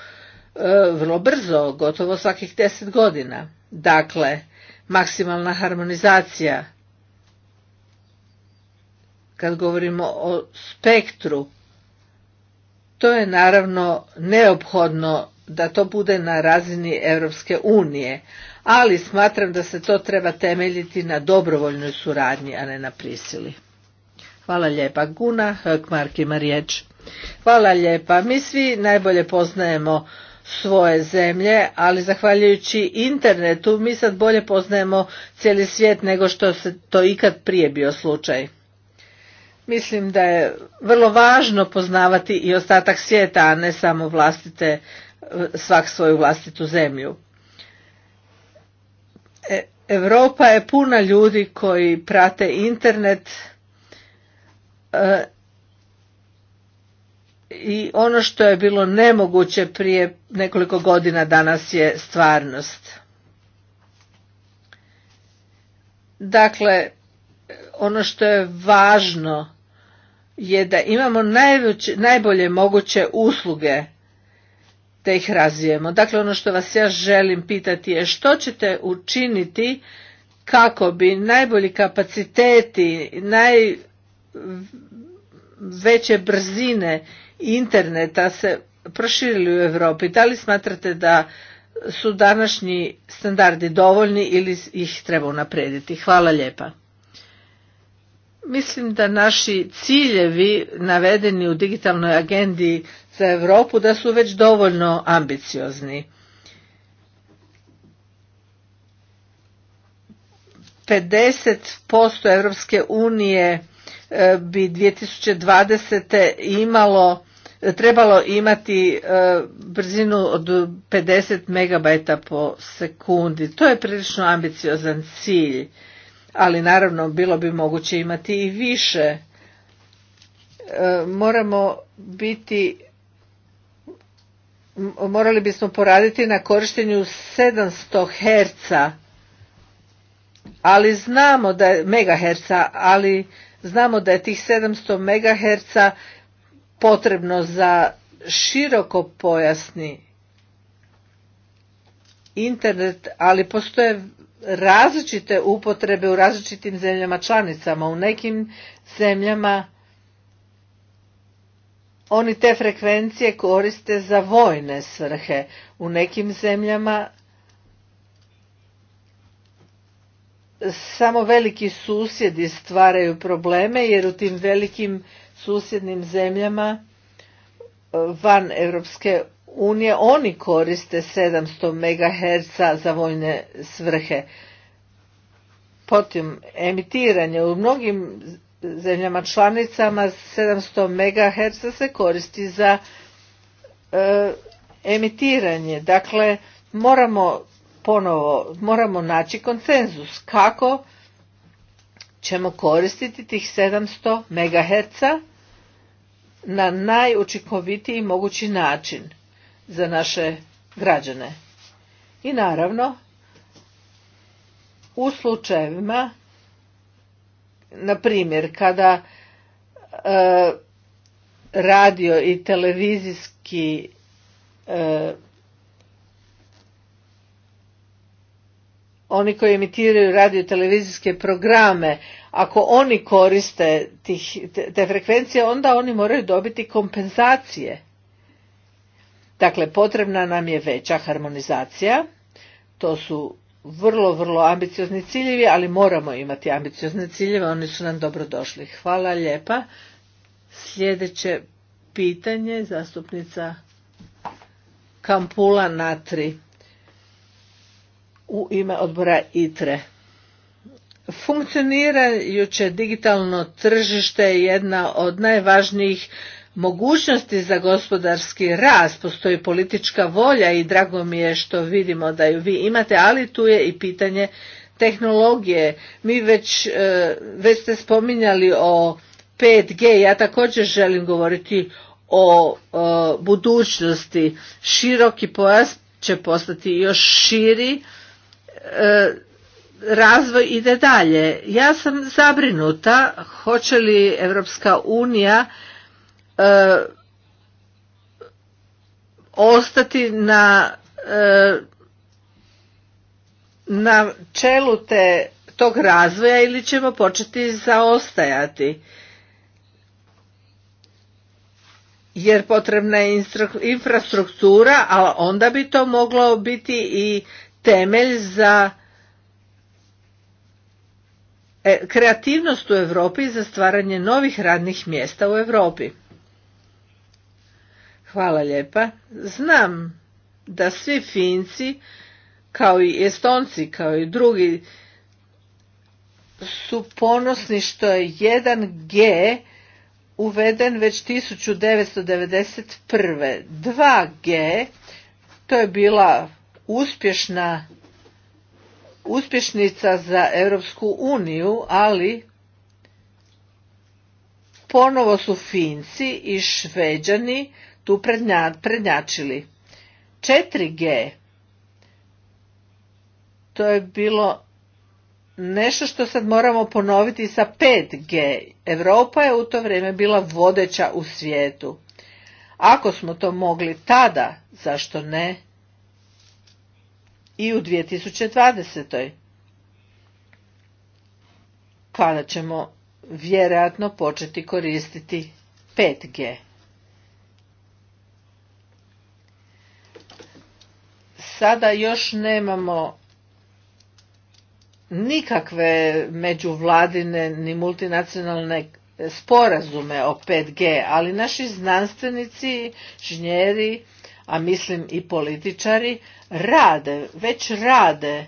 [SPEAKER 1] e, vrlo brzo, gotovo svakih 10 godina. Dakle, maksimalna harmonizacija kad govorimo o spektru to je naravno neophodno da to bude na razini Europske unije, ali smatram da se to treba temeljiti na dobrovoljnoj suradnji, a ne na prisili. Hvala lijepa. Guna Hökmark ima riječ. Hvala lijepa. Mi svi najbolje poznajemo svoje zemlje, ali zahvaljujući internetu mi sad bolje poznajemo cijeli svijet nego što se to ikad prije bio slučaj. Mislim da je vrlo važno poznavati i ostatak svijeta, a ne samo vlastite, e, svak svoju vlastitu zemlju. E, Europa je puna ljudi koji prate internet e, i ono što je bilo nemoguće prije nekoliko godina danas je stvarnost. Dakle, ono što je važno je da imamo najbolje moguće usluge da ih razvijemo. Dakle, ono što vas ja želim pitati je što ćete učiniti kako bi najbolji kapaciteti, najveće brzine interneta se proširili u Europi. Da li smatrate da su današnji standardi dovoljni ili ih treba naprediti? Hvala lijepa. Mislim da naši ciljevi navedeni u digitalnoj agendi za Europu da su već dovoljno ambiciozni. 50% Europske unije e, bi 2020. imalo trebalo imati e, brzinu od 50 megabajta po sekundi. To je prilično ambiciozan cilj ali naravno bilo bi moguće imati i više. E, moramo biti morali bismo poraditi na korištenju 700 herca ali znamo da je megaherca ali znamo da je tih 700 megaherca potrebno za široko pojasni internet ali postoje različite upotrebe u različitim zemljama članicama. U nekim zemljama oni te frekvencije koriste za vojne svrhe. U nekim zemljama samo veliki susjedi stvaraju probleme jer u tim velikim susjednim zemljama van Europske unije, oni koriste 700 MHz za vojne svrhe. Potim, emitiranje u mnogim zemljama članicama 700 MHz se koristi za e, emitiranje. Dakle, moramo ponovo, moramo naći konsenzus kako ćemo koristiti tih 700 MHz na najučinkovitiji mogući način za naše građane. I naravno, u slučajevima, na primjer, kada e, radio i televizijski e, oni koji emitiraju radio i televizijske programe, ako oni koriste tih, te, te frekvencije, onda oni moraju dobiti kompenzacije. Dakle, potrebna nam je veća harmonizacija, to su vrlo, vrlo ambiciozni ciljevi, ali moramo imati ambiciozne ciljeve, oni su nam dobro došli. Hvala lijepa. Sljedeće pitanje, zastupnica Kampula Natri u ime odbora ITRE. Funkcionirajuće digitalno tržište je jedna od najvažnijih mogućnosti za gospodarski rast, postoji politička volja i drago mi je što vidimo da ju vi imate, ali tu je i pitanje tehnologije. Mi već, e, već ste spominjali o 5G, ja također želim govoriti o, e, budućnosti. Široki pojas će postati još širi, e, razvoj ide dalje. Ja sam zabrinuta hoće li Europska unija E, ostati na e, na čelu te tog razvoja ili ćemo početi zaostajati jer potrebna je infrastruktura, a onda bi to moglo biti i temelj za e, kreativnost u Europi i za stvaranje novih radnih mjesta u Europi. Hvala lijepa. Znam da svi Finci, kao i Estonci, kao i drugi, su ponosni što je 1G uveden već 1991. 2G, to je bila uspješna uspješnica za Europsku uniju, ali ponovo su Finci i Šveđani tu prednjačili. 4G, to je bilo nešto što sad moramo ponoviti sa 5G. Europa je u to vrijeme bila vodeća u svijetu. Ako smo to mogli tada, zašto ne? I u 2020. Kada ćemo vjerojatno početi koristiti 5G. sada još nemamo nikakve međuvladine ni multinacionalne sporazume o 5G, ali naši znanstvenici, inženjeri, a mislim i političari, rade, već rade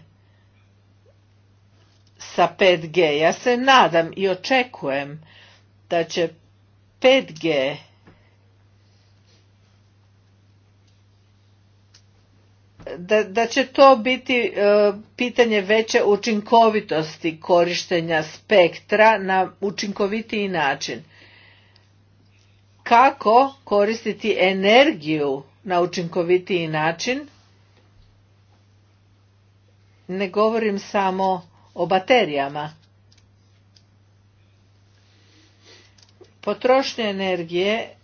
[SPEAKER 1] sa 5G. Ja se nadam i očekujem da će 5G da, će to biti e, pitanje veće učinkovitosti korištenja spektra na učinkovitiji način kako koristiti energiju na učinkovitiji način ne govorim samo o baterijama potrošnja energije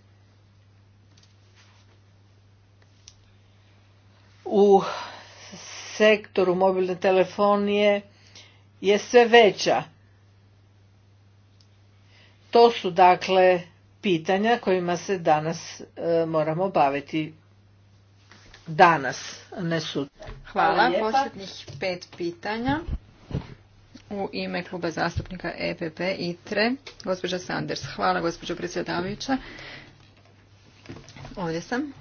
[SPEAKER 1] u sektoru mobilne telefonije je sve veća. To su dakle pitanja kojima se danas e, moramo baviti danas, ne sutra. Hvala, Hvala
[SPEAKER 2] pet pitanja. U ime kluba zastupnika EPP ITRE, gospođa Sanders. Hvala, gospođo predsjedavajuća. Ovdje sam.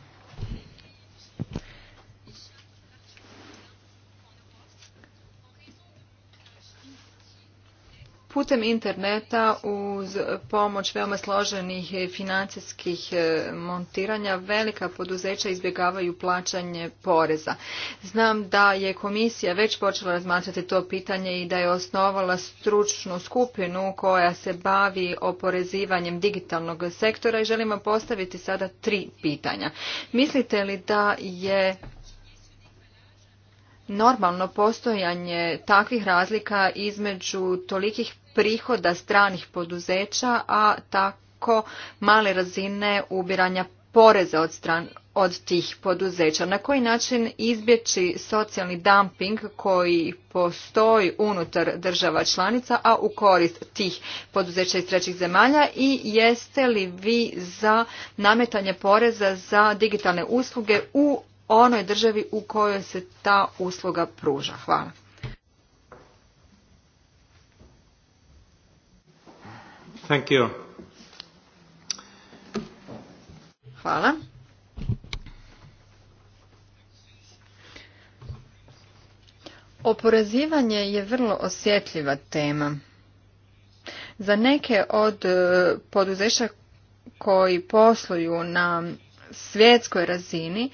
[SPEAKER 2] putem interneta uz pomoć veoma složenih financijskih e, montiranja velika poduzeća izbjegavaju plaćanje poreza. Znam da je komisija već počela razmatrati to pitanje i da je osnovala stručnu skupinu koja se bavi oporezivanjem digitalnog sektora i želimo postaviti sada tri pitanja. Mislite li da je normalno postojanje takvih razlika između tolikih prihoda stranih poduzeća, a tako male razine ubiranja poreza od, stran, od tih poduzeća. Na koji način izbjeći socijalni dumping koji postoji unutar država članica, a u korist tih poduzeća iz trećih zemalja i jeste li vi za nametanje poreza za digitalne usluge u onoj državi u kojoj se ta usluga pruža? Hvala. Hvala. Oporezivanje je vrlo osjetljiva tema. Za neke od e, poduzeća koji posluju na svjetskoj razini,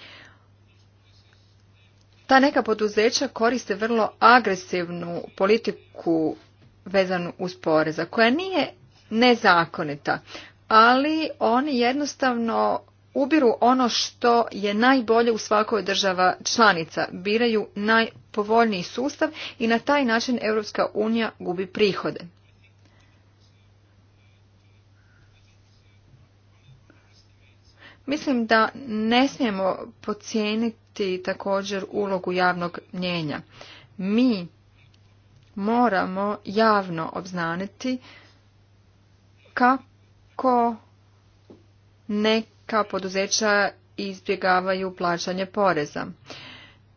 [SPEAKER 2] ta neka poduzeća koriste vrlo agresivnu politiku vezanu uz poreza, koja nije nezakonita, ali oni jednostavno ubiru ono što je najbolje u svakoj država članica, biraju najpovoljniji sustav i na taj način Europska unija gubi prihode. Mislim da ne smijemo pocijeniti također ulogu javnog mnjenja. Mi moramo javno obznaniti kako neka poduzeća izbjegavaju plaćanje poreza.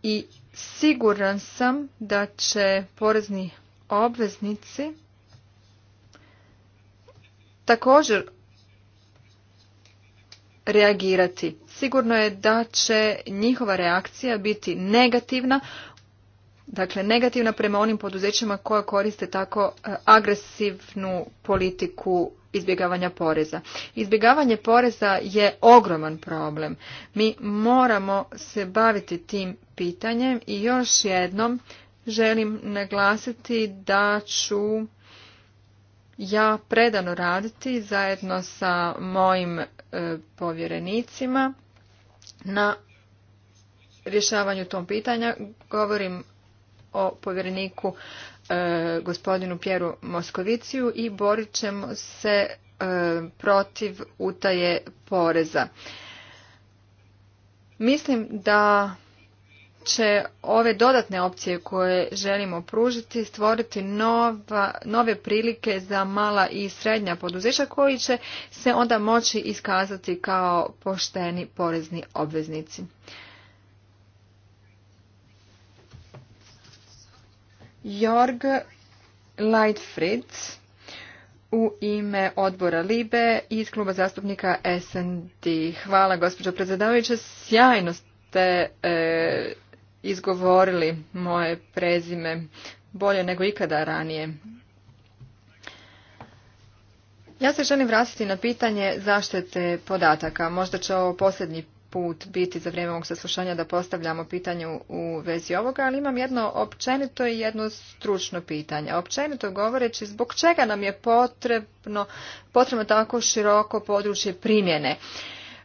[SPEAKER 2] I siguran sam da će porezni obveznici također reagirati. Sigurno je da će njihova reakcija biti negativna, dakle negativna prema onim poduzećima koja koriste tako e, agresivnu politiku izbjegavanja poreza. Izbjegavanje poreza je ogroman problem. Mi moramo se baviti tim pitanjem i još jednom želim naglasiti da ću ja predano raditi zajedno sa mojim e, povjerenicima na rješavanju tom pitanja. Govorim o povjereniku E, gospodinu Pjeru Moskoviciju i borit ćemo se e, protiv utaje poreza. Mislim da će ove dodatne opcije koje želimo pružiti stvoriti nova, nove prilike za mala i srednja poduzeća koji će se onda moći iskazati kao pošteni porezni obveznici. Jorg Leitfried u ime odbora Libe iz kluba zastupnika SND. Hvala gospođo predsjedavajuća, sjajno ste e, izgovorili moje prezime bolje nego ikada ranije. Ja se želim vratiti na pitanje zaštite podataka. Možda će ovo posljednji put biti za vrijeme ovog saslušanja da postavljamo pitanje u vezi ovoga, ali imam jedno općenito i jedno stručno pitanje. Općenito govoreći zbog čega nam je potrebno, potrebno tako široko područje primjene.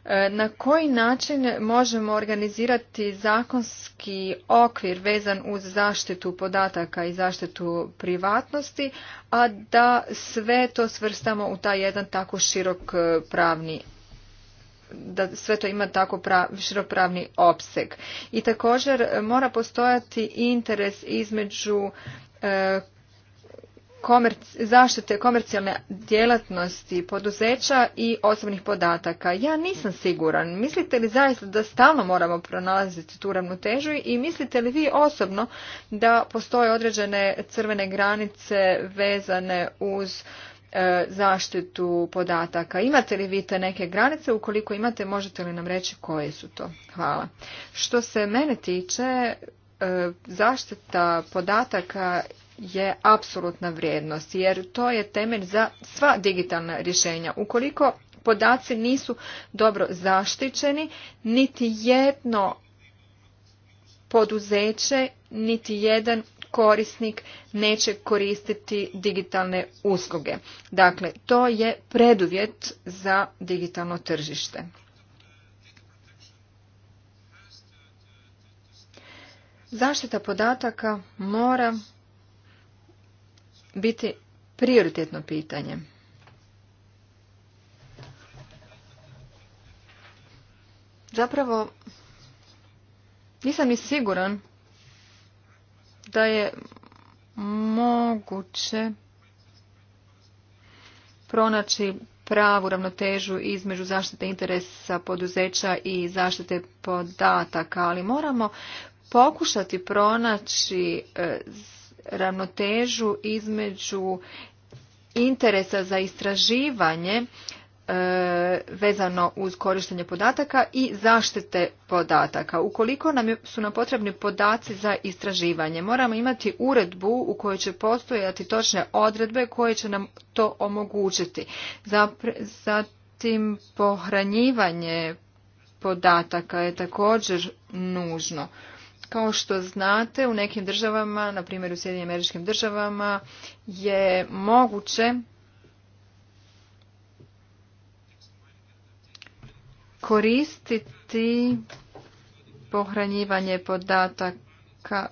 [SPEAKER 2] E, na koji način možemo organizirati zakonski okvir vezan uz zaštitu podataka i zaštitu privatnosti, a da sve to svrstamo u taj jedan tako širok e, pravni da sve to ima tako širopravni opseg. I također e, mora postojati interes između e, zaštite komercijalne djelatnosti poduzeća i osobnih podataka. Ja nisam siguran. Mislite li zaista da stalno moramo pronalaziti tu ravnotežu i mislite li vi osobno da postoje određene crvene granice vezane uz E, zaštitu podataka. Imate li vi te neke granice? Ukoliko imate, možete li nam reći koje su to? Hvala. Što se mene tiče, e, zaštita podataka je apsolutna vrijednost, jer to je temelj za sva digitalna rješenja. Ukoliko podaci nisu dobro zaštićeni, niti jedno poduzeće, niti jedan korisnik neće koristiti digitalne usluge. Dakle, to je preduvjet za digitalno tržište. Zaštita podataka mora biti prioritetno pitanje. Zapravo, nisam ni siguran da je moguće pronaći pravu ravnotežu između zaštite interesa poduzeća i zaštite podataka, ali moramo pokušati pronaći e, ravnotežu između interesa za istraživanje E, vezano uz korištenje podataka i zaštite podataka. Ukoliko nam su nam potrebni podaci za istraživanje, moramo imati uredbu u kojoj će postojati točne odredbe koje će nam to omogućiti. Zatim pohranjivanje podataka je također nužno. Kao što znate, u nekim državama, na primjer u Sjedinim američkim državama, je moguće koristiti pohranjivanje podataka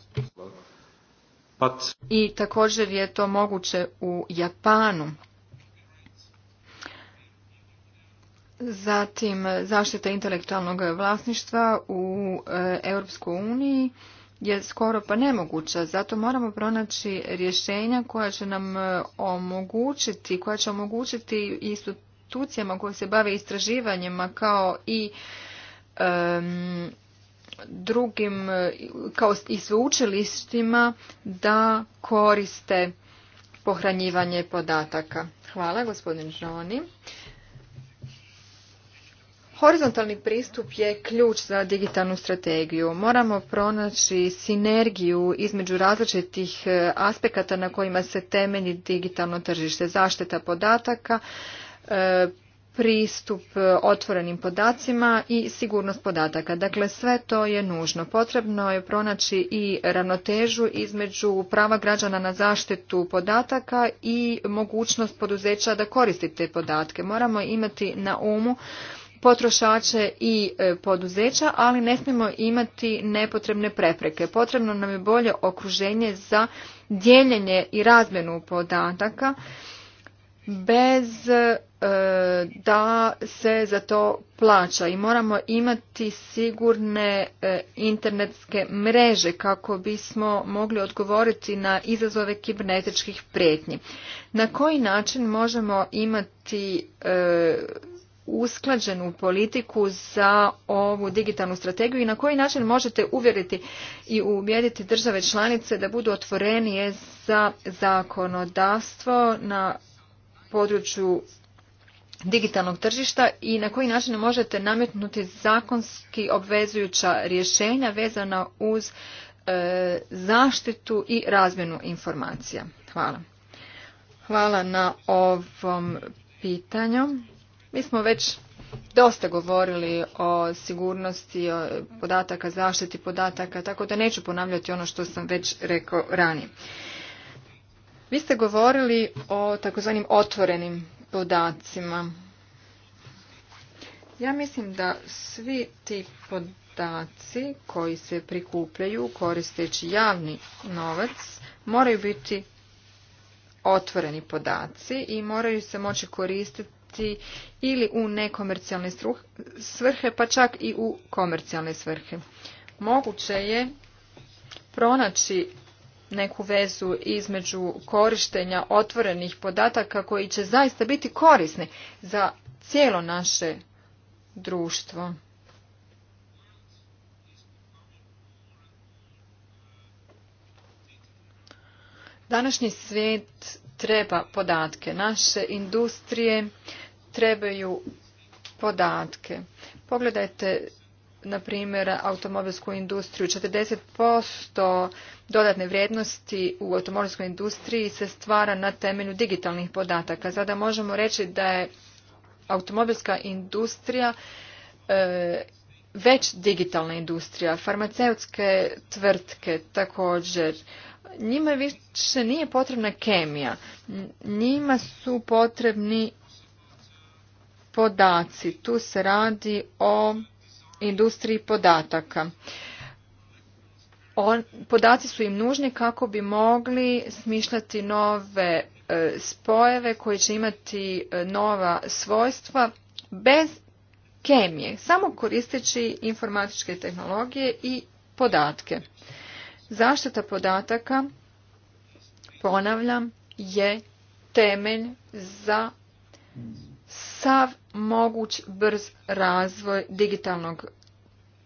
[SPEAKER 2] i također je to moguće u Japanu. Zatim zaštita intelektualnog vlasništva u e, Europskoj uniji je skoro pa nemoguća, zato moramo pronaći rješenja koja će nam e, omogućiti, koja će omogućiti istu institucijama koje se bave istraživanjima kao i drugim kao i sveučilištima da koriste pohranjivanje podataka. Hvala gospodin Žoni. Horizontalni pristup je ključ za digitalnu strategiju. Moramo pronaći sinergiju između različitih eh, aspekata na kojima se temelji digitalno tržište, zaštita podataka, E, pristup e, otvorenim podacima i sigurnost podataka. Dakle, sve to je nužno. Potrebno je pronaći i ravnotežu između prava građana na zaštitu podataka i mogućnost poduzeća da koristi te podatke. Moramo imati na umu potrošače i e, poduzeća, ali ne smijemo imati nepotrebne prepreke. Potrebno nam je bolje okruženje za dijeljenje i razmjenu podataka bez E, da se za to plaća i moramo imati sigurne e, internetske mreže kako bismo mogli odgovoriti na izazove kibernetičkih prijetnji. Na koji način možemo imati e, usklađenu politiku za ovu digitalnu strategiju i na koji način možete uvjeriti i ubijediti države članice da budu otvorenije za zakonodavstvo na području digitalnog tržišta i na koji način možete nametnuti zakonski obvezujuća rješenja vezana uz e, zaštitu i razmjenu informacija. Hvala. Hvala na ovom pitanju. Mi smo već dosta govorili o sigurnosti o podataka, zaštiti podataka, tako da neću ponavljati ono što sam već rekao ranije. Vi ste govorili o takozvanim otvorenim podacima. Ja mislim da svi ti podaci koji se prikupljaju koristeći javni novac moraju biti otvoreni podaci i moraju se moći koristiti ili u nekomercijalne svrhe, pa čak i u komercijalne svrhe. Moguće je pronaći neku vezu između korištenja otvorenih podataka koji će zaista biti korisni za cijelo naše društvo. Današnji svijet treba podatke. Naše industrije trebaju podatke. Pogledajte na primjer automobilsku industriju. 40% dodatne vrijednosti u automobilskoj industriji se stvara na temelju digitalnih podataka. Sada možemo reći da je automobilska industrija e, već digitalna industrija, farmaceutske tvrtke također. Njima više nije potrebna kemija. Njima su potrebni podaci. Tu se radi o industriji podataka. Podaci su im nužni kako bi mogli smišljati nove e, spojeve koji će imati e, nova svojstva bez kemije, samo koristeći informatičke tehnologije i podatke. Zaštita podataka, ponavljam, je temelj za sav moguć brz razvoj digitalnog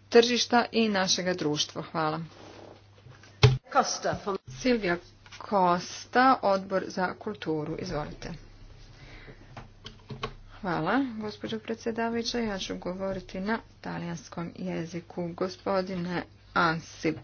[SPEAKER 2] tržišta i našega društva. Hvala. Kosta. Silvija Kosta, odbor za kulturu. Izvolite. Hvala, gospođo predsjedavića. Ja ću govoriti na talijanskom jeziku. Gospodine Ansip,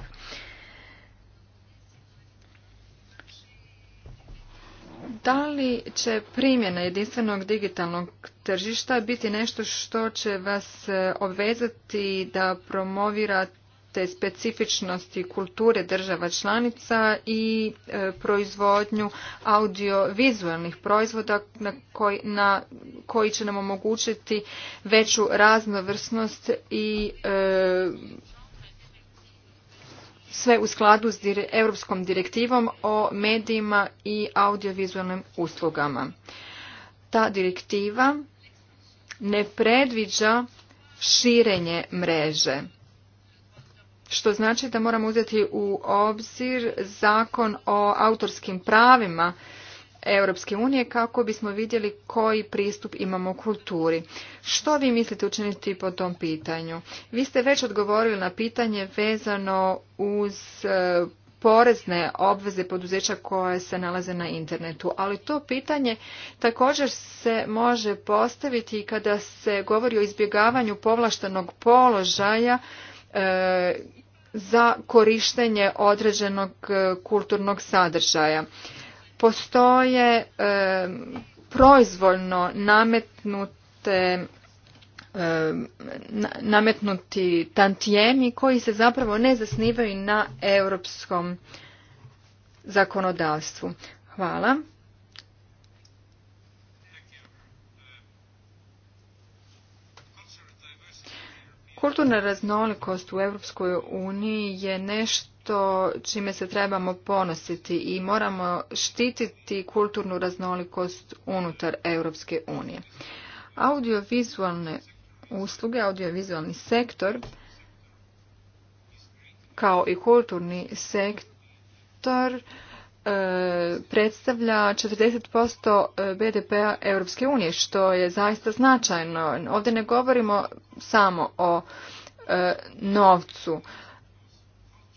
[SPEAKER 2] Da li će primjena jedinstvenog digitalnog tržišta biti nešto što će vas e, obvezati da promovirate specifičnosti kulture država članica i e, proizvodnju audiovizualnih proizvoda na koji, na koji će nam omogućiti veću raznovrsnost i e, sve u skladu s Europskom direktivom o medijima i audiovizualnim uslugama. Ta direktiva ne predviđa širenje mreže, što znači da moramo uzeti u obzir zakon o autorskim pravima Europske unije kako bismo vidjeli koji pristup imamo kulturi. Što vi mislite učiniti po tom pitanju? Vi ste već odgovorili na pitanje vezano uz e, porezne obveze poduzeća koje se nalaze na internetu, ali to pitanje također se može postaviti kada se govori o izbjegavanju povlaštenog položaja e, za korištenje određenog e, kulturnog sadržaja postoje e, proizvoljno nametnute e, nametnuti tantijemi koji se zapravo ne zasnivaju na europskom zakonodavstvu. Hvala. Kulturna raznolikost u Europskoj uniji je nešto nešto čime se trebamo ponositi i moramo štititi kulturnu raznolikost unutar Europske unije. Audiovizualne usluge, audiovizualni sektor kao i kulturni sektor e, predstavlja 40% e, BDP-a Europske unije, što je zaista značajno. Ovdje ne govorimo samo o e, novcu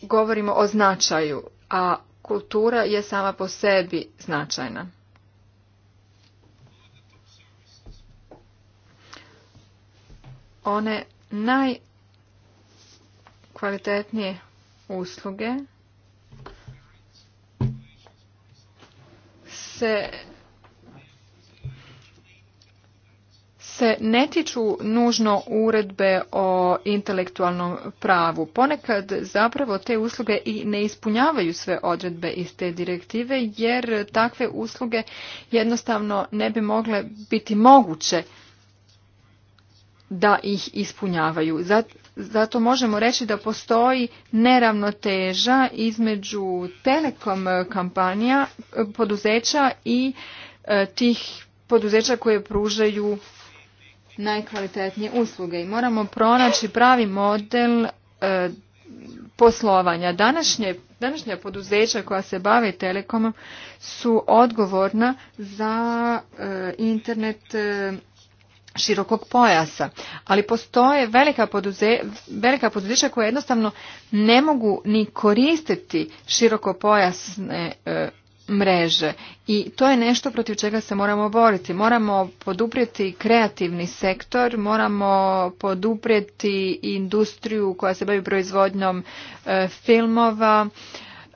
[SPEAKER 2] govorimo o značaju, a kultura je sama po sebi značajna. One najkvalitetnije usluge se se ne tiču nužno uredbe o intelektualnom pravu. Ponekad zapravo te usluge i ne ispunjavaju sve odredbe iz te direktive jer takve usluge jednostavno ne bi mogle biti moguće da ih ispunjavaju. Zato možemo reći da postoji neravnoteža između telekom kampanija, poduzeća i e, tih poduzeća koje pružaju najkvalitetnije usluge i moramo pronaći pravi model e, poslovanja. današnja poduzeća koja se bave telekomom su odgovorna za e, internet e, širokog pojasa, ali postoje velika, velika poduzeća koja jednostavno ne mogu ni koristiti širokopojasne mreže i to je nešto protiv čega se moramo boriti. Moramo poduprijeti kreativni sektor, moramo poduprijeti industriju koja se bavi proizvodnjom e, filmova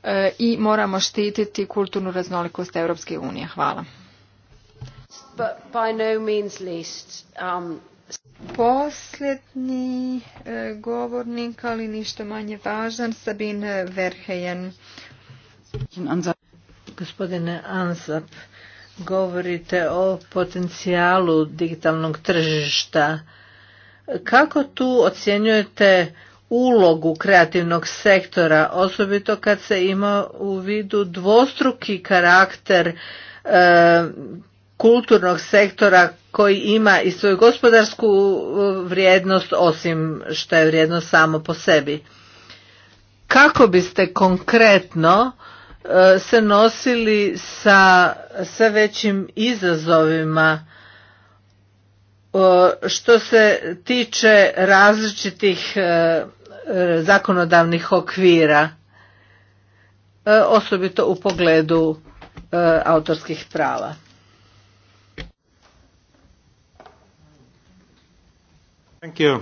[SPEAKER 2] e, i moramo štititi kulturnu raznolikost Europske unije. Hvala. Um, Posljednji e, govornik, ali ništa manje važan, Sabine Verhejen.
[SPEAKER 1] Gospodine Ansap, govorite o potencijalu digitalnog tržišta. Kako tu ocjenjujete ulogu kreativnog sektora, osobito kad se ima u vidu dvostruki karakter e, kulturnog sektora koji ima i svoju gospodarsku e, vrijednost osim što je vrijednost samo po sebi. Kako biste konkretno E, se nosili sa sve većim izazovima e, što se tiče različitih e, zakonodavnih okvira osobito u pogledu autorskih prava.
[SPEAKER 3] Thank you.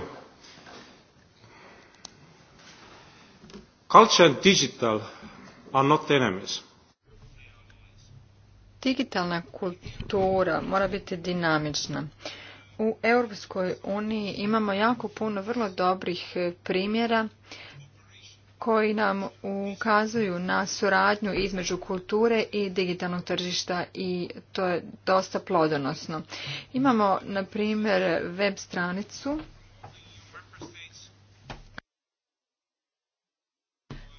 [SPEAKER 3] Culture and digital are not enemies.
[SPEAKER 2] Digitalna kultura mora biti dinamična. U Europskoj uniji imamo jako puno vrlo dobrih primjera koji nam ukazuju na suradnju između kulture i digitalnog tržišta i to je dosta plodonosno. Imamo, na primjer, web stranicu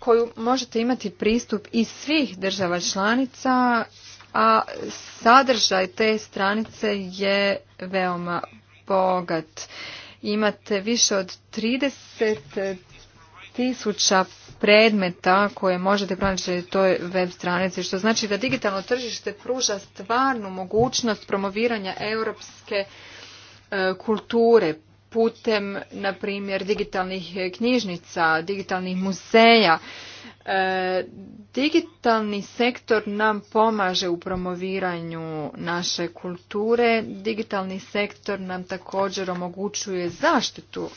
[SPEAKER 2] koju možete imati pristup iz svih država članica, a sadržaj te stranice je veoma bogat. Imate više od 30 tisuća predmeta koje možete pronaći na toj web stranici, što znači da digitalno tržište pruža stvarnu mogućnost promoviranja europske e, kulture, putem, na primjer, digitalnih knjižnica, digitalnih muzeja. E, digitalni sektor nam pomaže u promoviranju naše kulture. Digitalni sektor nam također omogućuje zaštitu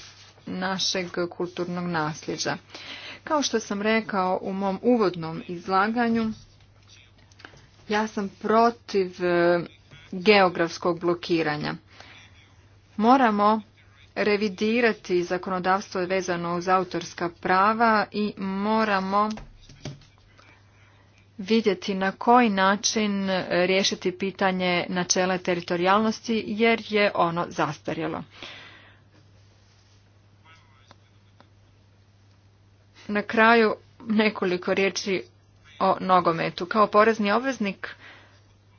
[SPEAKER 2] našeg kulturnog nasljeđa. Kao što sam rekao u mom uvodnom izlaganju, ja sam protiv e, geografskog blokiranja. Moramo revidirati zakonodavstvo vezano uz autorska prava i moramo vidjeti na koji način riješiti pitanje načela teritorijalnosti jer je ono zastarjelo. Na kraju nekoliko riječi o nogometu. Kao porezni obveznik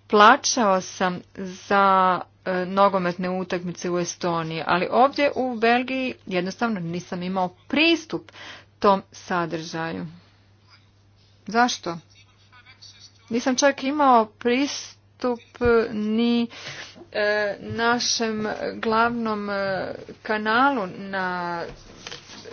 [SPEAKER 2] plaćao sam za E, nogometne utakmice u Estoniji, ali ovdje u Belgiji jednostavno nisam imao pristup tom sadržaju. Zašto? Nisam čak imao pristup ni e, našem glavnom e, kanalu na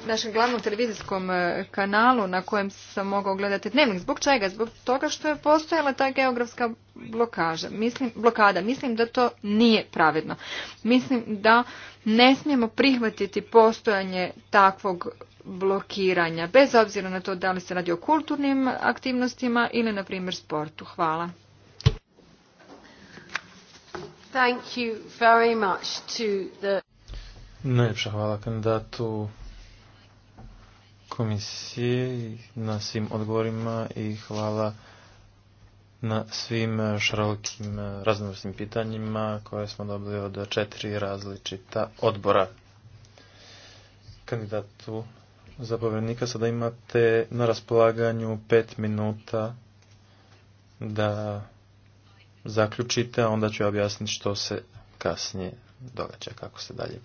[SPEAKER 2] našem glavnom televizijskom e, kanalu na kojem sam mogao gledati dnevnik. Zbog čega? Zbog toga što je postojala ta geografska blokaža. Mislim, blokada. Mislim da to nije pravedno. Mislim da ne smijemo prihvatiti postojanje takvog blokiranja, bez obzira na to da li se radi o kulturnim aktivnostima ili, na primjer, sportu. Hvala. Thank you very much to the...
[SPEAKER 3] Najljepša hvala kandidatu komisije na svim odgovorima i hvala na svim e, šarolikim e, raznovrsnim pitanjima koje smo dobili od četiri različita odbora. Kandidatu za povrednika. sada imate na raspolaganju pet minuta da zaključite, a onda ću objasniti što se kasnije događa, kako se dalje